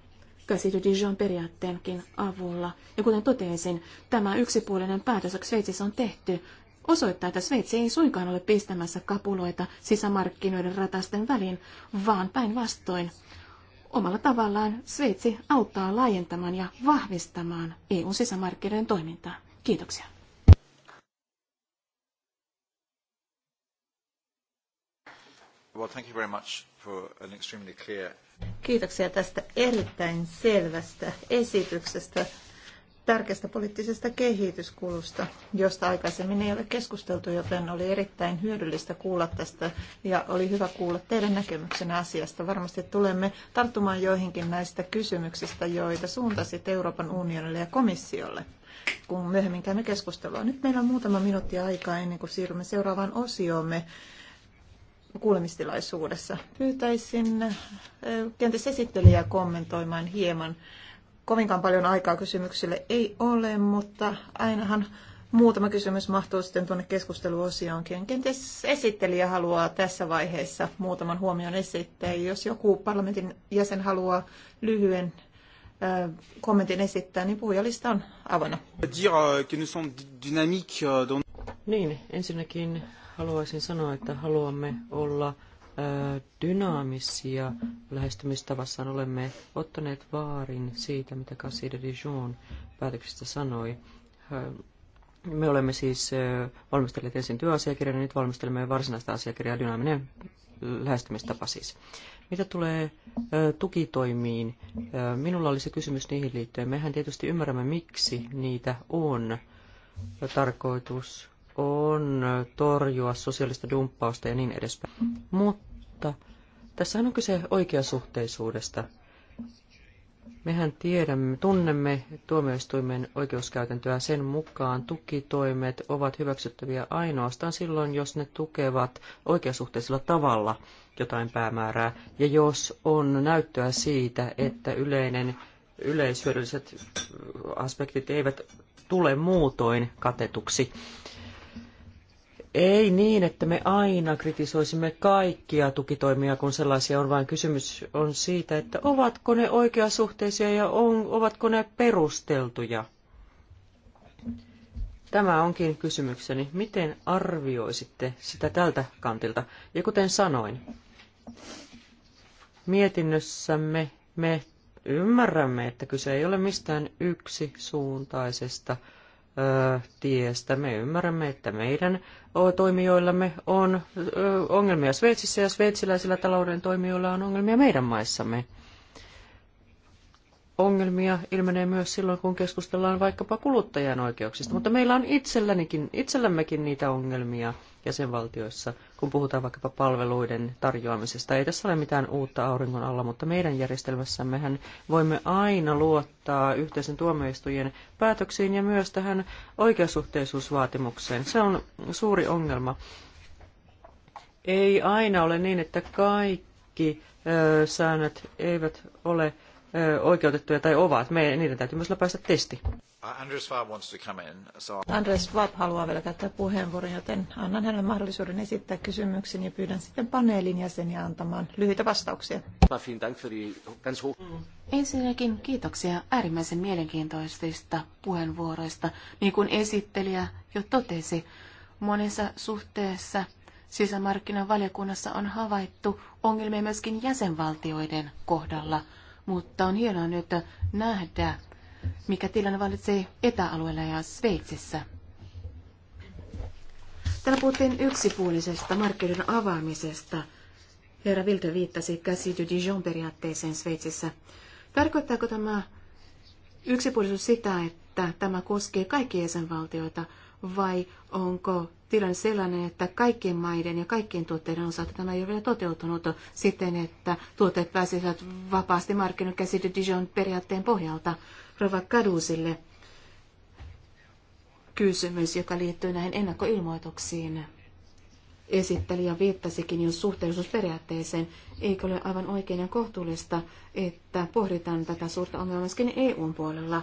käsity Dijon periaatteenkin avulla. Ja kuten totesin, tämä yksipuolinen päätös, joka Sveitsissä on tehty, osoittaa, että Sveitsi ei suinkaan ole pistämässä kapuloita sisämarkkinoiden ratasten väliin, vaan päinvastoin. Omalla tavallaan Sveitsi auttaa laajentamaan ja vahvistamaan EUn sisämarkkinoiden toimintaa. Kiitoksia. Well, thank you very much for an extremely clear... Kiitoksia tästä erittäin selvästä esityksestä tärkeästä poliittisesta kehityskulusta, josta aikaisemmin ei ole keskusteltu, joten oli erittäin hyödyllistä kuulla tästä ja oli hyvä kuulla teidän näkemyksenne asiasta. Varmasti tulemme tarttumaan joihinkin näistä kysymyksistä, joita suuntasit Euroopan unionille ja komissiolle kun myöhemmin käymme keskustelua. Nyt meillä on muutama minuutti aikaa ennen kuin siirrymme seuraavaan osioomme kuulemistilaisuudessa. Pyytäisin kenties esittelijää kommentoimaan hieman kovinkaan paljon aikaa kysymyksille ei ole, mutta ainahan muutama kysymys mahtuu sitten tuonne keskusteluosioonkin. Kenties esittelijä haluaa tässä vaiheessa muutaman huomion esittää. Jos joku parlamentin jäsen haluaa lyhyen kommentin esittää, niin puhujalista on avana. Euh, euh, niin, ensinnäkin haluaisin sanoa, että haluamme olla dynaamisia lähestymistavassaan olemme ottaneet vaarin siitä, mitä Cassie de Dijon päätöksestä sanoi. Me olemme siis valmistelleet ensin työasiakirjan ja nyt valmistelemme varsinaista asiakirjaa, dynaaminen lähestymistapa siis. Mitä tulee tukitoimiin, minulla oli se kysymys niihin liittyen. Mehän tietysti ymmärrämme, miksi niitä on. Tarkoitus on torjua sosiaalista dumppausta ja niin edespäin. Mutta mutta tässä on kyse oikeasuhteisuudesta. Mehän tiedämme, tunnemme tuomioistuimen oikeuskäytäntöä sen mukaan. Tukitoimet ovat hyväksyttäviä ainoastaan silloin, jos ne tukevat oikeasuhteisella tavalla jotain päämäärää. Ja jos on näyttöä siitä, että yleinen, yleishyödylliset aspektit eivät tule muutoin katetuksi. Ei niin, että me aina kritisoisimme kaikkia tukitoimia, kun sellaisia on, vaan kysymys on siitä, että ovatko ne oikeasuhteisia ja on, ovatko ne perusteltuja. Tämä onkin kysymykseni. Miten arvioisitte sitä tältä kantilta? Ja kuten sanoin, mietinnössämme me ymmärrämme, että kyse ei ole mistään yksisuuntaisesta suuntaisesta tiestä. Me ymmärrämme, että meidän toimijoillamme on ongelmia Sveitsissä ja sveitsiläisillä talouden toimijoilla on ongelmia meidän maissamme ongelmia ilmenee myös silloin, kun keskustellaan vaikkapa kuluttajan oikeuksista, mutta meillä on itsellämmekin niitä ongelmia jäsenvaltioissa, kun puhutaan vaikkapa palveluiden tarjoamisesta. Ei tässä ole mitään uutta auringon alla, mutta meidän järjestelmässämmehän voimme aina luottaa yhteisen tuomioistujien päätöksiin ja myös tähän oikeasuhteisuusvaatimukseen. Se on suuri ongelma. Ei aina ole niin, että kaikki säännöt eivät ole oikeutettuja tai ovat. Me, niiden täytyy myös läpäistä testi. Andres Schwab, so... haluaa vielä käyttää puheenvuoron, joten annan hänelle mahdollisuuden esittää kysymyksen ja pyydän sitten paneelin jäseniä antamaan lyhyitä vastauksia. Ensinnäkin kiitoksia äärimmäisen mielenkiintoisista puheenvuoroista. Niin kuin esittelijä jo totesi, monessa suhteessa sisämarkkinan valiokunnassa on havaittu ongelmia myöskin jäsenvaltioiden kohdalla – mutta on hienoa nyt nähdä, mikä tilanne valitsee etäalueella ja Sveitsissä. Täällä puhuttiin yksipuolisesta markkinoiden avaamisesta. Herra Vilto viittasi käsi Dijon periaatteeseen Sveitsissä. Tarkoittaako tämä yksipuolisuus sitä, että tämä koskee kaikkia jäsenvaltioita vai onko tilanne sellainen, että kaikkien maiden ja kaikkien tuotteiden osalta tämä ei ole vielä toteutunut siten, että tuotteet pääsisivät vapaasti markkinoille käsity Dijon periaatteen pohjalta. Rova Kadusille kysymys, joka liittyy näihin ennakkoilmoituksiin. Esittelijä viittasikin jo suhteellisuusperiaatteeseen. Eikö ole aivan oikein ja kohtuullista, että pohditaan tätä suurta ongelmaa myöskin EUn puolella?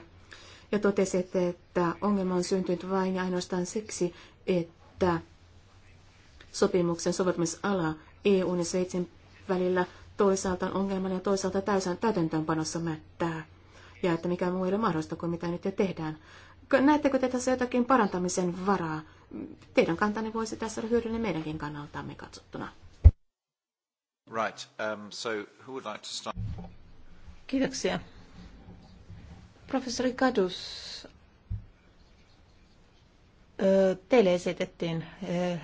Ja totesitte, että ongelma on syntynyt vain ja ainoastaan siksi, että että sopimuksen soveltamisala EUn ja Sveitsin välillä toisaalta on ongelman ja toisaalta täysin täytäntöönpanossa mättää. Ja että mikä muu ei ole mahdollista kuin mitä nyt jo tehdään. Näettekö te tässä jotakin parantamisen varaa? Teidän kantanne voisi tässä olla hyödyllinen meidänkin kannaltamme katsottuna. Right. Um, so who would like to start? Kiitoksia. Professori Kadus, Teille esitettiin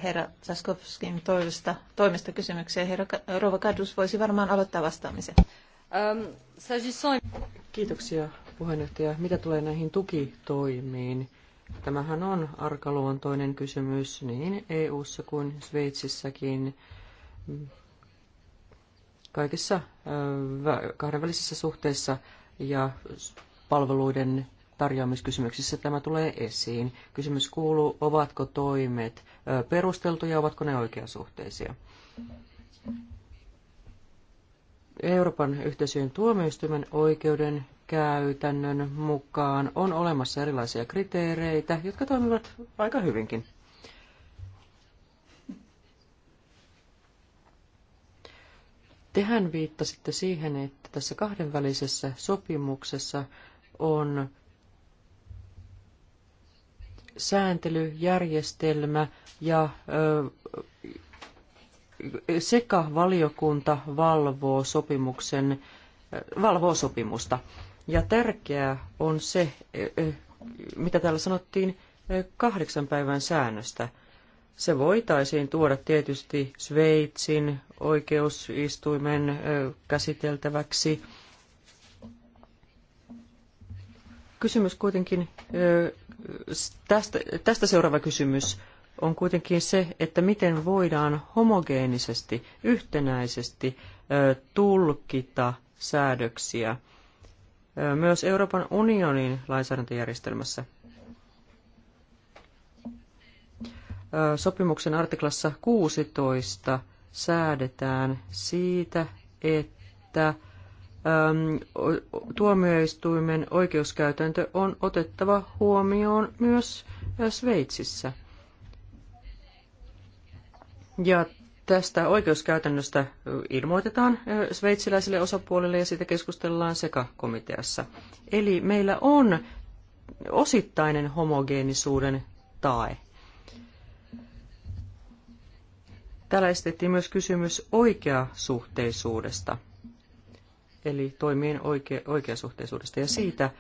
herra Saskovskin toimesta, toimesta kysymyksiä. Herra Rova Kadus voisi varmaan aloittaa vastaamisen. Ähm, Kiitoksia puheenjohtaja. Mitä tulee näihin tukitoimiin? Tämähän on arkaluontoinen kysymys niin EU-ssa kuin Sveitsissäkin. Kaikissa kahdenvälisissä suhteissa ja palveluiden tarjoamiskysymyksissä tämä tulee esiin. Kysymys kuuluu, ovatko toimet perusteltuja, ovatko ne oikeasuhteisia? Euroopan yhteisöjen tuomioistuimen oikeuden käytännön mukaan on olemassa erilaisia kriteereitä, jotka toimivat aika hyvinkin. Tehän viittasitte siihen, että tässä kahdenvälisessä sopimuksessa on sääntelyjärjestelmä ja sekä valiokunta valvoo sopimuksen, valvoo sopimusta. Ja tärkeää on se, mitä täällä sanottiin, kahdeksan päivän säännöstä. Se voitaisiin tuoda tietysti Sveitsin oikeusistuimen käsiteltäväksi – Kysymys kuitenkin, tästä, tästä seuraava kysymys on kuitenkin se, että miten voidaan homogeenisesti, yhtenäisesti tulkita säädöksiä myös Euroopan unionin lainsäädäntöjärjestelmässä. Sopimuksen artiklassa 16 säädetään siitä, että tuomioistuimen oikeuskäytäntö on otettava huomioon myös äh, Sveitsissä. Ja tästä oikeuskäytännöstä äh, ilmoitetaan äh, sveitsiläisille osapuolille ja siitä keskustellaan sekä komiteassa. Eli meillä on osittainen homogeenisuuden tae. Täällä esitettiin myös kysymys oikeasuhteisuudesta eli toimien oikea, oikeasuhteisuudesta ja siitä,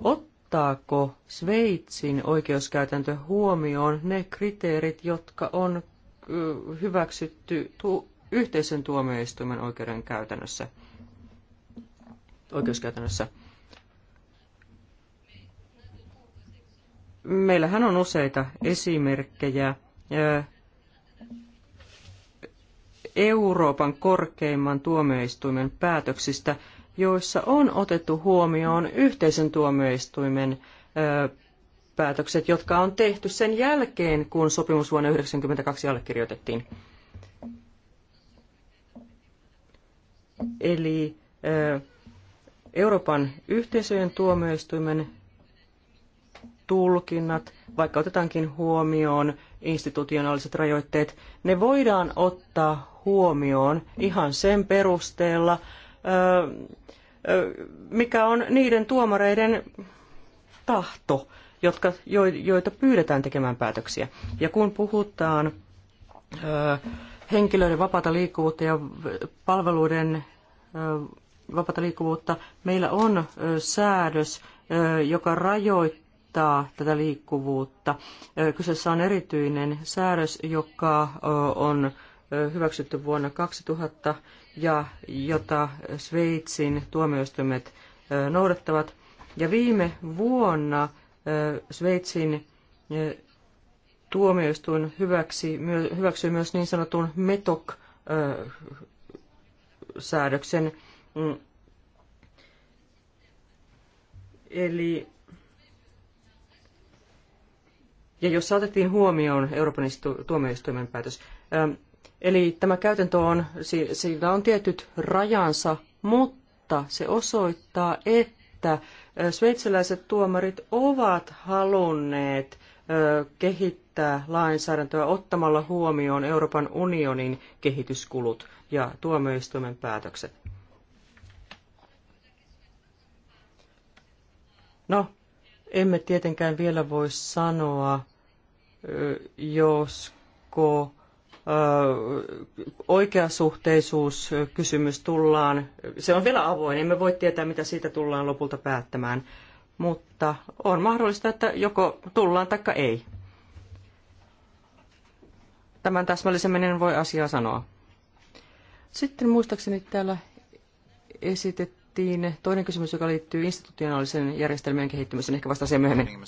ottaako Sveitsin oikeuskäytäntö huomioon ne kriteerit, jotka on hyväksytty tu- yhteisen tuomioistuimen oikeuden käytännössä, oikeuskäytännössä. Meillähän on useita esimerkkejä Euroopan korkeimman tuomioistuimen päätöksistä, joissa on otettu huomioon yhteisen tuomioistuimen päätökset, jotka on tehty sen jälkeen, kun sopimus vuonna 1992 allekirjoitettiin. Eli Euroopan yhteisöjen tuomioistuimen tulkinnat, vaikka otetaankin huomioon institutionaaliset rajoitteet, ne voidaan ottaa huomioon ihan sen perusteella, mikä on niiden tuomareiden tahto, jotka, joita pyydetään tekemään päätöksiä. Ja kun puhutaan henkilöiden vapaata liikkuvuutta ja palveluiden vapaata liikkuvuutta, meillä on säädös, joka rajoittaa tätä liikkuvuutta. Kyseessä on erityinen säädös, joka on hyväksytty vuonna 2000 ja jota Sveitsin tuomioistuimet noudattavat. Ja viime vuonna Sveitsin tuomioistuin hyväksi, hyväksyi myös niin sanotun METOK-säädöksen. Mm. Eli ja jos saatettiin huomioon Euroopan tuomioistuimen päätös. Eli tämä käytäntö on, sillä on tietyt rajansa, mutta se osoittaa, että sveitsiläiset tuomarit ovat halunneet kehittää lainsäädäntöä ottamalla huomioon Euroopan unionin kehityskulut ja tuomioistuimen päätökset. No, emme tietenkään vielä voi sanoa, josko oikeasuhteisuuskysymys tullaan, se on vielä avoin, emme voi tietää mitä siitä tullaan lopulta päättämään, mutta on mahdollista, että joko tullaan tai ei. Tämän täsmällisemmin en voi asiaa sanoa. Sitten muistaakseni täällä esitettiin, esitettiin toinen kysymys, joka liittyy institutionaalisen järjestelmien kehittämiseen, Ehkä vastaaseen myöhemmin.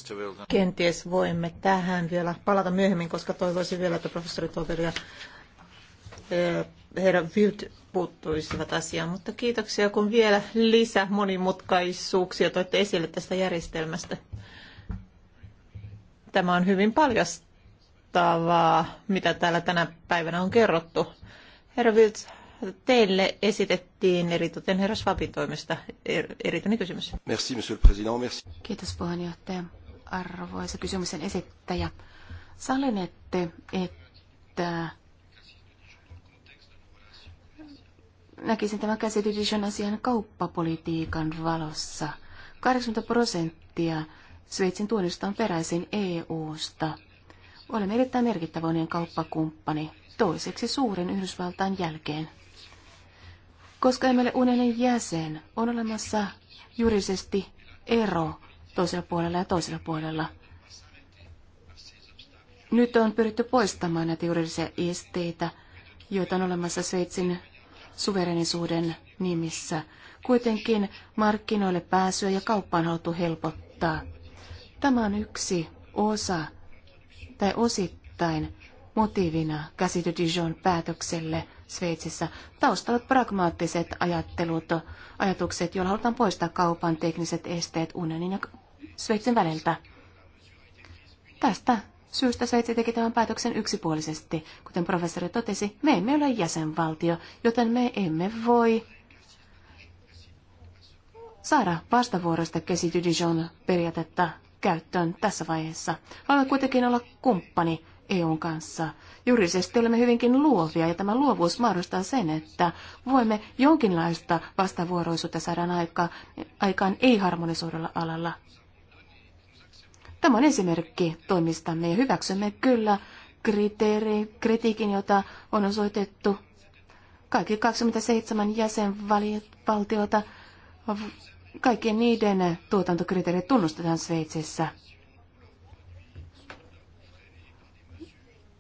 Kenties voimme tähän vielä palata myöhemmin, koska toivoisin vielä, että professori Tobel ja eh, herra Wild puuttuisivat asiaan. Mutta kiitoksia, kun vielä lisä monimutkaisuuksia toitte esille tästä järjestelmästä. Tämä on hyvin paljastavaa, mitä täällä tänä päivänä on kerrottu. Herra Wildt teille esitettiin eritoten herra Schwabin toimesta er-, erityinen kysymys. Merci, monsieur le président. Merci. Kiitos puheenjohtaja. Arvoisa kysymyksen esittäjä. Sallinette, että näkisin tämän käsitydition asian kauppapolitiikan valossa. 80 prosenttia Sveitsin tuonnista on peräisin EU-sta. Olemme erittäin merkittävä kauppakumppani, toiseksi suurin Yhdysvaltain jälkeen. Koska emme ole unionin jäsen, on olemassa juridisesti ero toisella puolella ja toisella puolella. Nyt on pyritty poistamaan näitä juridisia esteitä, joita on olemassa Sveitsin suverenisuuden nimissä. Kuitenkin markkinoille pääsyä ja kauppaan haluttu helpottaa. Tämä on yksi osa tai osittain motiivina käsity Dijon päätökselle – Sveitsissä. Taustalla pragmaattiset ajattelut, ajatukset, joilla halutaan poistaa kaupan tekniset esteet unionin ja Sveitsin väliltä. Tästä syystä Sveitsi teki tämän päätöksen yksipuolisesti. Kuten professori totesi, me emme ole jäsenvaltio, joten me emme voi saada vastavuoroista käsitydijon periaatetta käyttöön tässä vaiheessa. Haluan kuitenkin olla kumppani EUn kanssa. Juridisesti olemme hyvinkin luovia ja tämä luovuus mahdollistaa sen, että voimme jonkinlaista vastavuoroisuutta saada aika, aikaan ei-harmonisoidulla alalla. Tämä on esimerkki toimistamme ja hyväksymme kyllä kriteeri, kritiikin, jota on osoitettu kaikki 27 jäsenvaltiota, kaikkien niiden tuotantokriteerit tunnustetaan Sveitsissä.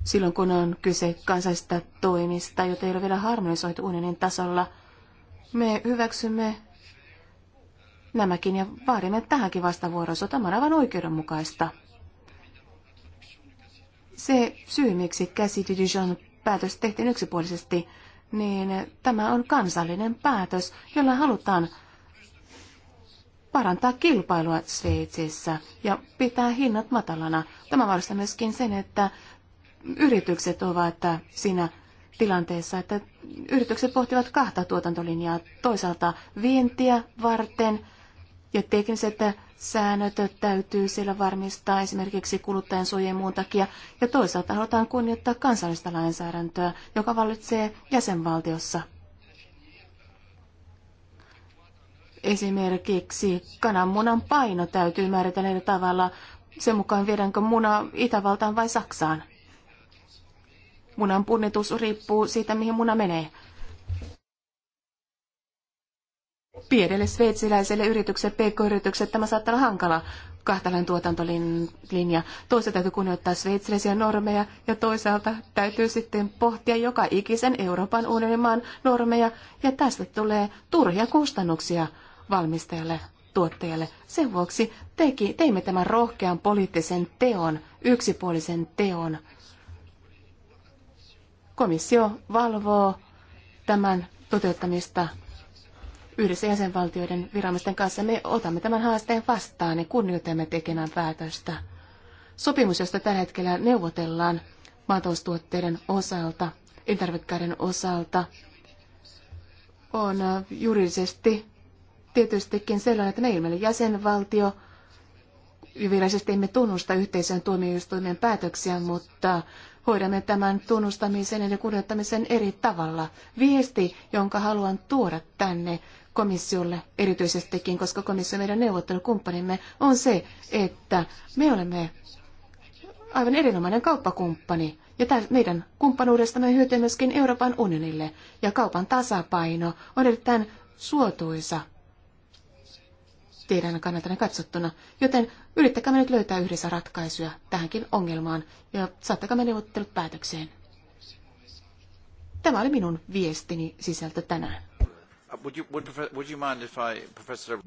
silloin, kun on kyse kansallisista toimista, joita ei ole vielä harmonisoitu unionin tasolla. Me hyväksymme nämäkin ja vaadimme tähänkin vastavuoroisuutta. Tämä on aivan oikeudenmukaista. Se syy, miksi käsi Dijon päätös tehtiin yksipuolisesti, niin tämä on kansallinen päätös, jolla halutaan parantaa kilpailua Sveitsissä ja pitää hinnat matalana. Tämä varmistaa myöskin sen, että yritykset ovat siinä tilanteessa, että yritykset pohtivat kahta tuotantolinjaa. Toisaalta vientiä varten ja tekniset säännöt täytyy siellä varmistaa esimerkiksi kuluttajan suojan muun takia. Ja toisaalta halutaan kunnioittaa kansallista lainsäädäntöä, joka vallitsee jäsenvaltiossa. Esimerkiksi kananmunan paino täytyy määritellä eri tavalla sen mukaan viedäänkö muna Itävaltaan vai Saksaan. Munan punnitus riippuu siitä, mihin muna menee. Pienelle sveitsiläiselle yritykselle, pk-yritykselle tämä saattaa olla hankala kahtalan tuotantolinja. Toisaalta täytyy kunnioittaa sveitsiläisiä normeja ja toisaalta täytyy sitten pohtia joka ikisen Euroopan unionin maan normeja ja tästä tulee turhia kustannuksia valmistajalle tuottajalle. Sen vuoksi teki, teimme tämän rohkean poliittisen teon, yksipuolisen teon Komissio valvoo tämän toteuttamista yhdessä jäsenvaltioiden viranomaisten kanssa. Me otamme tämän haasteen vastaan ja kunnioitamme tekemään päätöstä. Sopimus, josta tällä hetkellä neuvotellaan maataloustuotteiden osalta, elintarvikkeiden osalta, on juridisesti tietystikin sellainen, että meillä meille jäsenvaltio, virallisesti emme tunnusta yhteisön tuomioistuimen päätöksiä, mutta hoidamme tämän tunnustamisen ja kunnioittamisen eri tavalla. Viesti, jonka haluan tuoda tänne komissiolle erityisestikin, koska komissio meidän neuvottelukumppanimme on se, että me olemme aivan erinomainen kauppakumppani. Ja tämän, meidän kumppanuudestamme hyötyy myöskin Euroopan unionille. Ja kaupan tasapaino on erittäin suotuisa teidän kannaltanne katsottuna, joten yrittäkää me nyt löytää yhdessä ratkaisuja tähänkin ongelmaan ja saattakaa me neuvottelut päätökseen. Tämä oli minun viestini sisältö tänään. Uh, would you, would, would you mind if I, professor...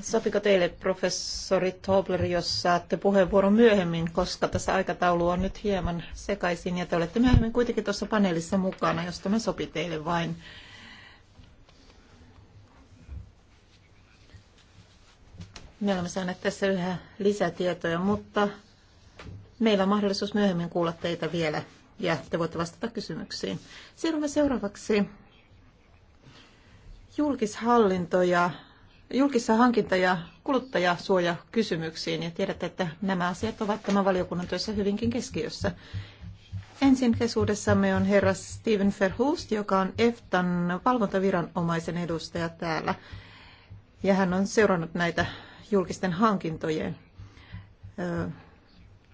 Sopiko teille, professori Tobler, jos saatte puheenvuoron myöhemmin, koska tässä aikataulu on nyt hieman sekaisin ja te olette myöhemmin kuitenkin tuossa paneelissa mukana, jos tämä sopii teille vain. Me olemme saaneet tässä yhä lisätietoja, mutta meillä on mahdollisuus myöhemmin kuulla teitä vielä ja te voitte vastata kysymyksiin. Siirrymme seuraavaksi julkishallinto ja julkissa hankinta- ja kuluttajasuojakysymyksiin. Ja tiedätte, että nämä asiat ovat tämän valiokunnan työssä hyvinkin keskiössä. Ensin keskuudessamme on herra Steven Verhoost, joka on EFTAn valvontaviranomaisen edustaja täällä. Ja hän on seurannut näitä julkisten hankintojen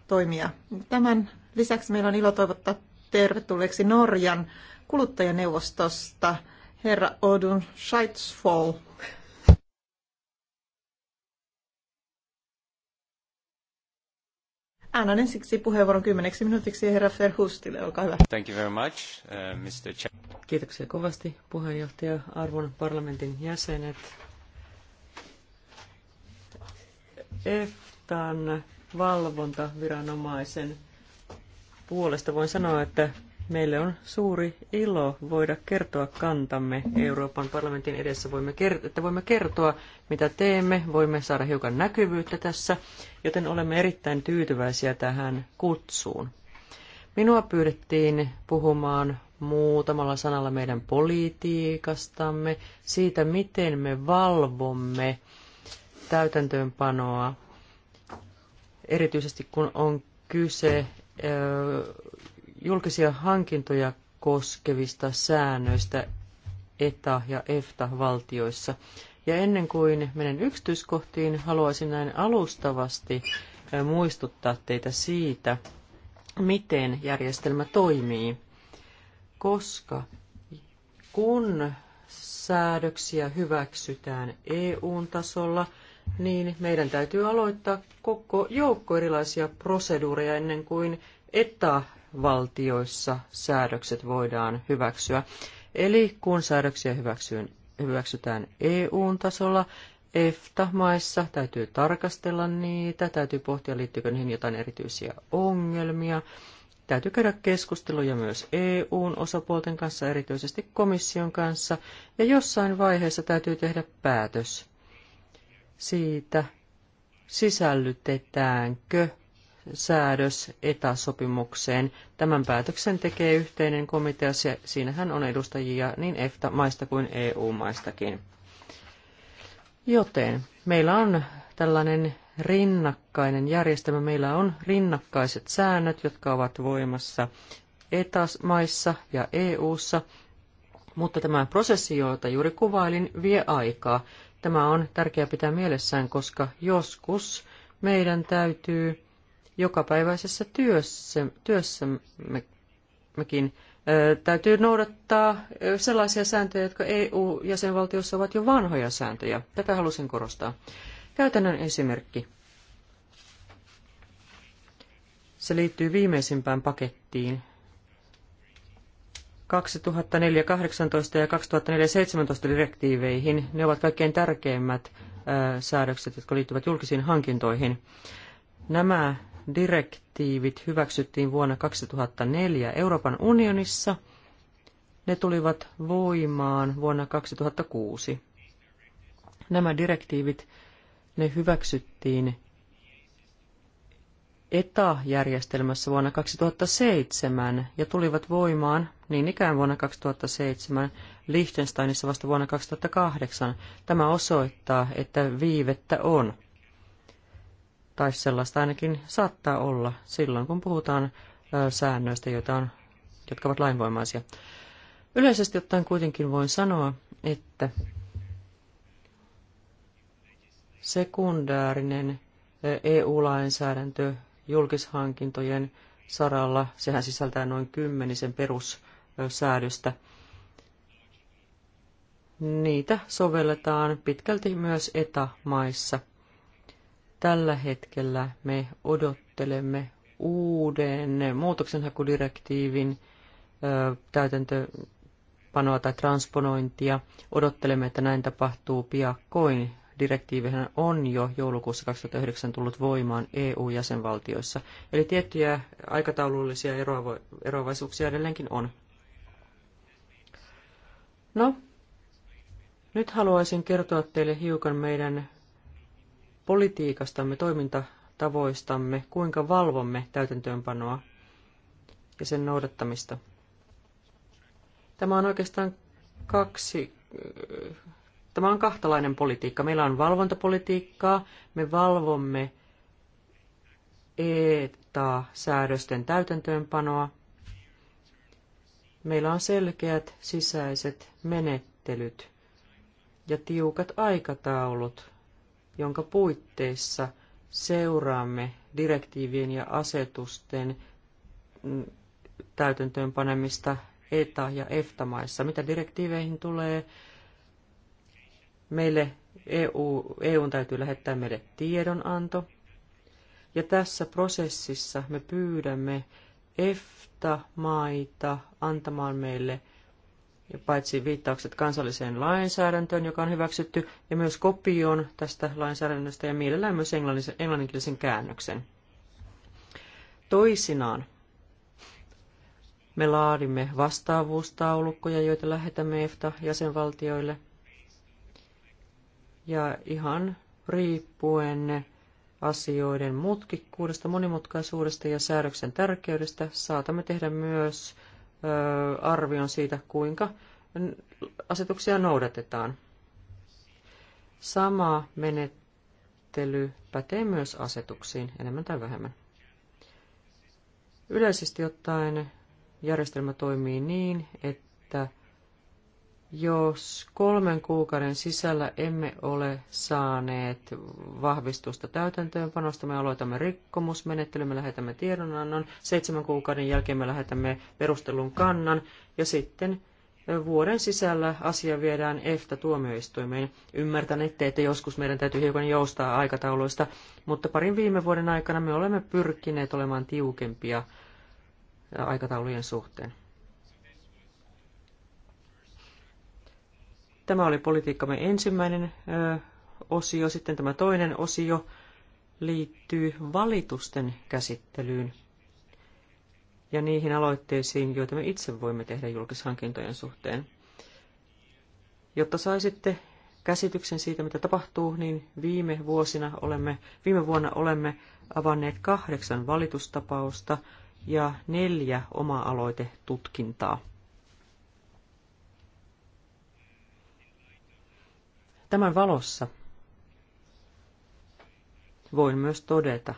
toimia. Tämän lisäksi meillä on ilo toivottaa tervetulleeksi Norjan kuluttajaneuvostosta herra Odun Scheitsvoll. Annan ensiksi puheenvuoron kymmeneksi minuutiksi herra Verhustille, olkaa hyvä. Thank you very much, uh, Mr. Kiitoksia kovasti puheenjohtaja, arvon parlamentin jäsenet, EFTAn valvontaviranomaisen puolesta voin sanoa, että meille on suuri ilo voida kertoa kantamme Euroopan parlamentin edessä, voimme että voimme kertoa, mitä teemme, voimme saada hiukan näkyvyyttä tässä, joten olemme erittäin tyytyväisiä tähän kutsuun. Minua pyydettiin puhumaan muutamalla sanalla meidän politiikastamme, siitä miten me valvomme täytäntöönpanoa, erityisesti kun on kyse julkisia hankintoja koskevista säännöistä ETA- ja EFTA-valtioissa. Ja ennen kuin menen yksityiskohtiin, haluaisin näin alustavasti muistuttaa teitä siitä, miten järjestelmä toimii. Koska kun säädöksiä hyväksytään eu tasolla – niin meidän täytyy aloittaa koko joukko erilaisia proseduureja ennen kuin etävaltioissa säädökset voidaan hyväksyä. Eli kun säädöksiä hyväksytään EU-tasolla, EFTA-maissa täytyy tarkastella niitä, täytyy pohtia, liittyykö niihin jotain erityisiä ongelmia. Täytyy käydä keskusteluja myös EUn osapuolten kanssa, erityisesti komission kanssa, ja jossain vaiheessa täytyy tehdä päätös siitä, sisällytetäänkö säädös etäsopimukseen. Tämän päätöksen tekee yhteinen komitea, ja siinähän on edustajia niin EFTA-maista kuin EU-maistakin. Joten meillä on tällainen rinnakkainen järjestelmä. Meillä on rinnakkaiset säännöt, jotka ovat voimassa etämaissa ja EU-ssa, mutta tämä prosessi, jota juuri kuvailin, vie aikaa. Tämä on tärkeää pitää mielessään, koska joskus meidän täytyy jokapäiväisessä työssä, työssämmekin täytyy noudattaa sellaisia sääntöjä, jotka EU-jäsenvaltiossa ovat jo vanhoja sääntöjä. Tätä halusin korostaa. Käytännön esimerkki. Se liittyy viimeisimpään pakettiin, 2014 18 ja 2004-17 direktiiveihin. Ne ovat kaikkein tärkeimmät säädökset, jotka liittyvät julkisiin hankintoihin. Nämä direktiivit hyväksyttiin vuonna 2004 Euroopan unionissa. Ne tulivat voimaan vuonna 2006. Nämä direktiivit, ne hyväksyttiin ETA-järjestelmässä vuonna 2007 ja tulivat voimaan niin ikään vuonna 2007, Liechtensteinissa vasta vuonna 2008. Tämä osoittaa, että viivettä on. Tai sellaista ainakin saattaa olla silloin, kun puhutaan säännöistä, joita on, jotka ovat lainvoimaisia. Yleisesti ottaen kuitenkin voin sanoa, että sekundäärinen EU-lainsäädäntö julkishankintojen saralla. Sehän sisältää noin kymmenisen perussäädöstä. Niitä sovelletaan pitkälti myös etämaissa. Tällä hetkellä me odottelemme uuden muutoksenhakudirektiivin täytäntöpanoa tai transponointia. Odottelemme, että näin tapahtuu piakkoin direktiivihän on jo joulukuussa 2009 tullut voimaan EU-jäsenvaltioissa. Eli tiettyjä aikataulullisia eroavaisuuksia edelleenkin on. No, nyt haluaisin kertoa teille hiukan meidän politiikastamme, toimintatavoistamme, kuinka valvomme täytäntöönpanoa ja sen noudattamista. Tämä on oikeastaan kaksi Tämä on kahtalainen politiikka. Meillä on valvontapolitiikkaa, me valvomme ETA-säädösten täytäntöönpanoa. Meillä on selkeät sisäiset menettelyt ja tiukat aikataulut, jonka puitteissa seuraamme direktiivien ja asetusten täytäntöönpanemista ETA- ja EFTA-maissa. Mitä direktiiveihin tulee, Meille EU, EUn täytyy lähettää meille tiedonanto. Ja tässä prosessissa me pyydämme EFTA-maita antamaan meille paitsi viittaukset kansalliseen lainsäädäntöön, joka on hyväksytty, ja myös kopion tästä lainsäädännöstä ja mielellään myös englanninkielisen käännöksen. Toisinaan me laadimme vastaavuustaulukkoja, joita lähetämme EFTA-jäsenvaltioille – ja ihan riippuen asioiden mutkikkuudesta, monimutkaisuudesta ja säädöksen tärkeydestä saatamme tehdä myös ö, arvion siitä, kuinka asetuksia noudatetaan. Sama menettely pätee myös asetuksiin, enemmän tai vähemmän. Yleisesti ottaen järjestelmä toimii niin, että jos kolmen kuukauden sisällä emme ole saaneet vahvistusta täytäntöönpanosta, me aloitamme rikkomusmenettelyn, me lähetämme tiedonannon, seitsemän kuukauden jälkeen me lähetämme perustelun kannan ja sitten vuoden sisällä asia viedään EFTA-tuomioistuimeen. Ymmärtänette, että joskus meidän täytyy hiukan joustaa aikatauluista, mutta parin viime vuoden aikana me olemme pyrkineet olemaan tiukempia aikataulujen suhteen. Tämä oli politiikkamme ensimmäinen ö, osio. Sitten tämä toinen osio liittyy valitusten käsittelyyn ja niihin aloitteisiin, joita me itse voimme tehdä julkishankintojen suhteen. Jotta saisitte käsityksen siitä, mitä tapahtuu, niin viime, vuosina olemme, viime vuonna olemme avanneet kahdeksan valitustapausta ja neljä oma-aloitetutkintaa. Tämän valossa voin myös todeta,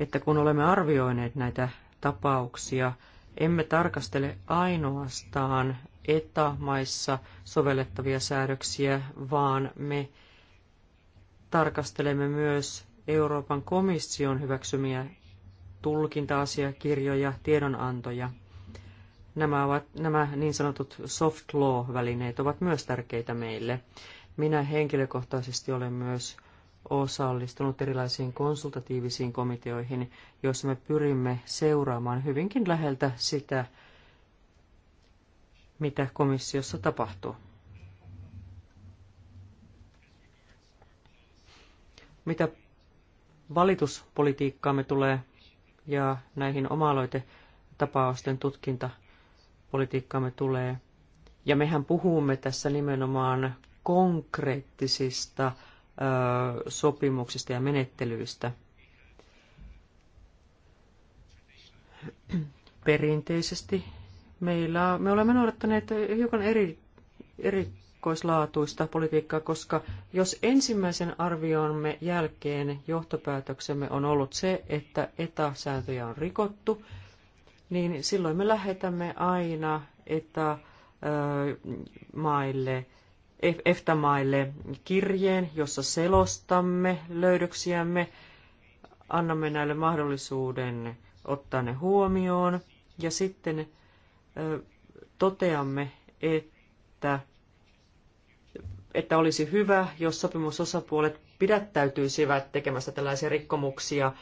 että kun olemme arvioineet näitä tapauksia, emme tarkastele ainoastaan etämaissa sovellettavia säädöksiä, vaan me tarkastelemme myös Euroopan komission hyväksymiä tulkinta-asiakirjoja, tiedonantoja – Nämä, ovat, nämä niin sanotut soft law-välineet ovat myös tärkeitä meille. Minä henkilökohtaisesti olen myös osallistunut erilaisiin konsultatiivisiin komiteoihin, joissa me pyrimme seuraamaan hyvinkin läheltä sitä, mitä komissiossa tapahtuu. Mitä valituspolitiikkaamme tulee ja näihin oma-aloitetapausten tutkinta politiikkaamme tulee. Ja mehän puhumme tässä nimenomaan konkreettisista sopimuksista ja menettelyistä. Perinteisesti meillä, me olemme noudattaneet hiukan eri, erikoislaatuista politiikkaa, koska jos ensimmäisen arviomme jälkeen johtopäätöksemme on ollut se, että etäsääntöjä on rikottu, niin silloin me lähetämme aina että maille EFTA-maille kirjeen, jossa selostamme löydöksiämme, annamme näille mahdollisuuden ottaa ne huomioon ja sitten toteamme, että että olisi hyvä, jos sopimusosapuolet pidättäytyisivät tekemästä tällaisia rikkomuksia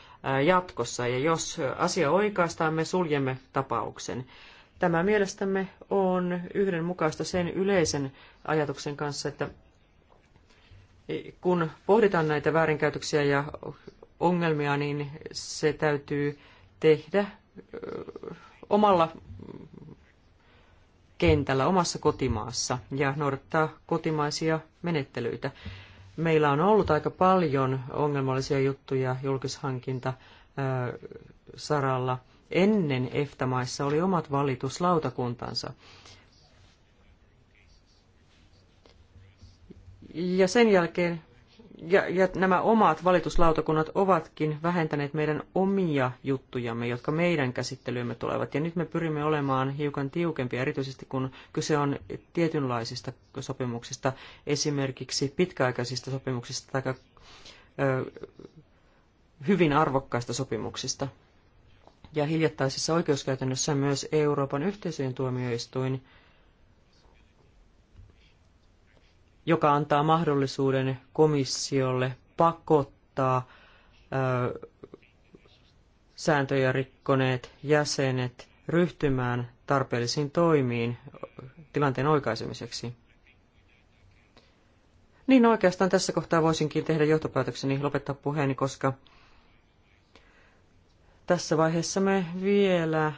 jatkossa, ja jos asia oikaistaan, me suljemme tapauksen. Tämä mielestämme on yhdenmukaista sen yleisen ajatuksen kanssa, että kun pohditaan näitä väärinkäytöksiä ja ongelmia, niin se täytyy tehdä omalla kentällä omassa kotimaassa ja noudattaa kotimaisia menettelyitä. Meillä on ollut aika paljon ongelmallisia juttuja julkishankinta saralla. Ennen EFTA-maissa oli omat valituslautakuntansa. Ja sen jälkeen ja, nämä omat valituslautakunnat ovatkin vähentäneet meidän omia juttujamme, jotka meidän käsittelyymme tulevat. Ja nyt me pyrimme olemaan hiukan tiukempia, erityisesti kun kyse on tietynlaisista sopimuksista, esimerkiksi pitkäaikaisista sopimuksista tai hyvin arvokkaista sopimuksista. Ja hiljattaisessa oikeuskäytännössä myös Euroopan yhteisöjen tuomioistuin joka antaa mahdollisuuden komissiolle pakottaa ö, sääntöjä rikkoneet jäsenet ryhtymään tarpeellisiin toimiin tilanteen oikaisemiseksi. Niin oikeastaan tässä kohtaa voisinkin tehdä johtopäätökseni lopettaa puheeni, koska tässä vaiheessa me vielä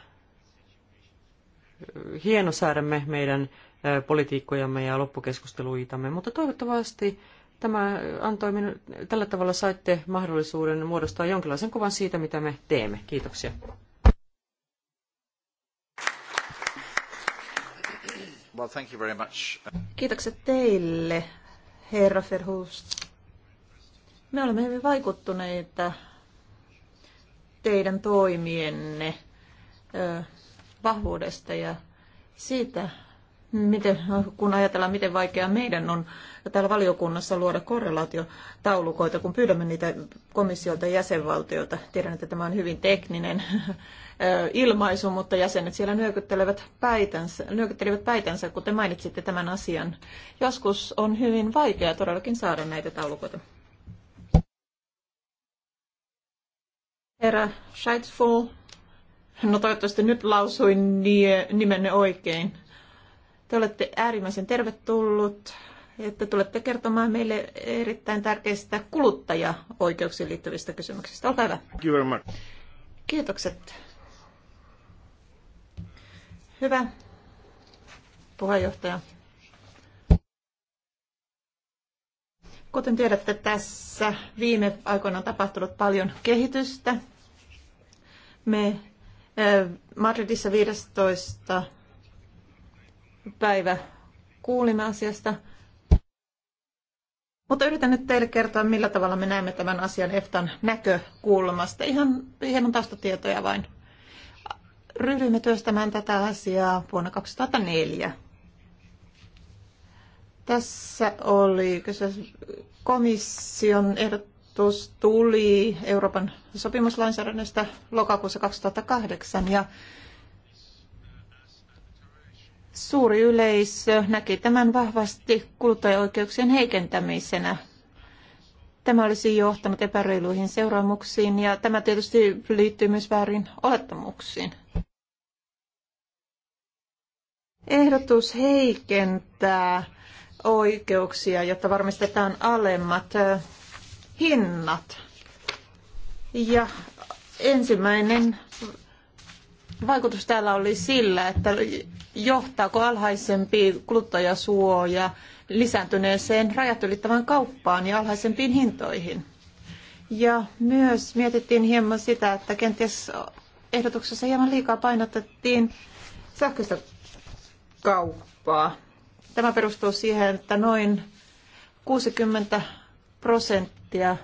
hienosäädämme meidän politiikkojamme ja loppukeskusteluitamme, mutta toivottavasti tämä antoi minu, tällä tavalla saitte mahdollisuuden muodostaa jonkinlaisen kuvan siitä, mitä me teemme. Kiitoksia. Well, thank you very much. Kiitokset teille, herra Verhulst. Me olemme hyvin vaikuttuneita teidän toimienne vahvuudesta ja siitä, miten, kun ajatellaan, miten vaikeaa meidän on täällä valiokunnassa luoda korrelaatiotaulukoita, kun pyydämme niitä komissiolta ja jäsenvaltiolta. Tiedän, että tämä on hyvin tekninen [LAUGHS] ilmaisu, mutta jäsenet siellä nyökyttelevät päitänsä, nyökyttelevät päitänsä, kun te mainitsitte tämän asian. Joskus on hyvin vaikeaa todellakin saada näitä taulukoita. Herra Scheitzfull, no toivottavasti nyt lausuin nimenne oikein. Te olette äärimmäisen tervetullut, että tulette kertomaan meille erittäin tärkeistä kuluttajaoikeuksiin liittyvistä kysymyksistä. Olkaa hyvä. Kiitokset. Hyvä puheenjohtaja. Kuten tiedätte, tässä viime aikoina on tapahtunut paljon kehitystä. Me eh, Madridissa 15 päivä kuulimme asiasta. Mutta yritän nyt teille kertoa, millä tavalla me näemme tämän asian EFTAn näkökulmasta. Ihan hieman taustatietoja vain. Ryhdyimme työstämään tätä asiaa vuonna 2004. Tässä oli komission ehdotus tuli Euroopan sopimuslainsäädännöstä lokakuussa 2008 ja Suuri yleisö näki tämän vahvasti kuluttajaoikeuksien heikentämisenä. Tämä olisi johtanut epäreiluihin seuraamuksiin ja tämä tietysti liittyy myös väärin olettamuksiin. Ehdotus heikentää oikeuksia, jotta varmistetaan alemmat hinnat. Ja ensimmäinen vaikutus täällä oli sillä, että johtaako alhaisempi kuluttajasuoja lisääntyneeseen rajat ylittävään kauppaan ja alhaisempiin hintoihin. Ja myös mietittiin hieman sitä, että kenties ehdotuksessa hieman liikaa painotettiin sähköistä kauppaa. Tämä perustuu siihen, että noin 60 prosenttia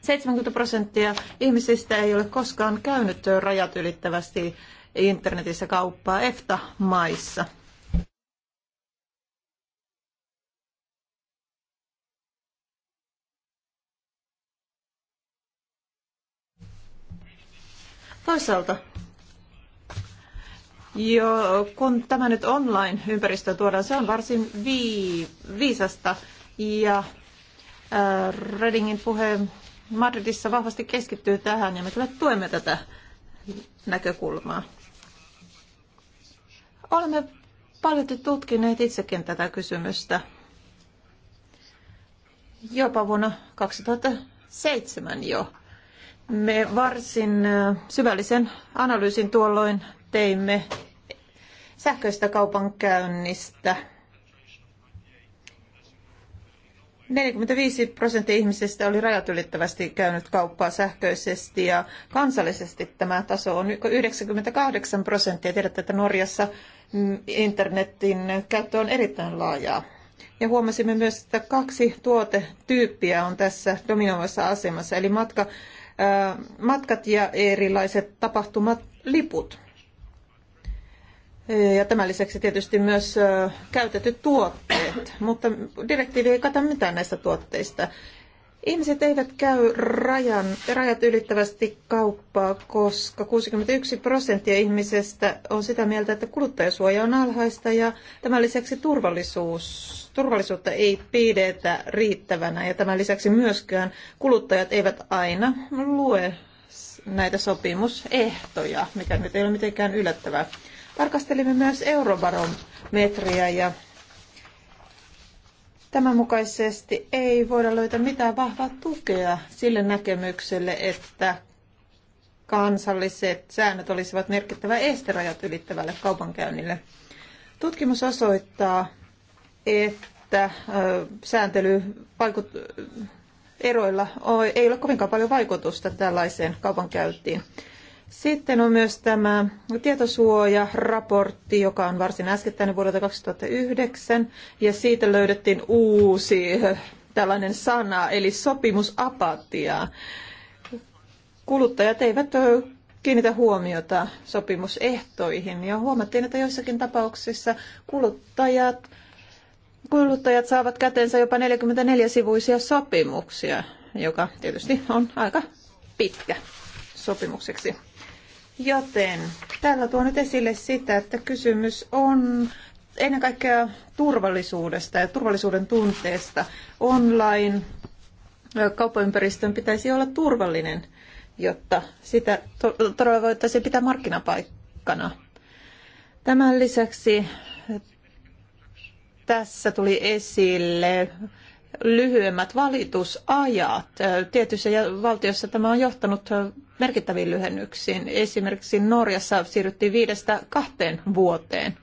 70 prosenttia ihmisistä ei ole koskaan käynyt rajat ylittävästi internetissä kauppaa EFTA-maissa. Toisaalta, jo, kun tämä nyt online-ympäristö tuodaan, se on varsin vi- viisasta ja ää, äh, Redingin puhe Madridissa vahvasti keskittyy tähän ja me kyllä tuemme tätä näkökulmaa. Olemme paljon tutkineet itsekin tätä kysymystä. Jopa vuonna 2007 jo. Me varsin syvällisen analyysin tuolloin teimme sähköistä kaupankäynnistä. 45 prosenttia ihmisistä oli rajat ylittävästi käynyt kauppaa sähköisesti ja kansallisesti tämä taso on 98 prosenttia. Tiedätte, että Norjassa Mm, internetin käyttö on erittäin laajaa. Ja huomasimme myös, että kaksi tuotetyyppiä on tässä dominoivassa asemassa, eli matka, äh, matkat ja erilaiset tapahtumat, liput. Ja tämän lisäksi tietysti myös äh, käytetyt tuotteet, mutta direktiivi ei kata mitään näistä tuotteista. Ihmiset eivät käy rajan, rajat ylittävästi kauppaa, koska 61 prosenttia ihmisestä on sitä mieltä, että kuluttajasuoja on alhaista ja tämän lisäksi turvallisuus, turvallisuutta ei pidetä riittävänä ja tämän lisäksi myöskään kuluttajat eivät aina lue näitä sopimusehtoja, mikä nyt ei ole mitenkään yllättävää. Tarkastelimme myös eurobarometriä ja Tämän mukaisesti ei voida löytää mitään vahvaa tukea sille näkemykselle, että kansalliset säännöt olisivat merkittävä esterajat ylittävälle kaupankäynnille. Tutkimus osoittaa, että sääntely vaikut, eroilla ei ole kovinkaan paljon vaikutusta tällaiseen kaupankäyntiin. Sitten on myös tämä tietosuojaraportti, joka on varsin äskettäinen vuodelta 2009, ja siitä löydettiin uusi äh, tällainen sana, eli sopimusapatia. Kuluttajat eivät äh, kiinnitä huomiota sopimusehtoihin, ja huomattiin, että joissakin tapauksissa kuluttajat, kuluttajat saavat käteensä jopa 44-sivuisia sopimuksia, joka tietysti on aika pitkä sopimukseksi. Joten täällä tuon nyt esille sitä, että kysymys on ennen kaikkea turvallisuudesta ja turvallisuuden tunteesta. Online kauppaympäristön pitäisi olla turvallinen, jotta sitä todella voitaisiin pitää markkinapaikkana. Tämän lisäksi tässä tuli esille lyhyemmät valitusajat. Tietyissä valtiossa tämä on johtanut merkittäviin lyhennyksiin. Esimerkiksi Norjassa siirryttiin viidestä kahteen vuoteen.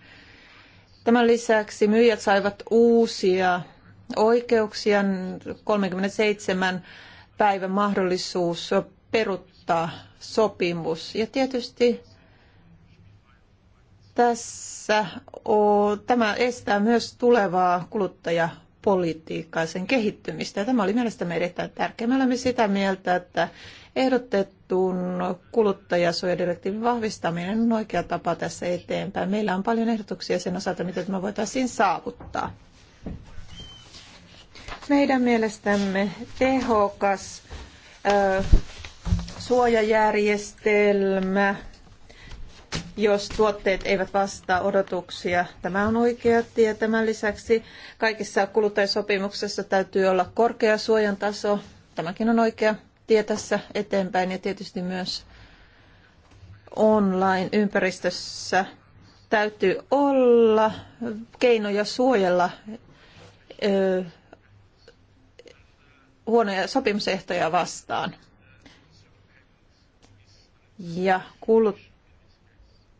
Tämän lisäksi myyjät saivat uusia oikeuksia, 37 päivän mahdollisuus peruttaa sopimus. Ja tietysti tässä on, tämä estää myös tulevaa kuluttaja politiikkaa, sen kehittymistä. Ja tämä oli mielestäni erittäin tärkeää. Me olemme sitä mieltä, että ehdotettuun kuluttajasuojadirektiivin vahvistaminen on oikea tapa tässä eteenpäin. Meillä on paljon ehdotuksia sen osalta, miten tämä voitaisiin saavuttaa. Meidän mielestämme tehokas äh, suojajärjestelmä jos tuotteet eivät vastaa odotuksia. Tämä on oikea tie. Tämän lisäksi kaikissa kuluttajasopimuksissa täytyy olla korkea suojan taso. Tämäkin on oikea tie tässä eteenpäin ja tietysti myös online-ympäristössä täytyy olla keinoja suojella ö, huonoja sopimusehtoja vastaan. Ja kulut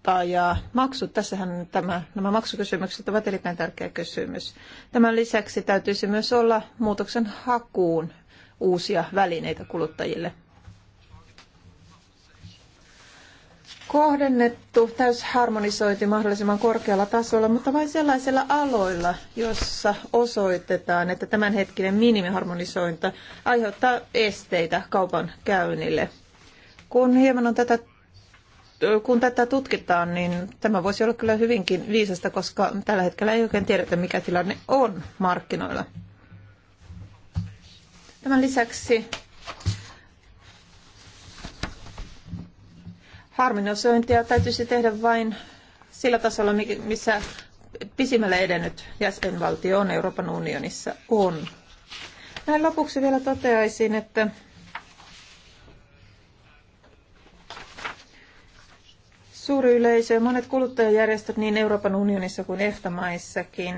valvontaa ja maksut. Tässähän tämä, nämä maksukysymykset ovat erittäin tärkeä kysymys. Tämän lisäksi täytyisi myös olla muutoksen hakuun uusia välineitä kuluttajille. kohdennettu täysharmonisointi mahdollisimman korkealla tasolla, mutta vain sellaisilla aloilla, jossa osoitetaan, että tämänhetkinen minimiharmonisointi aiheuttaa esteitä kaupan käynnille. Kun hieman on tätä kun tätä tutkitaan, niin tämä voisi olla kyllä hyvinkin viisasta, koska tällä hetkellä ei oikein tiedetä, mikä tilanne on markkinoilla. Tämän lisäksi harminosointia täytyisi tehdä vain sillä tasolla, missä pisimmälle edennyt jäsenvaltio on Euroopan unionissa on. Näin lopuksi vielä toteaisin, että Suuri yleisö ja monet kuluttajajärjestöt niin Euroopan unionissa kuin EFTA-maissakin,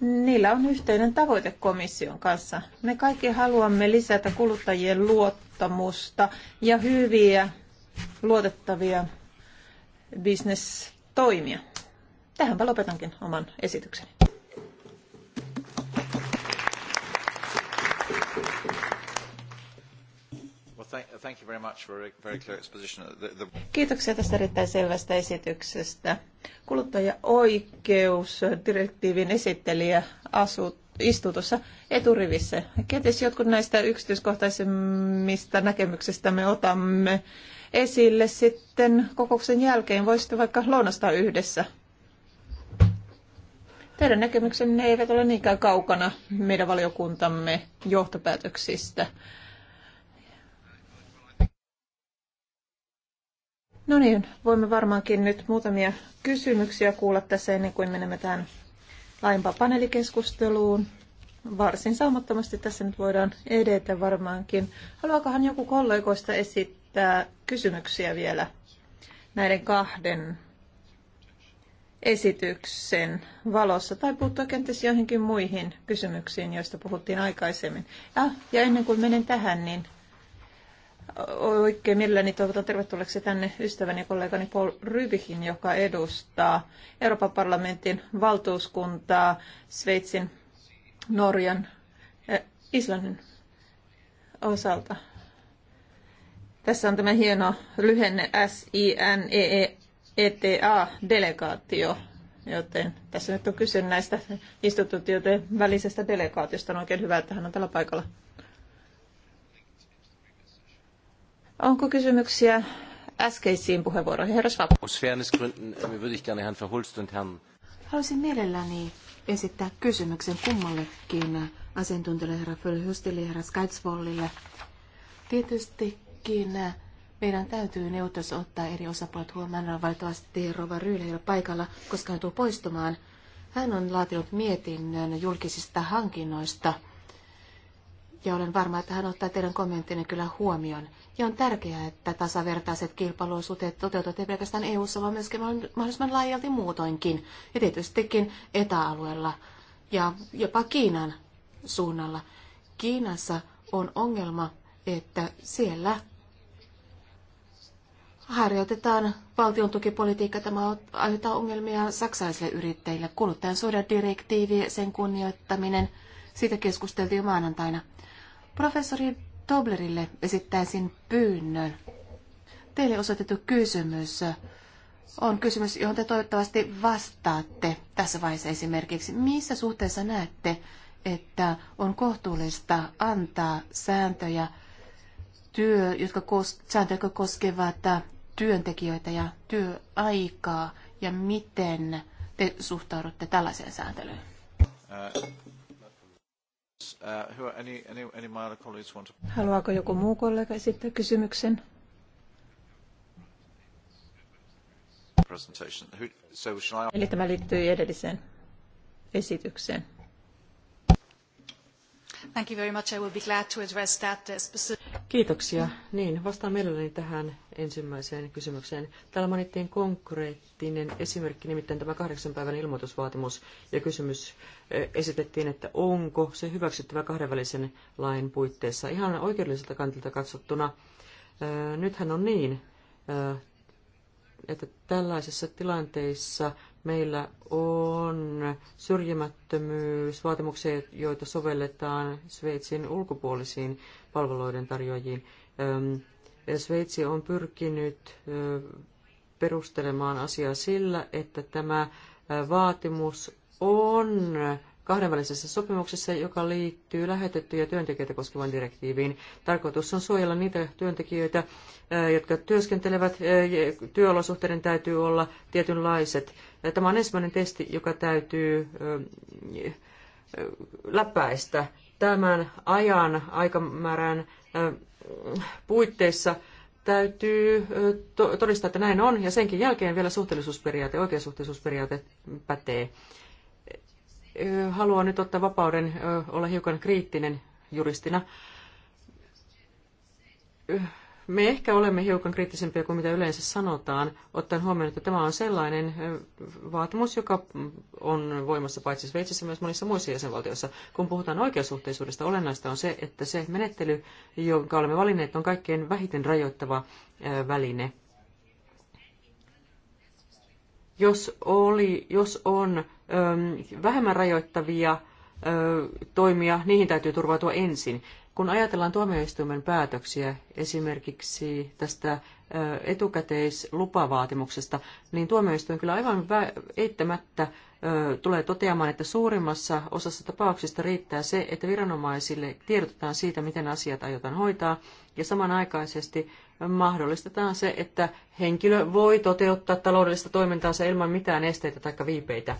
niillä on yhteinen tavoite komission kanssa. Me kaikki haluamme lisätä kuluttajien luottamusta ja hyviä, luotettavia bisnestoimia. Tähänpä lopetankin oman esitykseni. Kiitoksia tästä erittäin selvästä esityksestä. Kuluttajaoikeusdirektiivin esittelijä asuu, istuu tuossa eturivissä. Kenties jotkut näistä yksityiskohtaisemmista näkemyksistä me otamme esille sitten kokouksen jälkeen. Voisitte vaikka lounastaa yhdessä. Teidän näkemyksenne eivät ole niinkään kaukana meidän valiokuntamme johtopäätöksistä. No niin, voimme varmaankin nyt muutamia kysymyksiä kuulla tässä ennen kuin menemme tähän laajempaan paneelikeskusteluun. Varsin saumattomasti tässä nyt voidaan edetä varmaankin. Haluaakohan joku kollegoista esittää kysymyksiä vielä näiden kahden esityksen valossa tai puuttua kenties joihinkin muihin kysymyksiin, joista puhuttiin aikaisemmin. Ja, ja ennen kuin menen tähän, niin Oikein mielelläni toivotan tervetulleeksi tänne ystäväni ja kollegani Paul Rybihin, joka edustaa Euroopan parlamentin valtuuskuntaa Sveitsin, Norjan ja eh, Islannin osalta. Tässä on tämä hieno lyhenne SINEETA-delegaatio, joten tässä nyt on kyse näistä instituutioiden välisestä delegaatiosta. On oikein hyvä, että hän on tällä paikalla. Onko kysymyksiä äskeisiin puheenvuoroihin? Herra Schwab. Haluaisin mielelläni esittää kysymyksen kummallekin asiantuntijalle herra Fölhystille ja herra Skaitsvollille. Tietystikin meidän täytyy neuvostossa ottaa eri osapuolet huomioon. Valitettavasti Rova Ryylä ei ole paikalla, koska hän tuu poistumaan. Hän on laatinut mietinnön julkisista hankinnoista. Ja olen varma, että hän ottaa teidän kommenttinne kyllä huomioon. Ja on tärkeää, että tasavertaiset kilpailuosuudet toteutuvat ei pelkästään EU-ssa, vaan myöskin mahdollisimman laajalti muutoinkin. Ja tietystikin etäalueella ja jopa Kiinan suunnalla. Kiinassa on ongelma, että siellä harjoitetaan valtion tukipolitiikka. Tämä aiheuttaa ongelmia saksalaisille yrittäjille. Kuluttajan direktiivi, sen kunnioittaminen, siitä keskusteltiin jo maanantaina. Professori Toblerille esittäisin pyynnön. Teille osoitettu kysymys on kysymys, johon te toivottavasti vastaatte tässä vaiheessa esimerkiksi. Missä suhteessa näette, että on kohtuullista antaa sääntöjä, työ, jotka, kos- sääntöjä, jotka koskevat työntekijöitä ja työaikaa, ja miten te suhtaudutte tällaiseen sääntelyyn? Äh, Uh, Haluaako joku muu kollega esittää kysymyksen? Eli tämä liittyy edelliseen esitykseen. Thank you very much. I will be glad to address that uh, specific... Kiitoksia. Niin, vastaan mielelläni tähän ensimmäiseen kysymykseen. Täällä mainittiin konkreettinen esimerkki, nimittäin tämä kahdeksan päivän ilmoitusvaatimus, ja kysymys esitettiin, että onko se hyväksyttävä kahdenvälisen lain puitteissa. Ihan oikeudelliselta kantilta katsottuna, nythän on niin, että tällaisissa tilanteissa meillä on syrjimättömyysvaatimuksia, joita sovelletaan Sveitsin ulkopuolisiin palveluiden tarjoajiin. Sveitsi on pyrkinyt perustelemaan asiaa sillä, että tämä vaatimus on kahdenvälisessä sopimuksessa, joka liittyy lähetettyjä työntekijöitä koskevan direktiiviin. Tarkoitus on suojella niitä työntekijöitä, jotka työskentelevät. Työolosuhteiden täytyy olla tietynlaiset. Tämä on ensimmäinen testi, joka täytyy läpäistä tämän ajan aikamäärän puitteissa täytyy todistaa, että näin on, ja senkin jälkeen vielä suhteellisuusperiaate, oikeasuhteisuusperiaate pätee haluan nyt ottaa vapauden olla hiukan kriittinen juristina. Me ehkä olemme hiukan kriittisempiä kuin mitä yleensä sanotaan, ottaen huomioon, että tämä on sellainen vaatimus, joka on voimassa paitsi Sveitsissä myös monissa muissa jäsenvaltioissa. Kun puhutaan oikeasuhteisuudesta, olennaista on se, että se menettely, jonka olemme valinneet, on kaikkein vähiten rajoittava väline jos, oli, jos on vähemmän rajoittavia toimia, niihin täytyy turvautua ensin. Kun ajatellaan tuomioistuimen päätöksiä esimerkiksi tästä etukäteislupavaatimuksesta, niin tuomioistuin kyllä aivan eittämättä tulee toteamaan, että suurimmassa osassa tapauksista riittää se, että viranomaisille tiedotetaan siitä, miten asiat aiotaan hoitaa, ja samanaikaisesti mahdollistetaan se, että henkilö voi toteuttaa taloudellista toimintaansa ilman mitään esteitä tai viipeitä.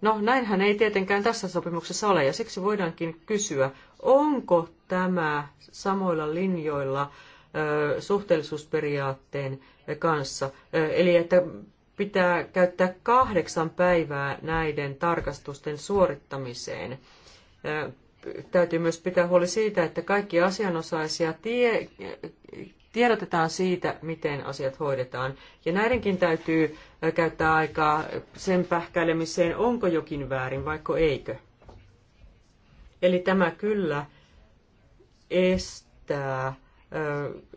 No, näinhän ei tietenkään tässä sopimuksessa ole, ja siksi voidaankin kysyä, onko tämä samoilla linjoilla ö, suhteellisuusperiaatteen kanssa, ö, eli että pitää käyttää kahdeksan päivää näiden tarkastusten suorittamiseen. Ö, täytyy myös pitää huoli siitä, että kaikki asianosaisia tie, tiedotetaan siitä, miten asiat hoidetaan. Ja näidenkin täytyy käyttää aikaa sen pähkäilemiseen, onko jokin väärin, vaikka eikö. Eli tämä kyllä estää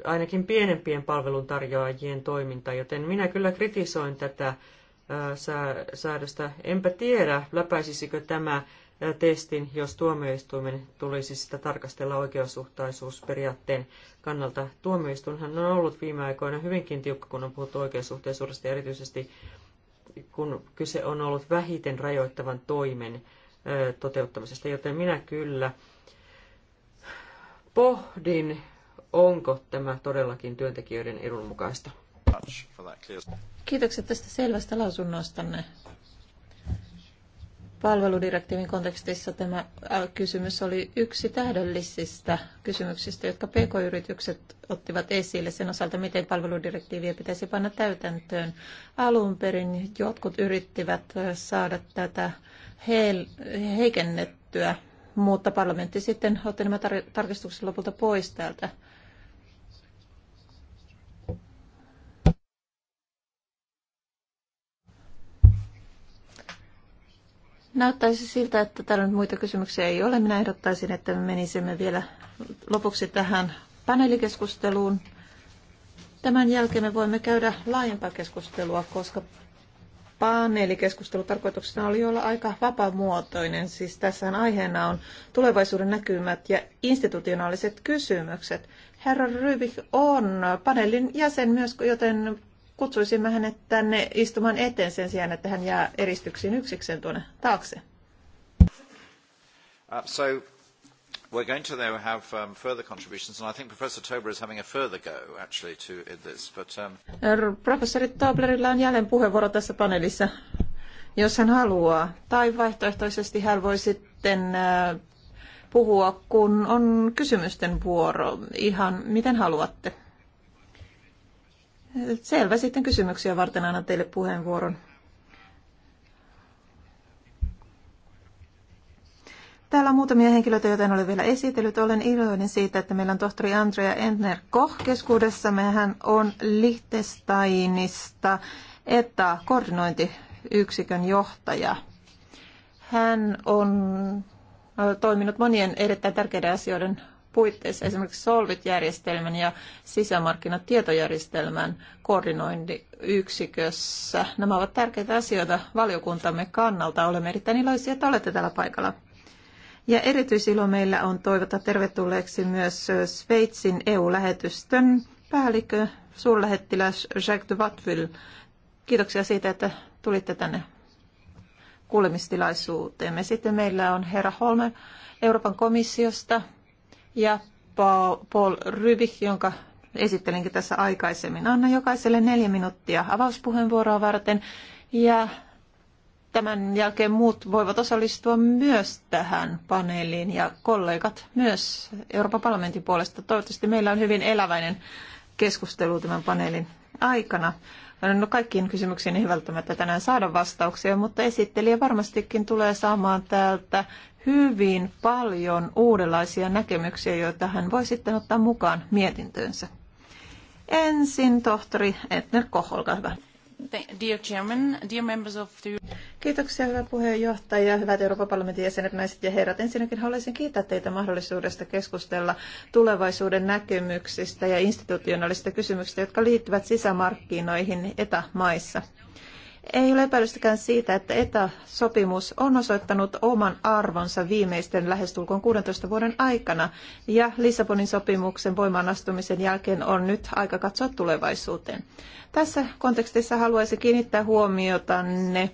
ainakin pienempien palveluntarjoajien toimintaa, joten minä kyllä kritisoin tätä säädöstä. Enpä tiedä, läpäisisikö tämä testin, jos tuomioistuimen tulisi sitä tarkastella oikeasuhtaisuusperiaatteen kannalta. Tuomioistuinhan on ollut viime aikoina hyvinkin tiukka, kun on puhuttu oikeasuhtaisuudesta, erityisesti kun kyse on ollut vähiten rajoittavan toimen toteuttamisesta, joten minä kyllä pohdin, onko tämä todellakin työntekijöiden edun mukaista. Kiitokset tästä selvästä lausunnostanne palveludirektiivin kontekstissa tämä kysymys oli yksi tähdellisistä kysymyksistä, jotka PK-yritykset ottivat esille sen osalta, miten palveludirektiiviä pitäisi panna täytäntöön. Alun perin jotkut yrittivät saada tätä heikennettyä, mutta parlamentti sitten otti nämä tarkistukset lopulta pois täältä Näyttäisi siltä, että täällä nyt muita kysymyksiä ei ole. Minä ehdottaisin, että me menisimme vielä lopuksi tähän paneelikeskusteluun. Tämän jälkeen me voimme käydä laajempaa keskustelua, koska paneelikeskustelu tarkoituksena oli olla aika vapamuotoinen. Siis tässä aiheena on tulevaisuuden näkymät ja institutionaaliset kysymykset. Herra Rybik on paneelin jäsen myös, joten kutsuisimme hänet tänne istumaan eteen sen sijaan, että hän jää eristyksiin yksikseen tuonne taakse. Uh, so we're going to though have um, further contributions, and I think Professor Tobler is having a further go actually to this. But, um... Er, professori Toblerilla on jälleen puheenvuoro tässä paneelissa, jos hän haluaa. Tai vaihtoehtoisesti hän voi sitten uh, puhua, kun on kysymysten vuoro. Ihan miten haluatte. Selvä, sitten kysymyksiä varten annan teille puheenvuoron. Täällä on muutamia henkilöitä, joita en ole vielä esitellyt. Olen iloinen siitä, että meillä on tohtori Andrea Entner Koch keskuudessa. Hän on Liechtensteinista että koordinointiyksikön johtaja. Hän on toiminut monien erittäin tärkeiden asioiden puitteissa esimerkiksi Solvit-järjestelmän ja sisämarkkinatietojärjestelmän koordinointiyksikössä. Nämä ovat tärkeitä asioita valiokuntamme kannalta. Olemme erittäin iloisia, että olette täällä paikalla. Ja erityisilo meillä on toivota tervetulleeksi myös Sveitsin EU-lähetystön päällikkö, suurlähettiläs Jacques de Watville. Kiitoksia siitä, että tulitte tänne kuulemistilaisuuteen. Sitten meillä on herra Holme Euroopan komissiosta ja Paul Rybik, jonka esittelinkin tässä aikaisemmin. Anna jokaiselle neljä minuuttia avauspuheenvuoroa varten ja tämän jälkeen muut voivat osallistua myös tähän paneeliin ja kollegat myös Euroopan parlamentin puolesta. Toivottavasti meillä on hyvin eläväinen keskustelu tämän paneelin aikana. No kaikkiin kysymyksiin ei välttämättä tänään saada vastauksia, mutta esittelijä varmastikin tulee saamaan täältä hyvin paljon uudenlaisia näkemyksiä, joita hän voi sitten ottaa mukaan mietintöönsä. Ensin tohtori Etner Koch, olkaa hyvä. Dear Chairman, dear members of the... Kiitoksia, hyvä puheenjohtaja, hyvät Euroopan parlamentin jäsenet, naiset ja herrat. Ensinnäkin haluaisin kiittää teitä mahdollisuudesta keskustella tulevaisuuden näkemyksistä ja institutionaalisista kysymyksistä, jotka liittyvät sisämarkkinoihin etämaissa. Ei ole epäilystäkään siitä, että etäsopimus on osoittanut oman arvonsa viimeisten lähestulkoon 16 vuoden aikana, ja Lissabonin sopimuksen voimaanastumisen jälkeen on nyt aika katsoa tulevaisuuteen. Tässä kontekstissa haluaisin kiinnittää huomiotanne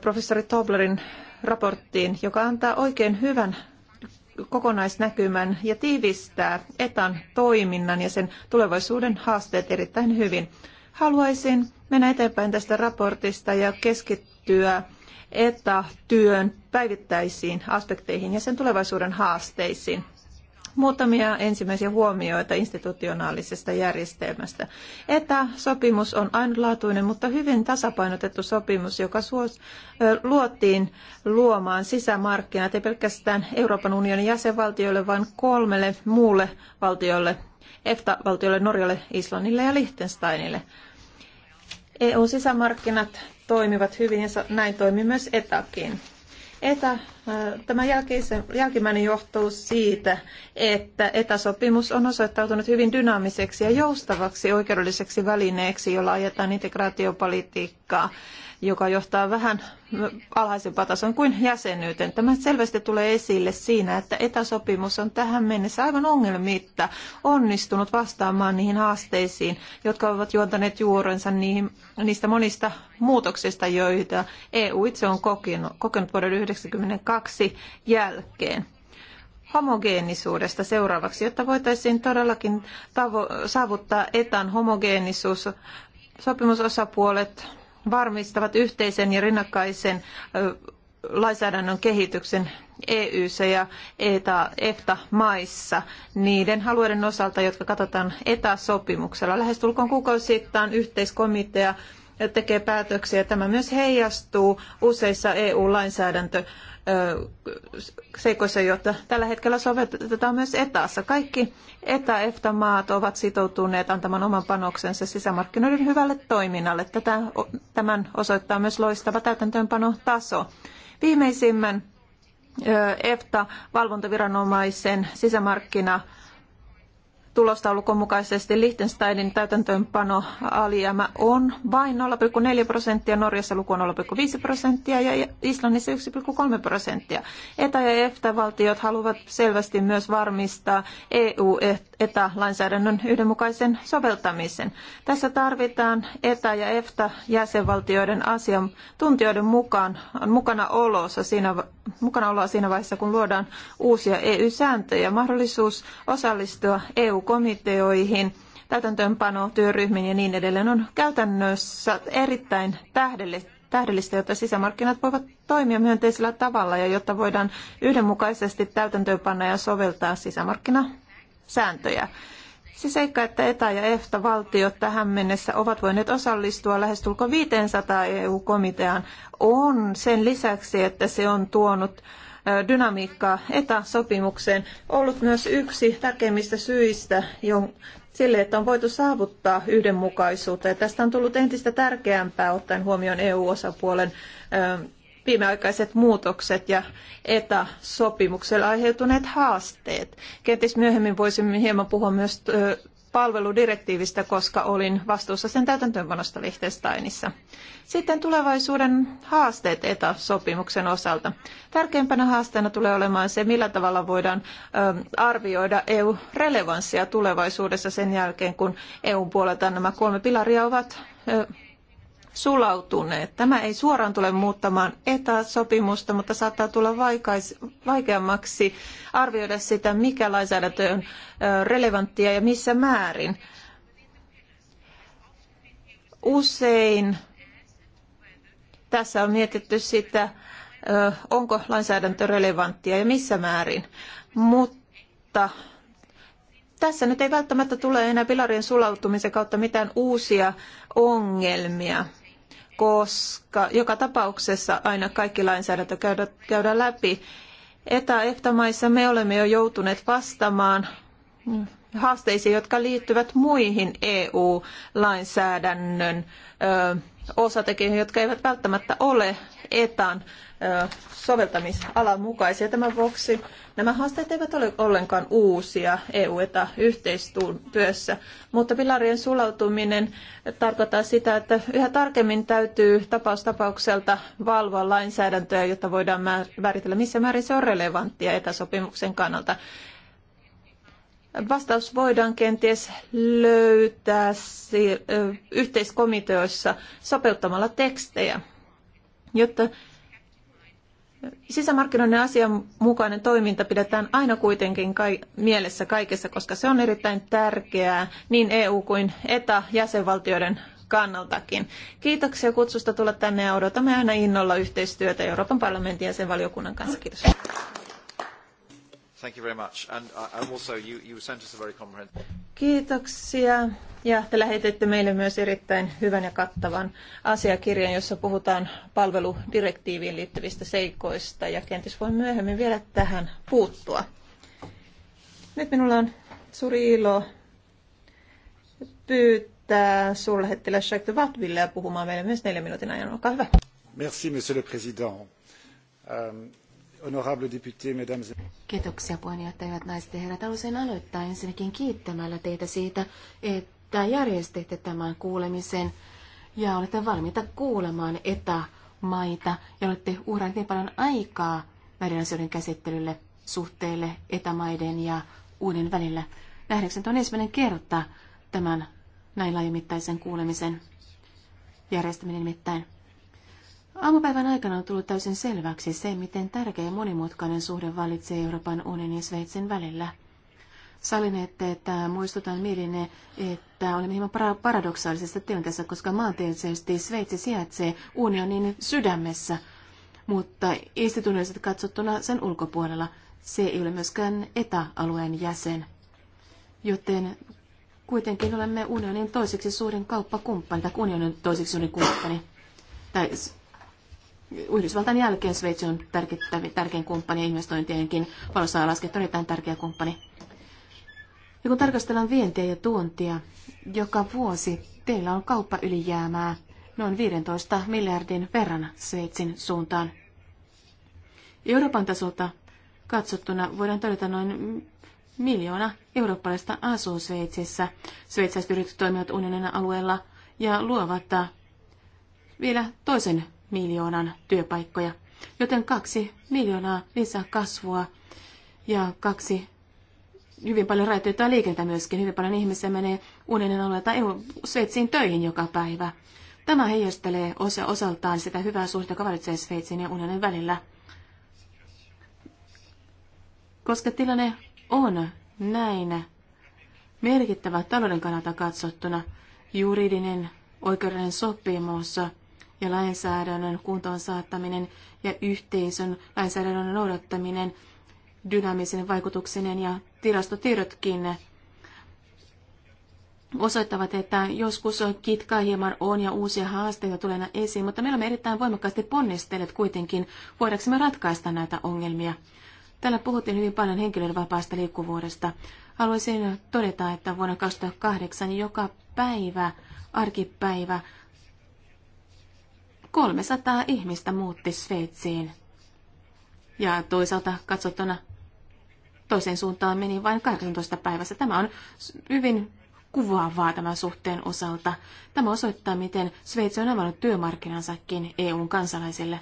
professori Toblerin raporttiin, joka antaa oikein hyvän kokonaisnäkymän ja tiivistää etan toiminnan ja sen tulevaisuuden haasteet erittäin hyvin. Haluaisin mennä eteenpäin tästä raportista ja keskittyä ETA-työn päivittäisiin aspekteihin ja sen tulevaisuuden haasteisiin. Muutamia ensimmäisiä huomioita institutionaalisesta järjestelmästä. ETA-sopimus on ainutlaatuinen, mutta hyvin tasapainotettu sopimus, joka suos, luotiin luomaan sisämarkkinat ei pelkästään Euroopan unionin jäsenvaltioille, vaan kolmelle muulle valtiolle EFTA-valtioille, Norjalle, Islannille ja Liechtensteinille. EU sisämarkkinat toimivat hyvin ja näin toimii myös ETAkin. ETA Tämä jälkimmäinen johtuu siitä, että etäsopimus on osoittautunut hyvin dynaamiseksi ja joustavaksi oikeudelliseksi välineeksi, jolla ajetaan integraatiopolitiikkaa, joka johtaa vähän alhaisempaan tason kuin jäsenyyteen. Tämä selvästi tulee esille siinä, että etäsopimus on tähän mennessä aivan ongelmitta onnistunut vastaamaan niihin haasteisiin, jotka ovat juontaneet juurensa niihin, niistä monista muutoksista, joita EU itse on kokenut, kokenut vuoden 1992 kaksi jälkeen homogeenisuudesta seuraavaksi, jotta voitaisiin todellakin saavuttaa etan homogeenisuus. Sopimusosapuolet varmistavat yhteisen ja rinnakkaisen lainsäädännön kehityksen EU- ja EFTA-maissa e niiden alueiden osalta, jotka katsotaan etäsopimuksella. Lähestulkoon kuukausittain yhteiskomitea tekee päätöksiä. Tämä myös heijastuu useissa eu lainsäädäntö seikoissa, joita tällä hetkellä sovitetaan myös etässä. Kaikki etä efta maat ovat sitoutuneet antamaan oman panoksensa sisämarkkinoiden hyvälle toiminnalle. Tätä, tämän osoittaa myös loistava täytäntöönpanotaso. Viimeisimmän EFTA-valvontaviranomaisen sisämarkkina tulostaulukon mukaisesti Liechtensteinin täytäntöönpano alijäämä on vain 0,4 prosenttia, Norjassa luku on 0,5 prosenttia ja Islannissa 1,3 prosenttia. ETA- ja EFTA-valtiot haluavat selvästi myös varmistaa EU-ETA-lainsäädännön yhdenmukaisen soveltamisen. Tässä tarvitaan ETA- ja EFTA-jäsenvaltioiden asiantuntijoiden mukaan, mukana olossa siinä, mukana olla siinä vaiheessa, kun luodaan uusia EU-sääntöjä. Mahdollisuus osallistua EU komiteoihin, täytäntöönpano, ja niin edelleen on käytännössä erittäin tähdellistä, jotta sisämarkkinat voivat toimia myönteisellä tavalla ja jotta voidaan yhdenmukaisesti täytäntöönpanna ja soveltaa sisämarkkinasääntöjä. Se seikka, että ETA- ja EFTA-valtiot tähän mennessä ovat voineet osallistua lähestulko 500 EU-komiteaan, on sen lisäksi, että se on tuonut dynamiikkaa ETA-sopimukseen ollut myös yksi tärkeimmistä syistä sille, että on voitu saavuttaa yhdenmukaisuutta. Ja tästä on tullut entistä tärkeämpää ottaen huomioon EU-osapuolen viimeaikaiset muutokset ja etäsopimukselle aiheutuneet haasteet. Kenties myöhemmin voisimme hieman puhua myös palveludirektiivistä, koska olin vastuussa sen täytäntöönpanosta Liechtensteinissa. Sitten tulevaisuuden haasteet ETA-sopimuksen osalta. Tärkeimpänä haasteena tulee olemaan se, millä tavalla voidaan ähm, arvioida EU-relevanssia tulevaisuudessa sen jälkeen, kun EU puolelta nämä kolme pilaria ovat äh, sulautuneet. Tämä ei suoraan tule muuttamaan etäsopimusta, mutta saattaa tulla vaikeammaksi arvioida sitä, mikä lainsäädäntö on relevanttia ja missä määrin. Usein tässä on mietitty sitä, onko lainsäädäntö relevanttia ja missä määrin, mutta tässä nyt ei välttämättä tule enää pilarien sulautumisen kautta mitään uusia ongelmia koska joka tapauksessa aina kaikki lainsäädäntö käydä, käydä läpi. Eta-EFTA-maissa me olemme jo joutuneet vastaamaan haasteisiin, jotka liittyvät muihin EU-lainsäädännön osatekijöihin, jotka eivät välttämättä ole etan soveltamisalan mukaisia. Tämän vuoksi nämä haasteet eivät ole ollenkaan uusia EU-ETA-yhteistyössä, mutta pilarien sulautuminen tarkoittaa sitä, että yhä tarkemmin täytyy tapaustapaukselta valvoa lainsäädäntöä, jotta voidaan määritellä, missä määrin se on relevanttia etäsopimuksen kannalta. Vastaus voidaan kenties löytää yhteiskomiteoissa sopeuttamalla tekstejä, jotta Sisämarkkinoiden asianmukainen toiminta pidetään aina kuitenkin mielessä kaikessa, koska se on erittäin tärkeää niin EU- kuin ETA-jäsenvaltioiden kannaltakin. Kiitoksia kutsusta tulla tänne ja odotamme aina innolla yhteistyötä Euroopan parlamentin ja kanssa. Kiitos. Thank you very much. Uh, and also you, you sent us a very comprehensive... Kiitoksia. Ja te lähetitte meille myös erittäin hyvän ja kattavan asiakirjan, jossa puhutaan palveludirektiiviin liittyvistä seikoista ja kenties voi myöhemmin vielä tähän puuttua. Nyt minulla on suuri ilo pyytää suurlähettiläs Jacques de Vatville puhumaan meille myös neljän minuutin ajan. Olkaa hyvä. Merci, monsieur le président. Um, honorable Kiitoksia naiset ja herrat. Haluaisin aloittaa ensinnäkin kiittämällä teitä siitä, että järjestitte tämän kuulemisen ja olette valmiita kuulemaan etämaita ja olette uhranneet niin paljon aikaa näiden asioiden käsittelylle suhteelle etämaiden ja uuden välillä. Nähdäkseni on ensimmäinen kerta tämän näin laajamittaisen kuulemisen järjestäminen nimittäin. Aamupäivän aikana on tullut täysin selväksi se, miten tärkeä ja monimutkainen suhde valitsee Euroopan unionin ja Sveitsin välillä. Salinette, että muistutan mielinne, että olemme hieman paradoksaalisessa tilanteessa, koska maantieteellisesti Sveitsi sijaitsee unionin sydämessä, mutta instituutiollisesti katsottuna sen ulkopuolella. Se ei ole myöskään etäalueen jäsen. Joten kuitenkin olemme unionin toiseksi suurin kauppakumppani, tai unionin toiseksi suurin kumppani, tai Yhdysvaltain jälkeen Sveitsi on tärkein kumppani investointienkin valossa laskettu erittäin tärkeä kumppani. Ja kun tarkastellaan vientiä ja tuontia, joka vuosi teillä on kauppa ylijäämää, noin 15 miljardin verran Sveitsin suuntaan. Euroopan tasolta katsottuna voidaan todeta noin miljoona eurooppalaista asuu Sveitsissä. Sveitsiläiset yritykset toimivat unionin alueella ja luovat vielä toisen miljoonan työpaikkoja. Joten kaksi miljoonaa lisää kasvua ja kaksi hyvin paljon rajoitteita liikentä myöskin. Hyvin paljon ihmisiä menee unenen alueelta Sveitsiin töihin joka päivä. Tämä heijastelee osa osaltaan sitä hyvää suhdetta, joka valitsee Sveitsin ja unenen välillä. Koska tilanne on näin merkittävä talouden kannalta katsottuna, juridinen oikeudellinen sopimus – ja lainsäädännön kuntoon saattaminen ja yhteisön lainsäädännön noudattaminen dynaamisen vaikutuksinen ja tilastotiedotkin osoittavat, että joskus kitkaa hieman on ja uusia haasteita tulee esiin, mutta me on erittäin voimakkaasti ponnistelleet kuitenkin, voidaanko me ratkaista näitä ongelmia. Täällä puhuttiin hyvin paljon henkilöiden vapaasta liikkuvuudesta. Haluaisin todeta, että vuonna 2008 joka päivä, arkipäivä, 300 ihmistä muutti Sveitsiin. Ja toisaalta katsottuna toiseen suuntaan meni vain 18 päivässä. Tämä on hyvin kuvaavaa tämän suhteen osalta. Tämä osoittaa, miten Sveitsi on avannut työmarkkinansakin EUn kansalaisille.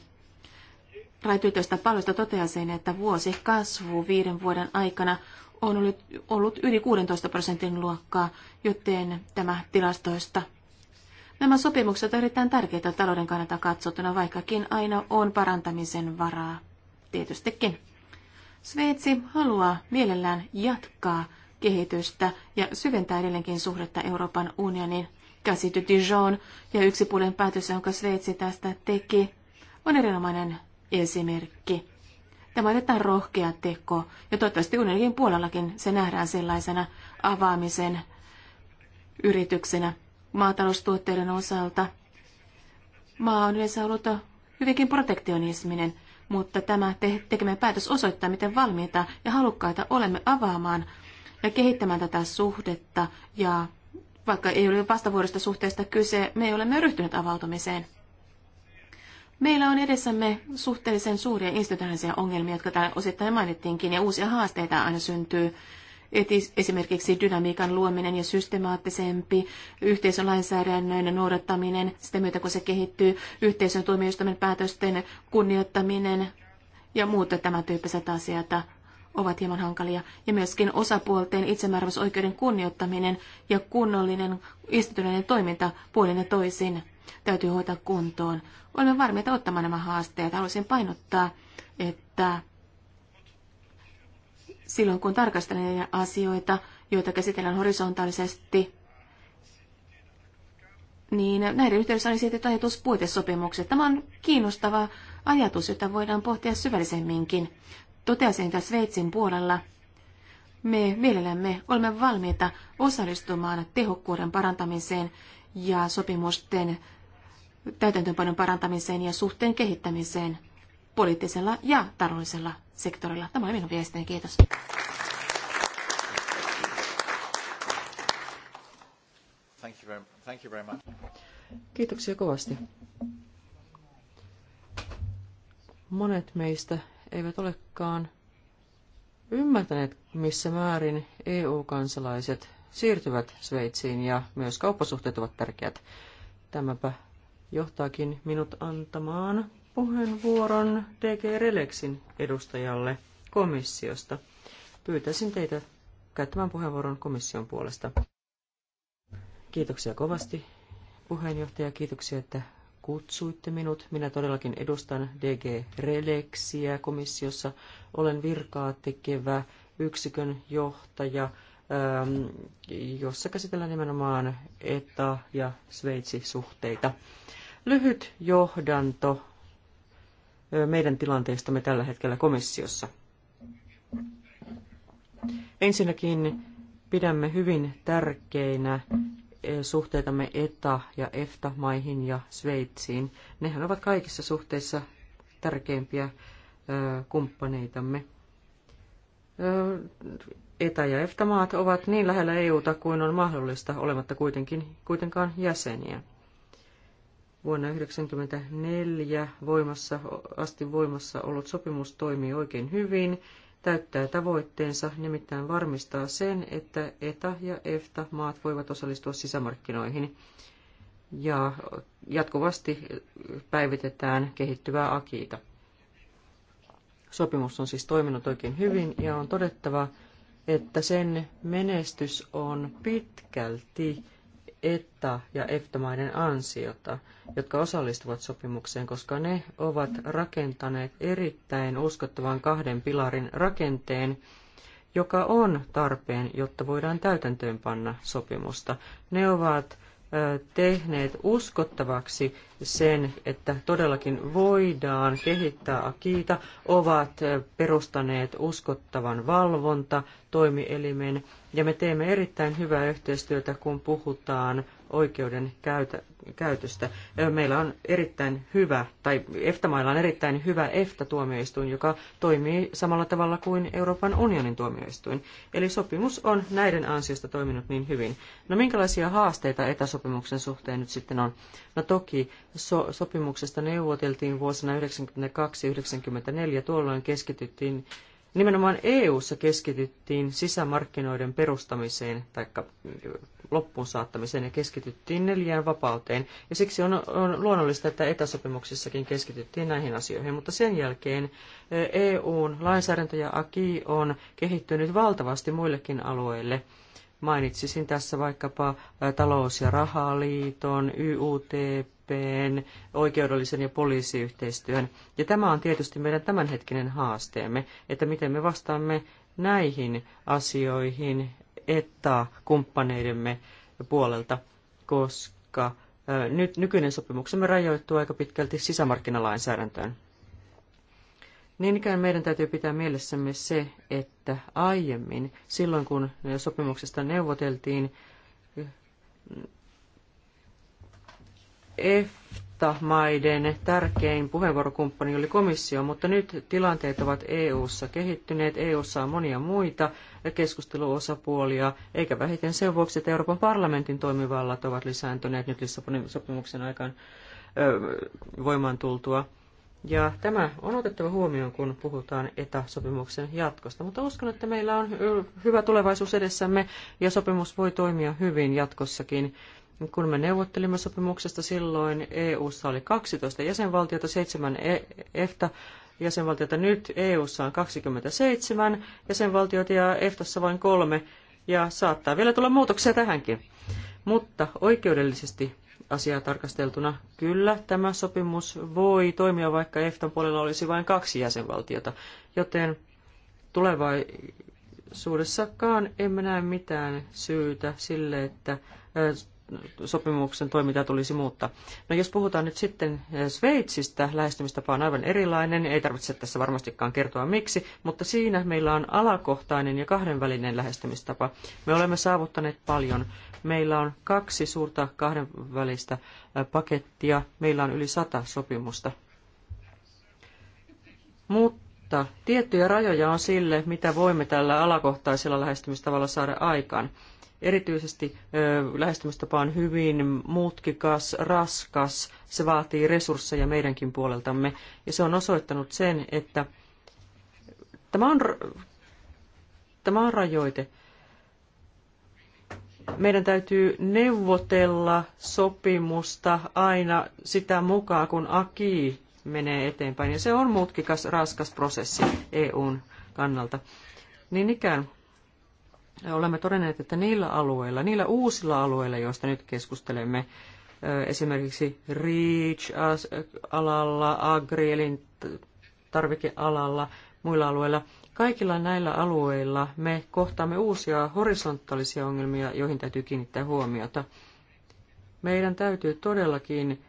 Raityytöistä palvelusta toteaa sen, että vuosi kasvu viiden vuoden aikana on ollut, ollut yli 16 prosentin luokkaa, joten tämä tilastoista Nämä sopimukset ovat erittäin tärkeitä talouden kannalta katsottuna, vaikkakin aina on parantamisen varaa. Tietystikin. Sveitsi haluaa mielellään jatkaa kehitystä ja syventää edelleenkin suhdetta Euroopan unionin. käsity Dijon ja yksipuolen päätös, jonka Sveitsi tästä teki, on erinomainen esimerkki. Tämä on rohkea teko, ja toivottavasti unionin puolellakin se nähdään sellaisena avaamisen yrityksenä maataloustuotteiden osalta. Maa on yleensä ollut hyvinkin protektionisminen, mutta tämä te- tekemä päätös osoittaa, miten valmiita ja halukkaita olemme avaamaan ja kehittämään tätä suhdetta. Ja vaikka ei ole vastavuorista suhteesta kyse, me olemme ryhtyneet avautumiseen. Meillä on edessämme suhteellisen suuria institutionaalisia ongelmia, jotka täällä osittain mainittiinkin, ja uusia haasteita aina syntyy esimerkiksi dynamiikan luominen ja systemaattisempi yhteisön lainsäädännön noudattaminen sitä myötä, kun se kehittyy, yhteisön tuomioistuimen päätösten kunnioittaminen ja muut tämän tyyppiset asiat ovat hieman hankalia. Ja myöskin osapuolten itsemääräämisoikeuden kunnioittaminen ja kunnollinen instituutioiden toiminta puolin ja toisin täytyy hoitaa kuntoon. Olemme varmiita ottamaan nämä haasteet. Haluaisin painottaa, että silloin kun tarkastelen asioita, joita käsitellään horisontaalisesti, niin näiden yhteydessä on esitetty ajatus puitesopimukset. Tämä on kiinnostava ajatus, jota voidaan pohtia syvällisemminkin. Toteasin, että Sveitsin puolella me mielellämme olemme valmiita osallistumaan tehokkuuden parantamiseen ja sopimusten täytäntöönpanon parantamiseen ja suhteen kehittämiseen poliittisella ja taloudellisella sektorilla. Tämä oli minun viestini. Kiitos. Thank you very, thank you very much. Kiitoksia kovasti. Monet meistä eivät olekaan ymmärtäneet, missä määrin EU-kansalaiset siirtyvät Sveitsiin ja myös kauppasuhteet ovat tärkeät. Tämäpä johtaakin minut antamaan puheenvuoron DG Relexin edustajalle komissiosta. Pyytäisin teitä käyttämään puheenvuoron komission puolesta. Kiitoksia kovasti puheenjohtaja, kiitoksia, että kutsuitte minut. Minä todellakin edustan DG Relexiä komissiossa. Olen virkaa tekevä yksikön johtaja, ähm, jossa käsitellään nimenomaan ETA- ja Sveitsi-suhteita. Lyhyt johdanto meidän tilanteestamme tällä hetkellä komissiossa. Ensinnäkin pidämme hyvin tärkeinä suhteitamme ETA- ja EFTA-maihin ja Sveitsiin. Nehän ovat kaikissa suhteissa tärkeimpiä kumppaneitamme. ETA- ja EFTA-maat ovat niin lähellä EUta kuin on mahdollista, olematta kuitenkin, kuitenkaan jäseniä vuonna 1994 voimassa, asti voimassa ollut sopimus toimii oikein hyvin, täyttää tavoitteensa, nimittäin varmistaa sen, että ETA ja EFTA maat voivat osallistua sisämarkkinoihin. Ja jatkuvasti päivitetään kehittyvää akiita. Sopimus on siis toiminut oikein hyvin ja on todettava, että sen menestys on pitkälti ETA- ja eftamaiden ansiota, jotka osallistuvat sopimukseen, koska ne ovat rakentaneet erittäin uskottavan kahden pilarin rakenteen, joka on tarpeen, jotta voidaan täytäntöönpanna sopimusta. Ne ovat tehneet uskottavaksi sen, että todellakin voidaan kehittää Akiita, ovat perustaneet uskottavan valvonta toimielimen ja me teemme erittäin hyvää yhteistyötä, kun puhutaan oikeuden käytä, käytöstä. Meillä on erittäin hyvä, tai EFTA-mailla on erittäin hyvä EFTA-tuomioistuin, joka toimii samalla tavalla kuin Euroopan unionin tuomioistuin. Eli sopimus on näiden ansiosta toiminut niin hyvin. No minkälaisia haasteita etäsopimuksen suhteen nyt sitten on? No toki so- sopimuksesta neuvoteltiin vuosina 1992-1994, tuolloin keskityttiin Nimenomaan EU-ssa keskityttiin sisämarkkinoiden perustamiseen tai mm, loppuun saattamiseen ja keskityttiin neljään vapauteen. Ja siksi on, on luonnollista, että etäsopimuksissakin keskityttiin näihin asioihin, mutta sen jälkeen EUn eh, e lainsäädäntö ja AKI on kehittynyt valtavasti muillekin alueille. Mainitsisin tässä vaikkapa eh, talous- ja rahaliiton, YUTP, tarpeen oikeudellisen ja poliisiyhteistyön. Ja tämä on tietysti meidän tämänhetkinen haasteemme, että miten me vastaamme näihin asioihin että kumppaneidemme puolelta, koska nyt nykyinen sopimuksemme rajoittuu aika pitkälti sisämarkkinalainsäädäntöön. Niin ikään meidän täytyy pitää mielessämme se, että aiemmin, silloin kun sopimuksesta neuvoteltiin, EFTA-maiden tärkein puheenvuorokumppani oli komissio, mutta nyt tilanteet ovat EU-ssa kehittyneet. EU-ssa on monia muita keskusteluosapuolia, eikä vähiten sen vuoksi, että Euroopan parlamentin toimivallat ovat lisääntyneet nyt Lissabonin sopimuksen aikaan voimaan tultua. Ja tämä on otettava huomioon, kun puhutaan etäsopimuksen jatkosta. Mutta uskon, että meillä on hyvä tulevaisuus edessämme ja sopimus voi toimia hyvin jatkossakin kun me neuvottelimme sopimuksesta silloin, EU:ssa oli 12 jäsenvaltiota, 7 e- EFTA jäsenvaltiota. Nyt EU:ssa on 27 jäsenvaltiota ja EFTassa vain kolme ja saattaa vielä tulla muutoksia tähänkin. Mutta oikeudellisesti asiaa tarkasteltuna kyllä tämä sopimus voi toimia, vaikka EFTAn puolella olisi vain kaksi jäsenvaltiota, joten tulevaisuudessakaan emme näe mitään syytä sille, että sopimuksen toimintaa tulisi muuttaa. No jos puhutaan nyt sitten eh, Sveitsistä, lähestymistapa on aivan erilainen, ei tarvitse tässä varmastikaan kertoa miksi, mutta siinä meillä on alakohtainen ja kahdenvälinen lähestymistapa. Me olemme saavuttaneet paljon. Meillä on kaksi suurta kahdenvälistä eh, pakettia, meillä on yli sata sopimusta. Mutta tiettyjä rajoja on sille, mitä voimme tällä alakohtaisella lähestymistavalla saada aikaan. Erityisesti lähestymistapa on hyvin mutkikas, raskas, se vaatii resursseja meidänkin puoleltamme ja se on osoittanut sen, että tämä on, tämä on rajoite. Meidän täytyy neuvotella sopimusta aina sitä mukaan, kun AKI menee eteenpäin. Ja se on mutkikas, raskas prosessi EUn kannalta. Niin ikään olemme todenneet, että niillä alueilla, niillä uusilla alueilla, joista nyt keskustelemme, esimerkiksi REACH-alalla, agri tarvikealalla, muilla alueilla, kaikilla näillä alueilla me kohtaamme uusia horisontaalisia ongelmia, joihin täytyy kiinnittää huomiota – meidän täytyy todellakin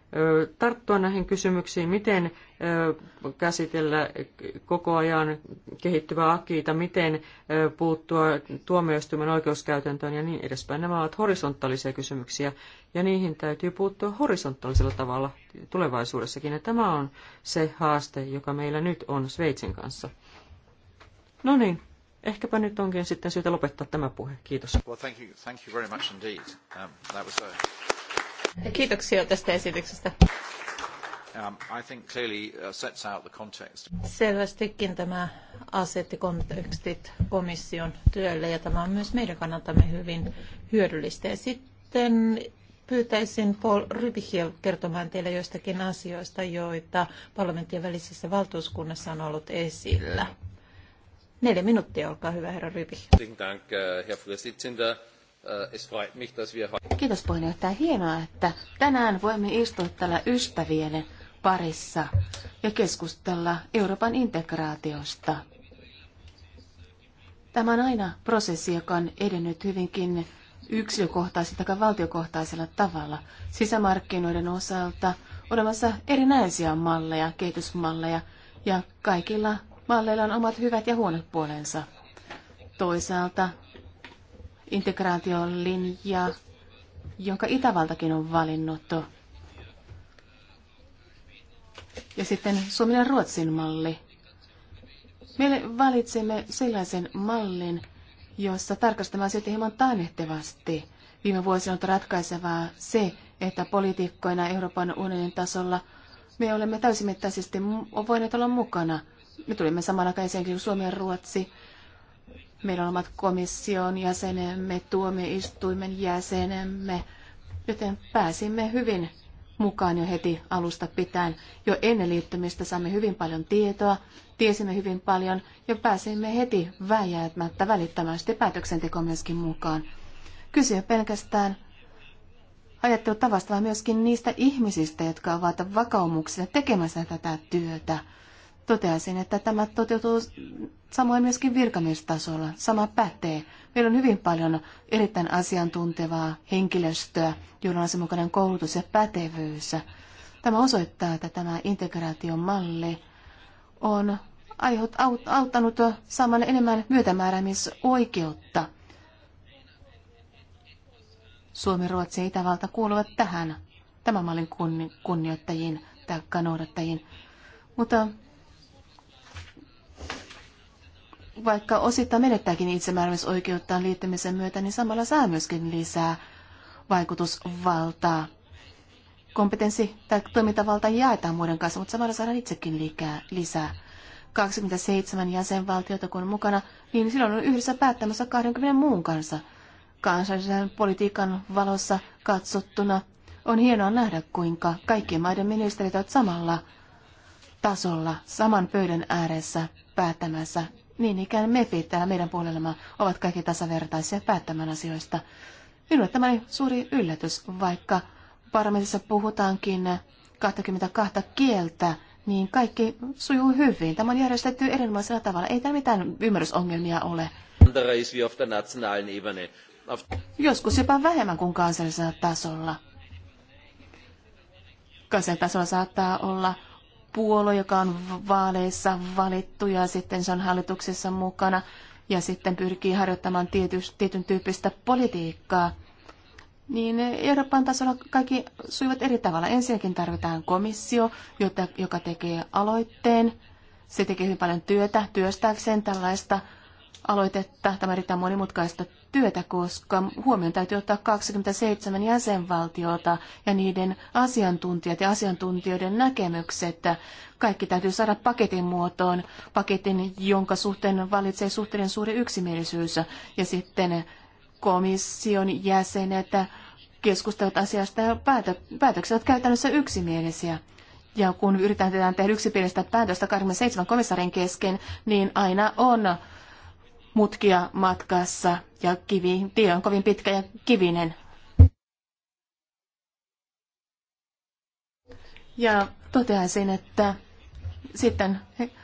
tarttua näihin kysymyksiin, miten käsitellä koko ajan kehittyvää akiita, miten puuttua tuomioistuimen oikeuskäytäntöön ja niin edespäin. Nämä ovat horisontaalisia kysymyksiä ja niihin täytyy puuttua horisontaalisella tavalla tulevaisuudessakin. Ja tämä on se haaste, joka meillä nyt on Sveitsin kanssa. No niin, ehkäpä nyt onkin sitten syytä lopettaa tämä puhe. Kiitos. Well, thank you, thank you Kiitoksia tästä esityksestä. Um, I think clearly uh, sets out the context. Selvästikin tämä asetti kontekstit komission työlle ja tämä on myös meidän kannaltamme hyvin hyödyllistä. Ja sitten pyytäisin Paul Rybichia kertomaan teille joistakin asioista, joita parlamenttien välisessä valtuuskunnassa on ollut esillä. Neljä minuuttia, olkaa hyvä herra Rybich. Äh, Herr Äh, Kiitos puheenjohtaja. Hienoa, että tänään voimme istua täällä ystävien parissa ja keskustella Euroopan integraatiosta. Tämä on aina prosessi, joka on edennyt hyvinkin yksilökohtaisella tai valtiokohtaisella tavalla. Sisämarkkinoiden osalta olemassa erinäisiä malleja, kehitysmalleja, ja kaikilla malleilla on omat hyvät ja huonot puolensa. Toisaalta integraation linja, jonka Itävaltakin on valinnut. Ja sitten Suomen ja Ruotsin malli. Me valitsemme sellaisen mallin, jossa tarkastamme sitten hieman taannehtivasti. Viime vuosina on ratkaisevaa se, että poliitikkoina Euroopan unionin tasolla me olemme täysimittaisesti voineet olla mukana. Me tulimme samanaikaisesti kuin Suomi ja Ruotsi Meillä on omat komission jäsenemme, tuomioistuimen jäsenemme, joten pääsimme hyvin mukaan jo heti alusta pitäen. Jo ennen liittymistä saimme hyvin paljon tietoa, tiesimme hyvin paljon ja pääsimme heti vääjäämättä välittömästi päätöksentekoon myöskin mukaan. Kysyä pelkästään ajattelutavasta, vaan myöskin niistä ihmisistä, jotka ovat vakaumuksena tekemässä tätä työtä toteaisin, että tämä toteutuu samoin myöskin virkamiestasolla. Sama pätee. Meillä on hyvin paljon erittäin asiantuntevaa henkilöstöä, jolla on asianmukainen koulutus ja pätevyys. Tämä osoittaa, että tämä integraation malli on auttanut saamaan enemmän myötämääräämisoikeutta. Suomi, Ruotsi ja Itävalta kuuluvat tähän, tämän mallin kunni, kunnioittajiin tai noudattajiin. Mutta vaikka osittain menettääkin itsemääräämisoikeuttaan liittymisen myötä, niin samalla saa myöskin lisää vaikutusvaltaa. Kompetenssi tai toimintavalta jaetaan muiden kanssa, mutta samalla saadaan itsekin lisää. 27 jäsenvaltiota kun on mukana, niin silloin on yhdessä päättämässä 20 muun kanssa. Kansallisen politiikan valossa katsottuna on hienoa nähdä, kuinka kaikkien maiden ministerit ovat samalla tasolla, saman pöydän ääressä päättämässä niin ikään MEPit täällä meidän puolellamme ovat kaikki tasavertaisia päättämään asioista. Minulle tämä oli suuri yllätys, vaikka parlamentissa puhutaankin 22 kieltä, niin kaikki sujuu hyvin. Tämä on järjestetty erinomaisella tavalla. Ei täällä mitään ymmärrysongelmia ole. Joskus jopa vähemmän kuin kansallisella tasolla. Kansallisella tasolla saattaa olla puolue, joka on vaaleissa valittu ja sitten se on hallituksessa mukana ja sitten pyrkii harjoittamaan tiety, tietyn tyyppistä politiikkaa, niin Euroopan tasolla kaikki sujuvat eri tavalla. Ensinnäkin tarvitaan komissio, jota, joka tekee aloitteen. Se tekee hyvin paljon työtä työstääkseen tällaista aloitetta. Tämä on erittäin monimutkaista työtä, koska huomioon täytyy ottaa 27 jäsenvaltiota ja niiden asiantuntijat ja asiantuntijoiden näkemykset. Kaikki täytyy saada paketin muotoon, paketin, jonka suhteen valitsee suhteellisen suuri yksimielisyys. Ja sitten komission jäsenet keskustelut asiasta ja päätökset ovat käytännössä yksimielisiä. Ja kun yritetään tehdä yksimielistä päätöstä 27 komissarin kesken, niin aina on mutkia matkassa ja kivi, tie on kovin pitkä ja kivinen. Ja toteaisin, että sitten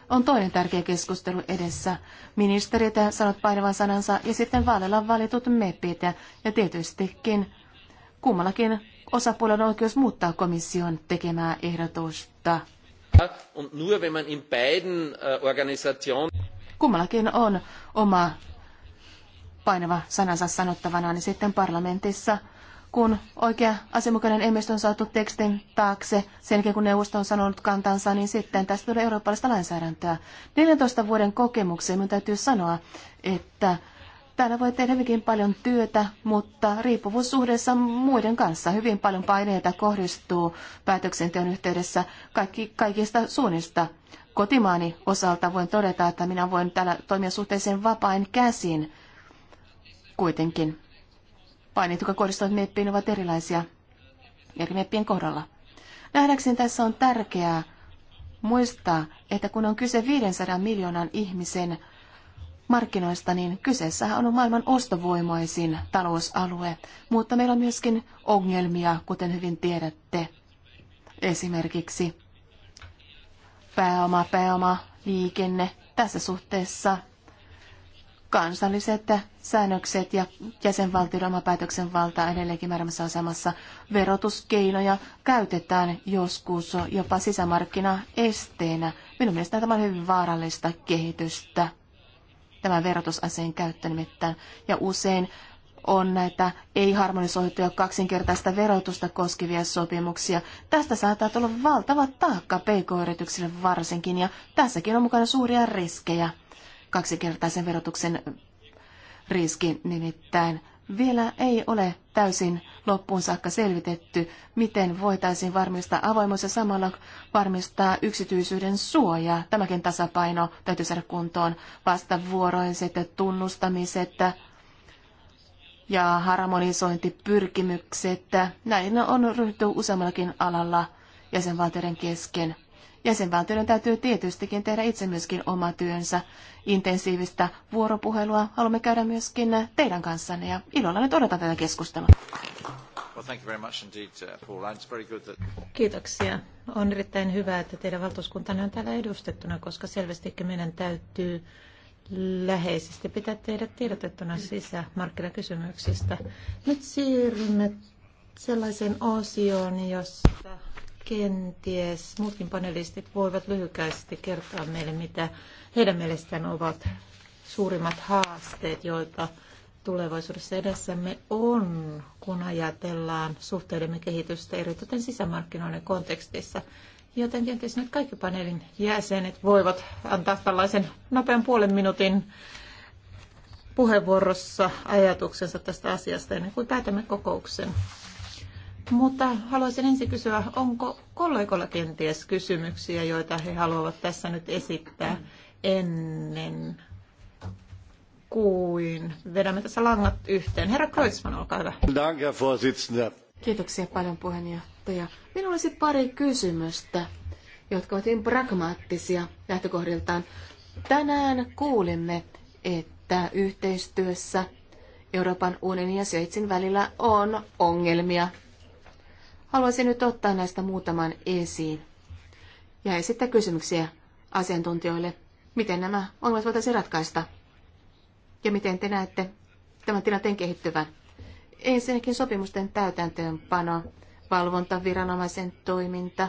on toinen tärkeä keskustelu edessä. Ministerit sanot painavan sanansa ja sitten vaaleilla valitut mepit. Ja tietystikin kummallakin osapuolella on oikeus muuttaa komission tekemää ehdotusta. Und nur wenn man in beiden äh, Organisationen Kummallakin on oma painava sanansa sanottavana, niin sitten parlamentissa, kun oikea asianmukainen enemmistö on saatu tekstin taakse, sen jälkeen kun neuvosto on sanonut kantansa, niin sitten tästä tulee eurooppalaista lainsäädäntöä. 14 vuoden kokemukseen minun täytyy sanoa, että täällä voi tehdä hyvinkin paljon työtä, mutta riippuvuussuhteessa muiden kanssa hyvin paljon paineita kohdistuu päätöksenteon yhteydessä kaikki, kaikista suunnista kotimaani osalta voin todeta, että minä voin täällä toimia suhteellisen vapain käsin kuitenkin. Paineet, jotka kohdistuvat meppiin, ovat erilaisia eri meppien kohdalla. Nähdäkseni tässä on tärkeää muistaa, että kun on kyse 500 miljoonan ihmisen markkinoista, niin kyseessä on maailman ostovoimaisin talousalue, mutta meillä on myöskin ongelmia, kuten hyvin tiedätte. Esimerkiksi pääoma, pääoma, liikenne. Tässä suhteessa kansalliset säännökset ja jäsenvaltioiden oma päätöksenvalta on edelleenkin määrämässä asemassa. Verotuskeinoja käytetään joskus jopa esteenä. Minun mielestäni tämä on hyvin vaarallista kehitystä, tämä verotusaseen käyttö nimittäin. Ja usein on näitä ei-harmonisoituja kaksinkertaista verotusta koskevia sopimuksia. Tästä saattaa tulla valtava taakka pk-yrityksille varsinkin, ja tässäkin on mukana suuria riskejä. Kaksinkertaisen verotuksen riski nimittäin vielä ei ole täysin loppuun saakka selvitetty, miten voitaisiin varmistaa avoimuus ja samalla varmistaa yksityisyyden suoja. Tämäkin tasapaino täytyy saada kuntoon. Vastavuoroiset tunnustamiset ja harmonisointipyrkimykset. Näin on ryhdytty useammallakin alalla jäsenvaltioiden kesken. Jäsenvaltioiden täytyy tietystikin tehdä itse myöskin oma työnsä. Intensiivistä vuoropuhelua haluamme käydä myöskin teidän kanssanne ja ilolla nyt odotan tätä keskustelua. Uh, Kiitoksia. On erittäin hyvä, että teidän valtuuskuntanne on täällä edustettuna, koska selvästikin meidän täytyy läheisesti pitää tehdä tiedotettuna sisämarkkinakysymyksistä. Nyt siirrymme sellaiseen osioon, jossa kenties muutkin panelistit voivat lyhykäisesti kertoa meille, mitä heidän mielestään ovat suurimmat haasteet, joita tulevaisuudessa edessämme on, kun ajatellaan suhteidemme kehitystä eritoten sisämarkkinoiden kontekstissa. Joten kenties nyt kaikki paneelin jäsenet voivat antaa tällaisen nopean puolen minuutin puheenvuorossa ajatuksensa tästä asiasta ennen kuin päätämme kokouksen. Mutta haluaisin ensin kysyä, onko kollegoilla kenties kysymyksiä, joita he haluavat tässä nyt esittää ennen kuin vedämme tässä langat yhteen. Herra Kreutzmann, olkaa hyvä. Danke, Herr Kiitoksia paljon puheenjohtaja. Minulla olisi pari kysymystä, jotka ovat hyvin pragmaattisia lähtökohdiltaan. Tänään kuulimme, että yhteistyössä Euroopan unionin ja Sveitsin välillä on ongelmia. Haluaisin nyt ottaa näistä muutaman esiin ja esittää kysymyksiä asiantuntijoille, miten nämä ongelmat voitaisiin ratkaista ja miten te näette tämän tilanteen kehittyvän. Ensinnäkin sopimusten täytäntöönpano, valvontaviranomaisen toiminta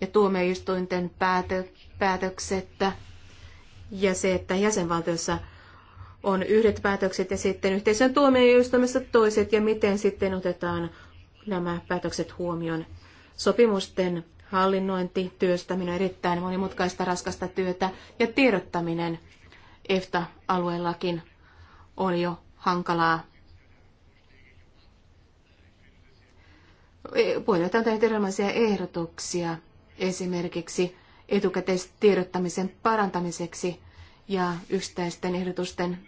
ja tuomioistuinten päätö, päätökset ja se, että jäsenvaltiossa on yhdet päätökset ja sitten yhteisön tuomioistuimessa toiset ja miten sitten otetaan nämä päätökset huomioon. Sopimusten hallinnointi, työstäminen on erittäin monimutkaista raskasta työtä ja tiedottaminen EFTA-alueellakin on jo hankalaa voidaan on tällaisia ehdotuksia esimerkiksi etukäteistiedottamisen parantamiseksi ja yksittäisten ehdotusten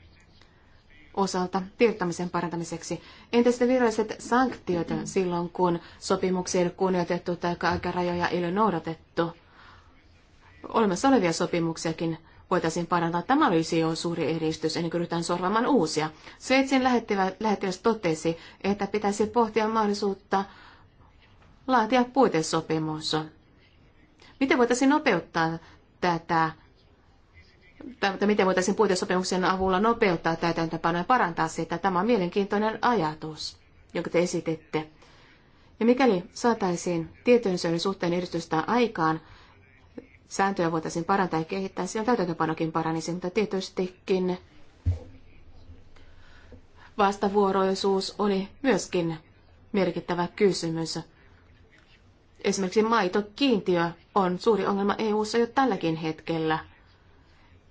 osalta tiedottamisen parantamiseksi. Entä sitten viralliset sanktiot silloin, kun sopimuksia ei ole kunnioitettu tai aikarajoja ei ole noudatettu? Olemassa olevia sopimuksiakin voitaisiin parantaa. Tämä olisi jo suuri edistys ennen kuin ryhdytään sorvaamaan uusia. Sveitsin lähettiläs totesi, että pitäisi pohtia mahdollisuutta laatia puitesopimus. Miten voitaisiin nopeuttaa tätä, tai miten voitaisiin puitesopimuksen avulla nopeuttaa täytäntöpanoja ja parantaa sitä? Tämä on mielenkiintoinen ajatus, jonka te esititte. Ja mikäli saataisiin tietojensyöden suhteen edistystä aikaan, sääntöjä voitaisiin parantaa ja kehittää, silloin täytäntöpanokin paranisi, mutta tietystikin vastavuoroisuus oli myöskin merkittävä kysymys. Esimerkiksi maitokiintiö on suuri ongelma EU-ssa jo tälläkin hetkellä.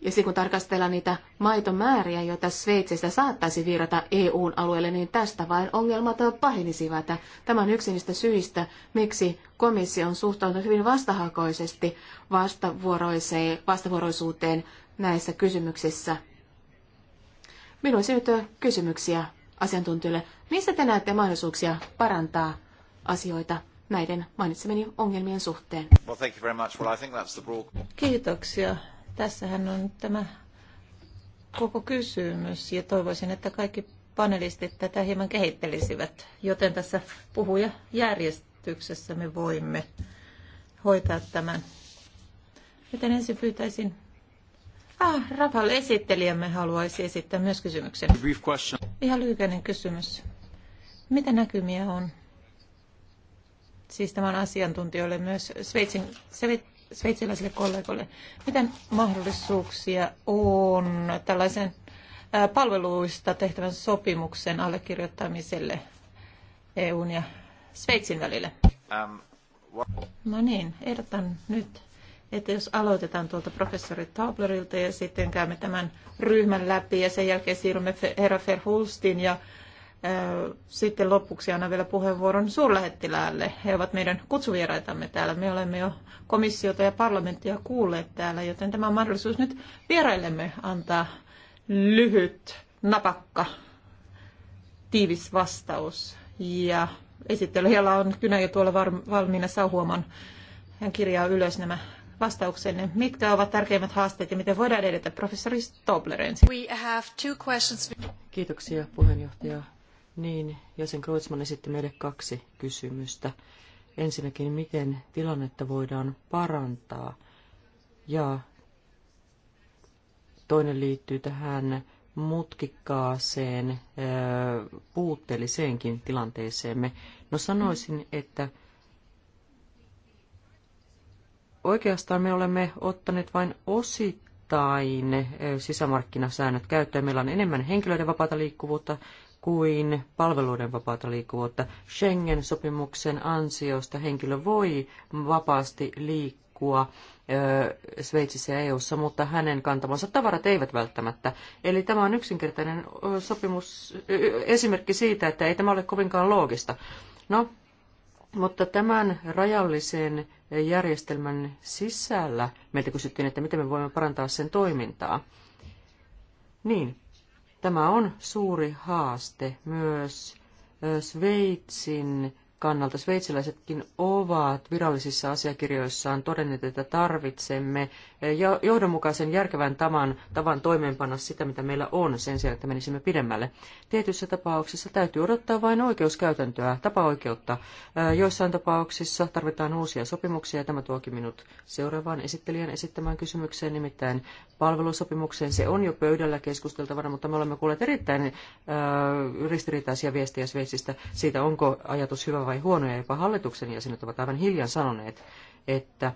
Ja sitten kun tarkastellaan niitä maitomääriä, joita Sveitsistä saattaisi virrata EUn alueelle, niin tästä vain ongelmat pahenisivat. Tämä on yksi niistä syistä, miksi komissio on suhtautunut hyvin vastahakoisesti vastavuoroisuuteen näissä kysymyksissä. Minulla olisi nyt kysymyksiä asiantuntijoille. Missä te näette mahdollisuuksia parantaa asioita? näiden mainitsemieni ongelmien suhteen. Kiitoksia. Tässähän on tämä koko kysymys ja toivoisin, että kaikki panelistit tätä hieman kehittelisivät, joten tässä puhuja järjestyksessä me voimme hoitaa tämän. Joten ensin pyytäisin Ah, Rafael, esittelijämme haluaisi esittää myös kysymyksen. Ihan lyhykäinen kysymys. Mitä näkymiä on siis tämä on asiantuntijoille myös Sveitsin, sveitsiläisille kollegoille. Mitä mahdollisuuksia on tällaisen palveluista tehtävän sopimuksen allekirjoittamiselle EUn ja Sveitsin välille? Um, no niin, ehdotan nyt, että jos aloitetaan tuolta professori Taublerilta ja sitten käymme tämän ryhmän läpi ja sen jälkeen siirrymme herra Verhulstin ja sitten lopuksi annan vielä puheenvuoron suurlähettiläälle. He ovat meidän kutsuvieraitamme täällä. Me olemme jo komissiota ja parlamenttia kuulleet täällä, joten tämä on mahdollisuus nyt vieraillemme antaa lyhyt, napakka, tiivis vastaus. Ja esittelijällä on kynä jo tuolla valmiina sauhuoman. Hän kirjaa ylös nämä vastauksenne. Mitkä ovat tärkeimmät haasteet ja miten voidaan edetä? Professori Stobler ensin. Kiitoksia puheenjohtaja. Niin, jäsen Kreutzmann esitti meille kaksi kysymystä. Ensinnäkin, miten tilannetta voidaan parantaa? Ja toinen liittyy tähän mutkikkaaseen, puutteelliseenkin tilanteeseemme. No sanoisin, että oikeastaan me olemme ottaneet vain osittain sisämarkkinasäännöt käyttöön. Meillä on enemmän henkilöiden vapaata liikkuvuutta kuin palveluiden vapaata liikkuvuutta. Schengen-sopimuksen ansiosta henkilö voi vapaasti liikkua Sveitsissä ja EU:ssa, mutta hänen kantamansa tavarat eivät välttämättä. Eli tämä on yksinkertainen sopimus, esimerkki siitä, että ei tämä ole kovinkaan loogista. No, mutta tämän rajallisen järjestelmän sisällä meiltä kysyttiin, että miten me voimme parantaa sen toimintaa. Niin, Tämä on suuri haaste myös Sveitsin kannalta. Sveitsiläisetkin ovat virallisissa asiakirjoissaan todenneet, että tarvitsemme eh, johdonmukaisen järkevän tavan, tavan toimeenpanna sitä, mitä meillä on, sen sijaan, että menisimme pidemmälle. Tietyissä tapauksissa täytyy odottaa vain oikeuskäytäntöä, tapaoikeutta. Eh, joissain tapauksissa tarvitaan uusia sopimuksia, ja tämä tuokin minut seuraavaan esittelijän esittämään kysymykseen, nimittäin palvelusopimukseen. Se on jo pöydällä keskusteltavana, mutta me olemme kuulleet erittäin eh, ristiriitaisia viestejä Sveitsistä siitä, onko ajatus hyvä vai vai huonoja, jopa hallituksen jäsenet ovat aivan hiljan sanoneet, että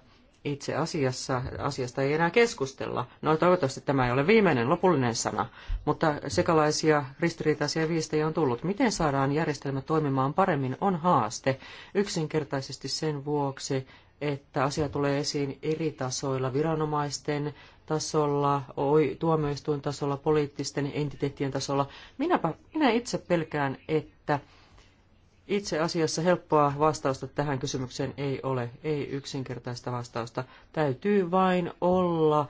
itse asiassa asiasta ei enää keskustella. No toivottavasti tämä ei ole viimeinen lopullinen sana, mutta sekalaisia ristiriitaisia viestejä on tullut. Miten saadaan järjestelmä toimimaan paremmin on haaste yksinkertaisesti sen vuoksi, että asia tulee esiin eri tasoilla, viranomaisten tasolla, tuomioistuin tasolla, poliittisten entiteettien tasolla. Minäpä, minä itse pelkään, että itse asiassa helppoa vastausta tähän kysymykseen ei ole, ei yksinkertaista vastausta. Täytyy vain olla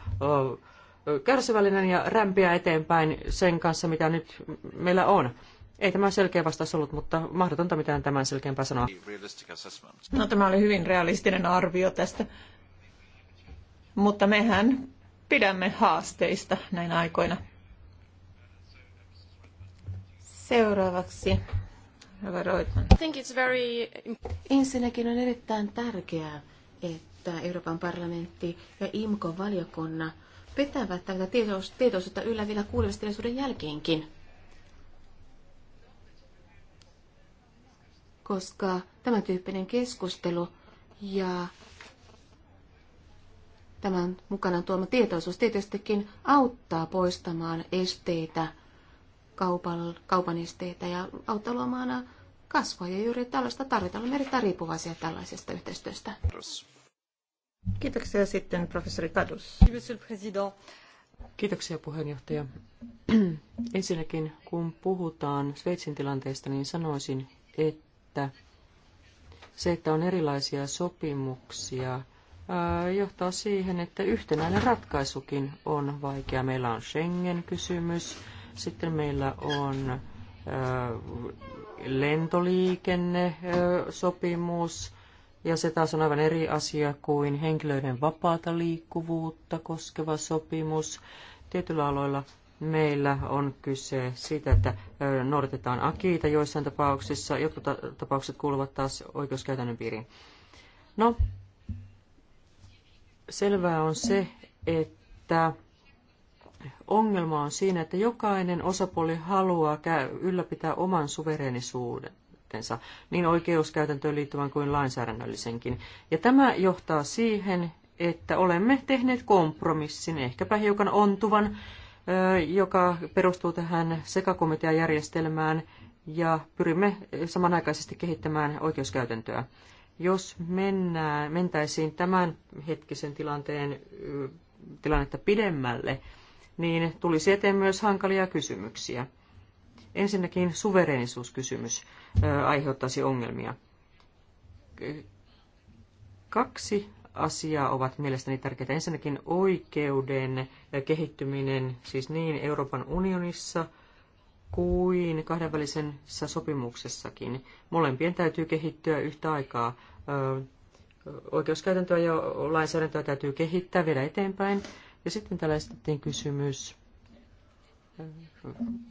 kärsivällinen ja rämpiä eteenpäin sen kanssa, mitä nyt meillä on. Ei tämä selkeä vastaus ollut, mutta mahdotonta mitään tämän selkeämpää sanoa. No tämä oli hyvin realistinen arvio tästä. Mutta mehän pidämme haasteista näinä aikoina. Seuraavaksi Hyvä Roitman. Very... Ensinnäkin on erittäin tärkeää, että Euroopan parlamentti ja IMKon valiokunnan pitävät tätä tietoisuutta yllä vielä kuulemistilaisuuden jälkeenkin. Koska tämän tyyppinen keskustelu ja tämän mukana tuoma tietoisuus tietystikin auttaa poistamaan esteitä kaupan, kaupan esteitä ja auttaa luomaan kasvoja. Ja juuri tällaista tarvitaan. Olemme erittäin riippuvaisia tällaisesta yhteistyöstä. Kiitoksia sitten professori Kadus. Kiitoksia puheenjohtaja. Ensinnäkin kun puhutaan Sveitsin tilanteesta, niin sanoisin, että se, että on erilaisia sopimuksia, johtaa siihen, että yhtenäinen ratkaisukin on vaikea. Meillä on Schengen-kysymys, sitten meillä on äh, lentoliikennesopimus, äh, ja se taas on aivan eri asia kuin henkilöiden vapaata liikkuvuutta koskeva sopimus. Tietyillä aloilla meillä on kyse siitä, että äh, noudatetaan akiita joissain tapauksissa, jotkut tapaukset kuuluvat taas oikeuskäytännön piiriin. No, selvää on se, että ongelma on siinä, että jokainen osapuoli haluaa ylläpitää oman suvereenisuutensa, niin oikeuskäytäntöön liittyvän kuin lainsäädännöllisenkin. Ja tämä johtaa siihen, että olemme tehneet kompromissin, ehkäpä hiukan ontuvan, joka perustuu tähän sekakomiteajärjestelmään ja pyrimme samanaikaisesti kehittämään oikeuskäytäntöä. Jos mennään, mentäisiin tämän hetkisen tilanteen tilannetta pidemmälle, niin tulisi eteen myös hankalia kysymyksiä. Ensinnäkin suvereenisuuskysymys aiheuttaisi ongelmia. Kaksi asiaa ovat mielestäni tärkeitä. Ensinnäkin oikeuden kehittyminen siis niin Euroopan unionissa kuin kahdenvälisessä sopimuksessakin. Molempien täytyy kehittyä yhtä aikaa. Oikeuskäytäntöä ja lainsäädäntöä täytyy kehittää, viedä eteenpäin. Ja sitten täällä esitettiin kysymys,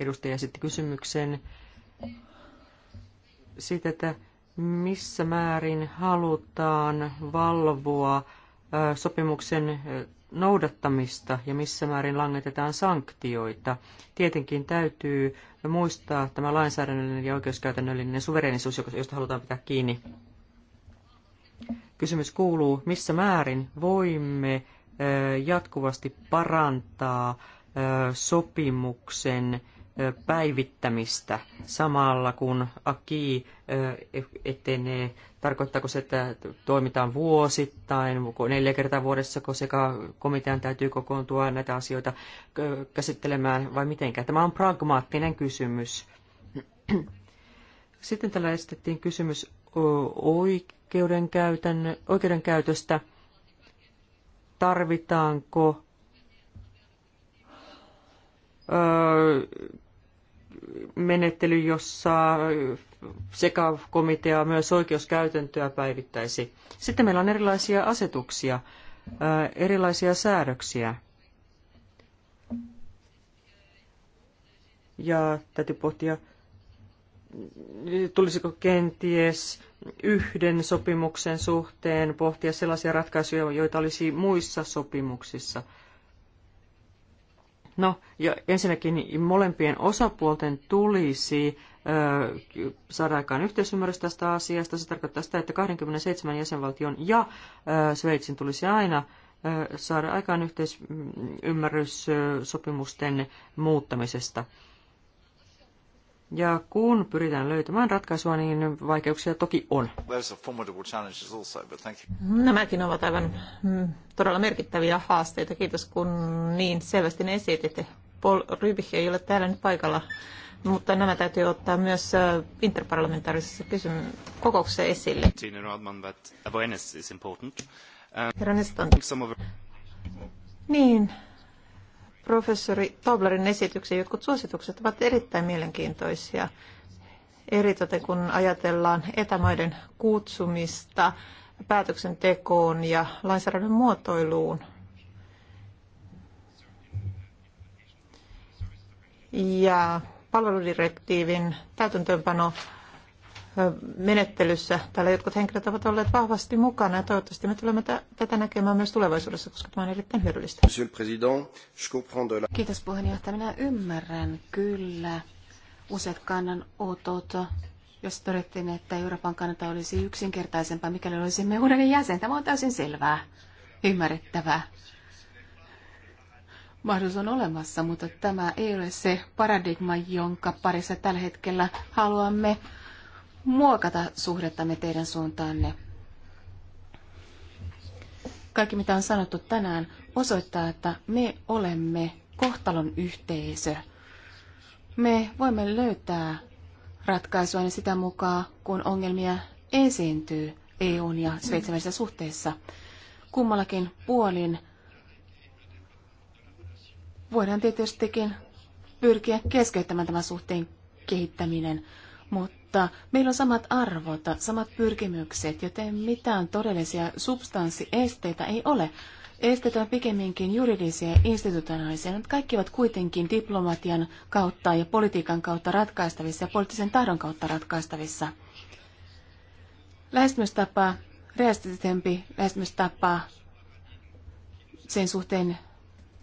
edustaja esitti kysymyksen siitä, että missä määrin halutaan valvoa sopimuksen noudattamista ja missä määrin langetetaan sanktioita. Tietenkin täytyy muistaa tämä lainsäädännöllinen ja oikeuskäytännöllinen suverenisuus, josta halutaan pitää kiinni. Kysymys kuuluu, missä määrin voimme jatkuvasti parantaa sopimuksen päivittämistä samalla kun AKI etenee. Tarkoittaako se, että toimitaan vuosittain, neljä kertaa vuodessa, kun sekä komitean täytyy kokoontua näitä asioita käsittelemään vai mitenkä? Tämä on pragmaattinen kysymys. Sitten täällä esitettiin kysymys oikeudenkäytön, oikeudenkäytöstä tarvitaanko menettely, jossa sekä komitea myös oikeuskäytäntöä päivittäisi. Sitten meillä on erilaisia asetuksia, erilaisia säädöksiä. Ja täytyy pohtia, tulisiko kenties yhden sopimuksen suhteen pohtia sellaisia ratkaisuja, joita olisi muissa sopimuksissa. No, ja ensinnäkin molempien osapuolten tulisi ö, saada aikaan yhteisymmärrys tästä asiasta. Se tarkoittaa sitä, että 27 jäsenvaltion ja Sveitsin tulisi aina saada aikaan yhteisymmärrys sopimusten muuttamisesta. Ja kun pyritään löytämään ratkaisua, niin vaikeuksia toki on. Nämäkin ovat aivan mm, todella merkittäviä haasteita. Kiitos, kun niin selvästi ne esititte. Paul Rybich ei ole täällä nyt paikalla, mutta nämä täytyy ottaa myös interparlamentaarisessa kokouksessa esille. Herra Neston. Niin, professori Toblerin esityksen jotkut suositukset ovat erittäin mielenkiintoisia. Eritoten kun ajatellaan etämaiden kutsumista päätöksentekoon ja lainsäädännön muotoiluun. Ja palveludirektiivin täytäntöönpano menettelyssä. Täällä jotkut henkilöt ovat olleet vahvasti mukana ja toivottavasti me tulemme tätä näkemään myös tulevaisuudessa, koska tämä on erittäin hyödyllistä. Kiitos puheenjohtaja. Minä ymmärrän kyllä useat kannanotot, jos todettiin, että Euroopan kannalta olisi yksinkertaisempaa, mikäli olisimme uuden jäsen. Tämä on täysin selvää, ymmärrettävää. Mahdollisuus on olemassa, mutta tämä ei ole se paradigma, jonka parissa tällä hetkellä haluamme muokata suhdettamme teidän suuntaanne. Kaikki, mitä on sanottu tänään, osoittaa, että me olemme kohtalon yhteisö. Me voimme löytää ratkaisua niin sitä mukaan, kun ongelmia esiintyy EUn ja Sveitsin välisissä suhteessa. Kummallakin puolin voidaan tietystikin pyrkiä keskeyttämään tämän suhteen kehittäminen, mutta mutta meillä on samat arvot, samat pyrkimykset, joten mitään todellisia substanssiesteitä ei ole. Esteitä on pikemminkin juridisia ja institutionaalisia, mutta kaikki ovat kuitenkin diplomatian kautta ja politiikan kautta ratkaistavissa ja poliittisen tahdon kautta ratkaistavissa. Lähestymistapa, realistisempi lähestymistapa sen suhteen,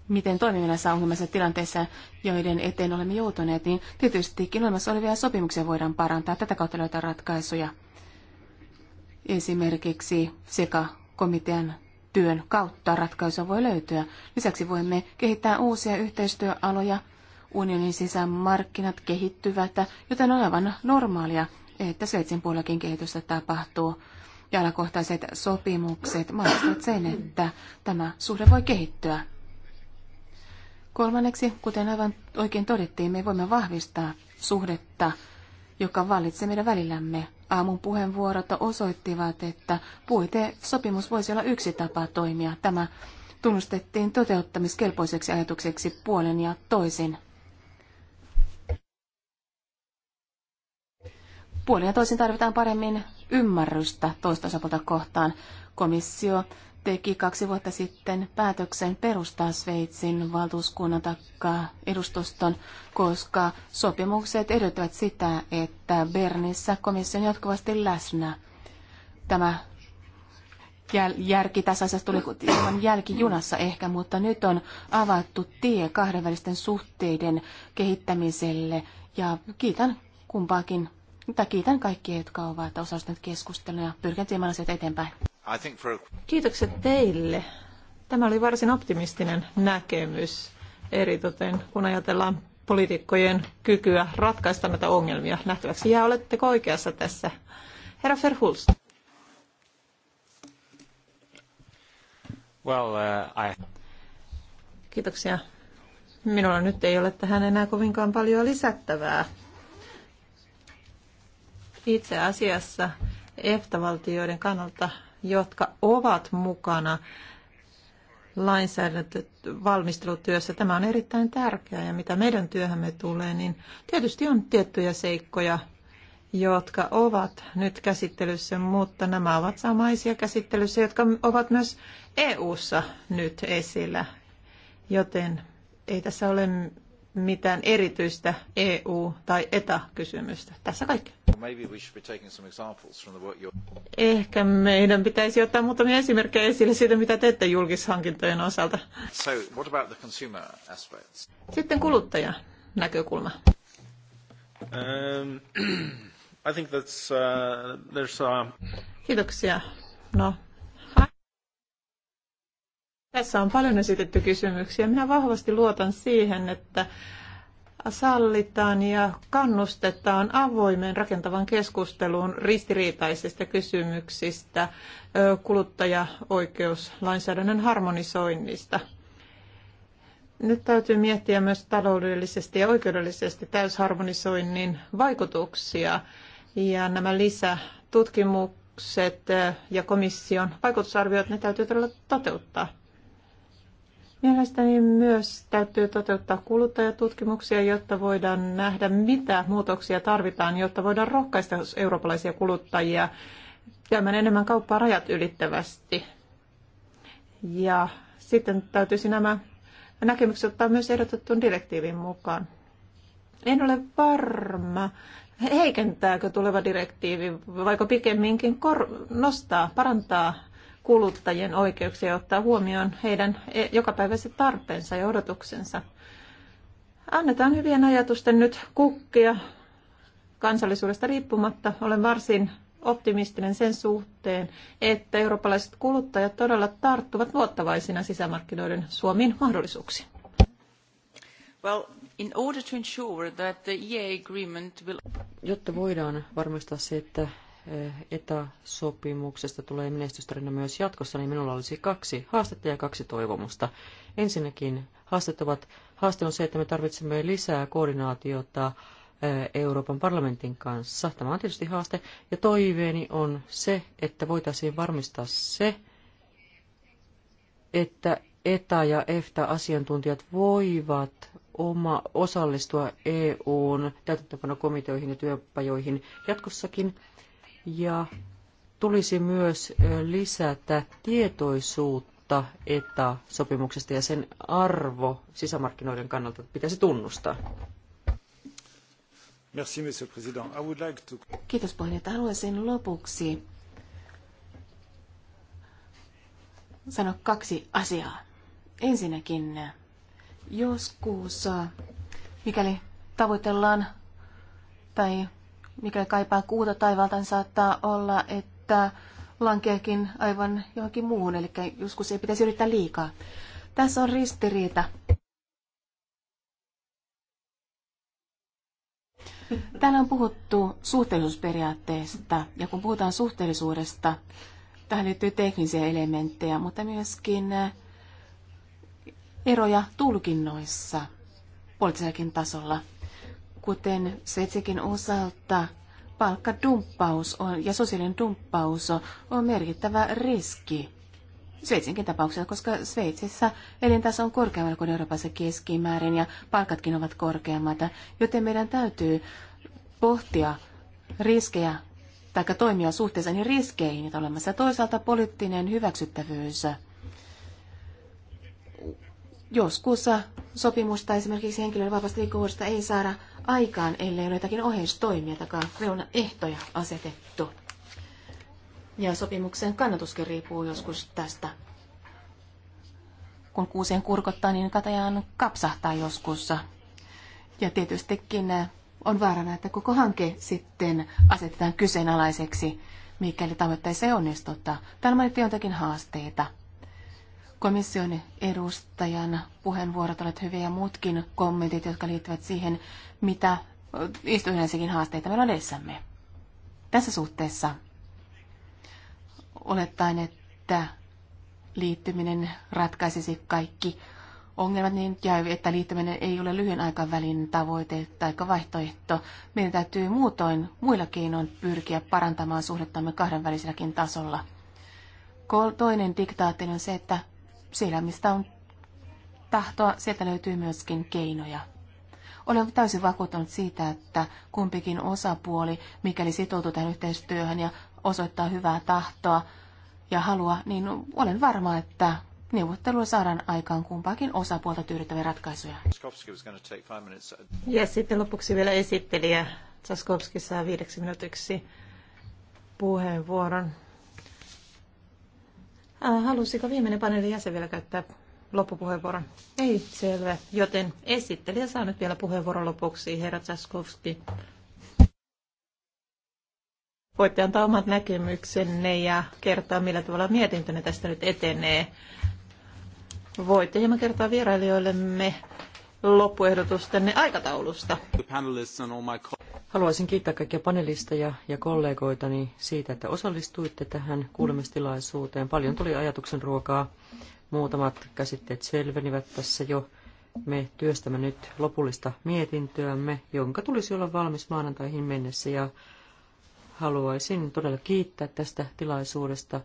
miten toimimme näissä ongelmissa tilanteissa, joiden eteen olemme joutuneet, niin tietystikin olemassa olevia sopimuksia voidaan parantaa. Tätä kautta löytää ratkaisuja esimerkiksi sekä komitean työn kautta ratkaisu voi löytyä. Lisäksi voimme kehittää uusia yhteistyöaloja. Unionin markkinat kehittyvät, joten on aivan normaalia, että Sveitsin puolellakin kehitystä tapahtuu. Ja alakohtaiset sopimukset mahdollistavat sen, että tämä suhde voi kehittyä. Kolmanneksi, kuten aivan oikein todettiin, me voimme vahvistaa suhdetta, joka vallitsee meidän välillämme. Aamun puheenvuorot osoittivat, että puitesopimus voisi olla yksi tapa toimia. Tämä tunnustettiin toteuttamiskelpoiseksi ajatukseksi puolen ja toisin. Puolin ja toisin tarvitaan paremmin ymmärrystä toista osapuolta kohtaan. Komissio teki kaksi vuotta sitten päätöksen perustaa Sveitsin valtuuskunnan takkaa edustuston, koska sopimukset edellyttävät sitä, että Bernissä komission jatkuvasti läsnä. Tämä järki tässä tuli hieman jälkijunassa ehkä, mutta nyt on avattu tie kahdenvälisten suhteiden kehittämiselle ja kiitän kumpaakin, tai kiitän kaikkia, jotka ovat osallistuneet keskusteluun ja pyrkän viemään asioita eteenpäin. Kiitokset teille. Tämä oli varsin optimistinen näkemys, eritoten kun ajatellaan poliitikkojen kykyä ratkaista näitä ongelmia nähtäväksi. Ja oletteko oikeassa tässä? Herra Verhulst. Well, uh, I... Kiitoksia. Minulla nyt ei ole tähän enää kovinkaan paljon lisättävää. Itse asiassa EFTA-valtioiden kannalta jotka ovat mukana lainsäädäntövalmistelutyössä. Tämä on erittäin tärkeää ja mitä meidän työhömme tulee, niin tietysti on tiettyjä seikkoja, jotka ovat nyt käsittelyssä, mutta nämä ovat samaisia käsittelyssä, jotka ovat myös EU-ssa nyt esillä. Joten ei tässä ole mitään erityistä EU- tai ETA-kysymystä. Tässä kaikki. Ehkä meidän pitäisi ottaa muutamia esimerkkejä esille siitä, mitä teette julkishankintojen osalta. So, what about the consumer aspects? Sitten kuluttaja näkökulma. Um, [CLEARS THROAT] I think that's, uh, there's a... Uh, Kiitoksia. No, tässä on paljon esitetty kysymyksiä. Minä vahvasti luotan siihen, että sallitaan ja kannustetaan avoimeen rakentavan keskusteluun ristiriitaisista kysymyksistä kuluttajaoikeuslainsäädännön harmonisoinnista. Nyt täytyy miettiä myös taloudellisesti ja oikeudellisesti täysharmonisoinnin vaikutuksia ja nämä lisätutkimukset ja komission vaikutusarviot, ne täytyy todella toteuttaa. Mielestäni myös täytyy toteuttaa kuluttajatutkimuksia, jotta voidaan nähdä, mitä muutoksia tarvitaan, jotta voidaan rohkaista eurooppalaisia kuluttajia käymään enemmän kauppaa rajat ylittävästi. Ja sitten täytyisi nämä näkemykset ottaa myös ehdotettuun direktiivin mukaan. En ole varma, heikentääkö tuleva direktiivi, vaiko pikemminkin kor- nostaa, parantaa kuluttajien oikeuksia ja ottaa huomioon heidän e, jokapäiväiset tarpeensa ja odotuksensa. Annetaan hyvien ajatusten nyt kukkia kansallisuudesta riippumatta. Olen varsin optimistinen sen suhteen, että eurooppalaiset kuluttajat todella tarttuvat luottavaisina sisämarkkinoiden suomiin mahdollisuuksiin. Well, in order to ensure that the EA agreement will... Jotta voidaan varmistaa se, että etäsopimuksesta tulee menestystarina myös jatkossa, niin minulla olisi kaksi haastetta ja kaksi toivomusta. Ensinnäkin haasteet ovat, haaste on se, että me tarvitsemme lisää koordinaatiota Euroopan parlamentin kanssa. Tämä on tietysti haaste. Ja toiveeni on se, että voitaisiin varmistaa se, että ETA ja EFTA-asiantuntijat voivat oma, osallistua EUn täytäntöpanokomiteoihin ja työpajoihin jatkossakin ja tulisi myös lisätä tietoisuutta ETA-sopimuksesta ja sen arvo sisämarkkinoiden kannalta pitäisi tunnustaa. Merci, monsieur le président. I would like to... Kiitos puheenjohtaja. Haluaisin lopuksi sanoa kaksi asiaa. Ensinnäkin joskus, mikäli tavoitellaan tai mikäli kaipaa kuuta taivalta, niin saattaa olla, että lankeekin aivan johonkin muuhun, eli joskus ei pitäisi yrittää liikaa. Tässä on ristiriita. Täällä on puhuttu suhteellisuusperiaatteesta, ja kun puhutaan suhteellisuudesta, tähän liittyy teknisiä elementtejä, mutta myöskin äh, eroja tulkinnoissa poliittisellakin tasolla – kuten Sveitsikin osalta, palkkadumppaus on, ja sosiaalinen dumppaus on merkittävä riski. Sveitsinkin tapauksessa, koska Sveitsissä elintaso on korkeammalla kuin Euroopassa keskimäärin ja palkatkin ovat korkeammat, joten meidän täytyy pohtia riskejä tai toimia suhteessa niihin riskeihin, että olemassa. Toisaalta poliittinen hyväksyttävyys joskus sopimusta esimerkiksi henkilön vapaasta liikkuvuudesta ei saada aikaan, ellei ole jotakin oheistoimia tai reunaehtoja asetettu. Ja sopimuksen kannatuskin riippuu joskus tästä. Kun kuuseen kurkottaa, niin katajaan kapsahtaa joskus. Ja tietystikin äh, on vaarana, että koko hanke sitten asetetaan kyseenalaiseksi, mikäli tavoitteessa ei onnistuta. Täällä mainittiin jotakin haasteita komission edustajan puheenvuorot olivat hyviä ja muutkin kommentit, jotka liittyvät siihen, mitä istuinensakin haasteita meillä on edessämme. Tässä suhteessa olettaen, että liittyminen ratkaisisi kaikki ongelmat niin käy, että liittyminen ei ole lyhyen aikavälin tavoite tai vaihtoehto. Meidän täytyy muutoin muilla keinoin pyrkiä parantamaan suhdettamme kahdenväliselläkin tasolla. Toinen diktaatti on se, että siellä, mistä on tahtoa, sieltä löytyy myöskin keinoja. Olen täysin vakuuttunut siitä, että kumpikin osapuoli, mikäli sitoutuu tähän yhteistyöhön ja osoittaa hyvää tahtoa ja halua, niin olen varma, että neuvottelulla saadaan aikaan kumpaakin osapuolta tyydyttäviä ratkaisuja. Ja sitten lopuksi vielä esittelijä Saskovski saa viideksi minuutiksi puheenvuoron. Äh, Halusiko viimeinen paneelin jäsen vielä käyttää loppupuheenvuoron? Ei, selvä. Joten esittelijä saa nyt vielä puheenvuoron lopuksi, herra Tsaskovski. Voitte antaa omat näkemyksenne ja kertoa, millä tavalla mietintönne tästä nyt etenee. Voitte hieman kertoa vierailijoillemme loppuehdotustenne aikataulusta. Haluaisin kiittää kaikkia panelisteja ja kollegoitani siitä, että osallistuitte tähän kuulemistilaisuuteen. Paljon tuli ajatuksen ruokaa. Muutamat käsitteet selvenivät tässä jo. Me työstämme nyt lopullista mietintöämme, jonka tulisi olla valmis maanantaihin mennessä. Ja haluaisin todella kiittää tästä tilaisuudesta.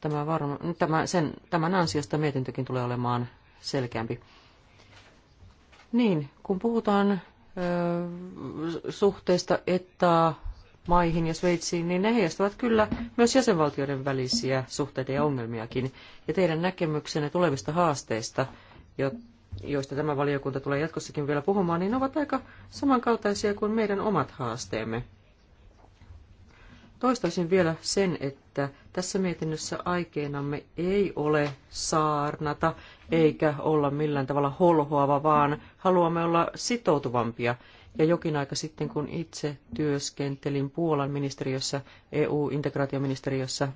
Tämä varma, tämä, sen, tämän ansiosta mietintökin tulee olemaan selkeämpi. Niin, kun puhutaan suhteesta, että maihin ja Sveitsiin, niin ne heijastavat kyllä myös jäsenvaltioiden välisiä suhteita ja ongelmiakin. Ja teidän näkemyksenne tulevista haasteista, joista tämä valiokunta tulee jatkossakin vielä puhumaan, niin ovat aika samankaltaisia kuin meidän omat haasteemme. Toistaisin vielä sen, että tässä mietinnössä aikeenamme ei ole saarnata eikä olla millään tavalla holhoava, vaan haluamme olla sitoutuvampia. Ja jokin aika sitten, kun itse työskentelin Puolan ministeriössä, EU-integraatioministeriössä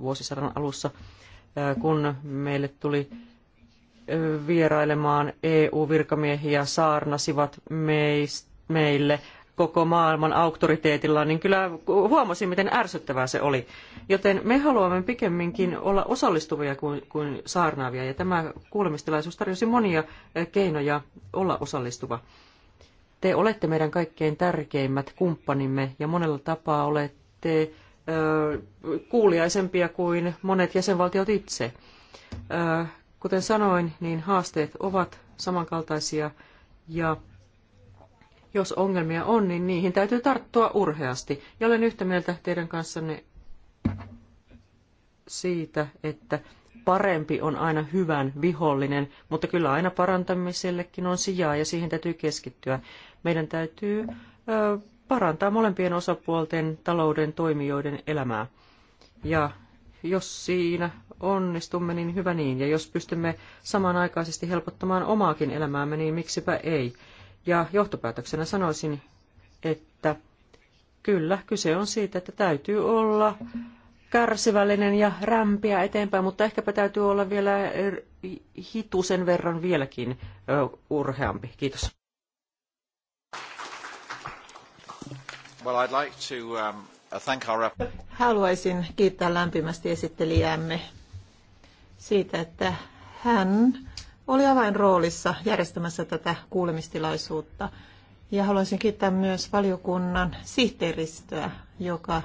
vuosisadan alussa, kun meille tuli vierailemaan EU-virkamiehiä, saarnasivat meist meille koko maailman auktoriteetilla, niin kyllä huomasin, miten ärsyttävää se oli. Joten me haluamme pikemminkin olla osallistuvia kuin, kuin saarnaavia, ja tämä kuulemistilaisuus tarjosi monia eh, keinoja olla osallistuva. Te olette meidän kaikkein tärkeimmät kumppanimme, ja monella tapaa olette ö, eh, kuuliaisempia kuin monet jäsenvaltiot itse. Ö, eh, kuten sanoin, niin haasteet ovat samankaltaisia, ja jos ongelmia on, niin niihin täytyy tarttua urheasti. Ja olen yhtä mieltä teidän kanssanne siitä, että parempi on aina hyvän vihollinen, mutta kyllä aina parantamisellekin on sijaa ja siihen täytyy keskittyä. Meidän täytyy parantaa molempien osapuolten talouden toimijoiden elämää. Ja jos siinä onnistumme, niin hyvä niin. Ja jos pystymme samanaikaisesti helpottamaan omaakin elämäämme, niin miksipä ei. Ja johtopäätöksenä sanoisin, että kyllä, kyse on siitä, että täytyy olla kärsivällinen ja rämpiä eteenpäin, mutta ehkäpä täytyy olla vielä er, hitusen verran vieläkin urheampi. Kiitos. Well, I'd like to, um, thank our... Haluaisin kiittää lämpimästi esittelijäämme siitä, että hän oli avainroolissa järjestämässä tätä kuulemistilaisuutta. Ja haluaisin kiittää myös valiokunnan sihteeristöä, joka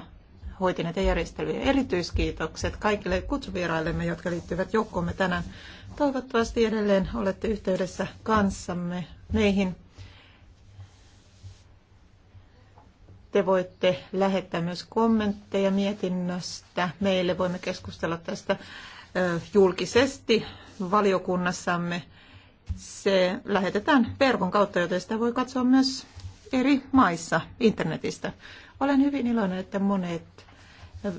hoiti näitä järjestelyjä. Erityiskiitokset kaikille kutsuvieraillemme, jotka liittyvät joukkoomme tänään. Toivottavasti edelleen olette yhteydessä kanssamme meihin. Te voitte lähettää myös kommentteja mietinnöstä. Meille voimme keskustella tästä julkisesti valiokunnassamme. Se lähetetään verkon kautta, joten sitä voi katsoa myös eri maissa internetistä. Olen hyvin iloinen, että monet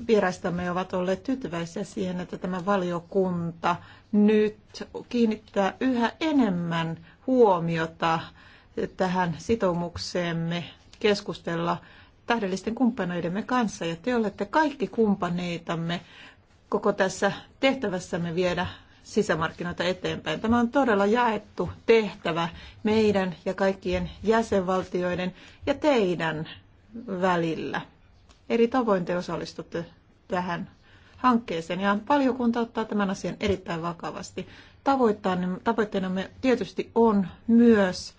vieraistamme ovat olleet tyytyväisiä siihen, että tämä valiokunta nyt kiinnittää yhä enemmän huomiota tähän sitoumukseemme keskustella tähdellisten kumppaneidemme kanssa. Ja te olette kaikki kumppaneitamme koko tässä tehtävässämme viedä sisämarkkinoita eteenpäin. Tämä on todella jaettu tehtävä meidän ja kaikkien jäsenvaltioiden ja teidän välillä. Eri tavoin te osallistutte tähän hankkeeseen ja valiokunta ottaa tämän asian erittäin vakavasti. Tavoitteenamme tietysti on myös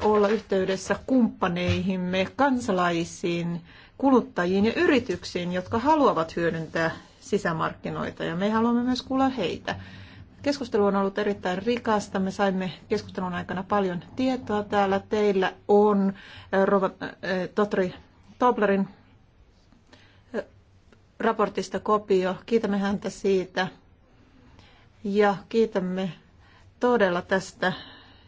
olla yhteydessä kumppaneihimme, kansalaisiin, kuluttajiin ja yrityksiin, jotka haluavat hyödyntää sisämarkkinoita ja me haluamme myös kuulla heitä. Keskustelu on ollut erittäin rikasta. Me saimme keskustelun aikana paljon tietoa täällä. Teillä on eh, Robert, äh, Totri Toblerin eh, raportista kopio. Kiitämme häntä siitä ja kiitämme todella tästä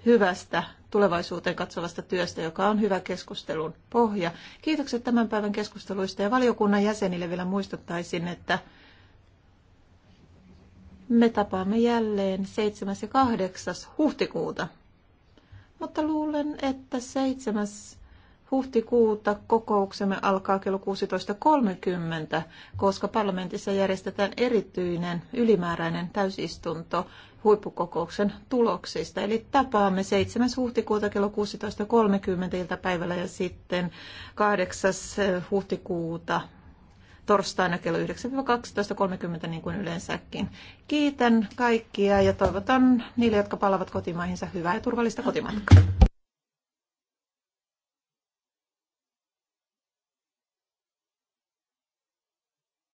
hyvästä tulevaisuuteen katsovasta työstä, joka on hyvä keskustelun pohja. Kiitokset tämän päivän keskusteluista ja valiokunnan jäsenille vielä muistuttaisin, että me tapaamme jälleen 7. ja 8. huhtikuuta. Mutta luulen, että 7. huhtikuuta kokouksemme alkaa kello 16.30, koska parlamentissa järjestetään erityinen ylimääräinen täysistunto huippukokouksen tuloksista. Eli tapaamme 7. huhtikuuta kello 16.30 iltapäivällä ja sitten 8. huhtikuuta torstaina kello 9-12.30 niin kuin yleensäkin. Kiitän kaikkia ja toivotan niille, jotka palavat kotimaihinsa hyvää ja turvallista kotimatkaa.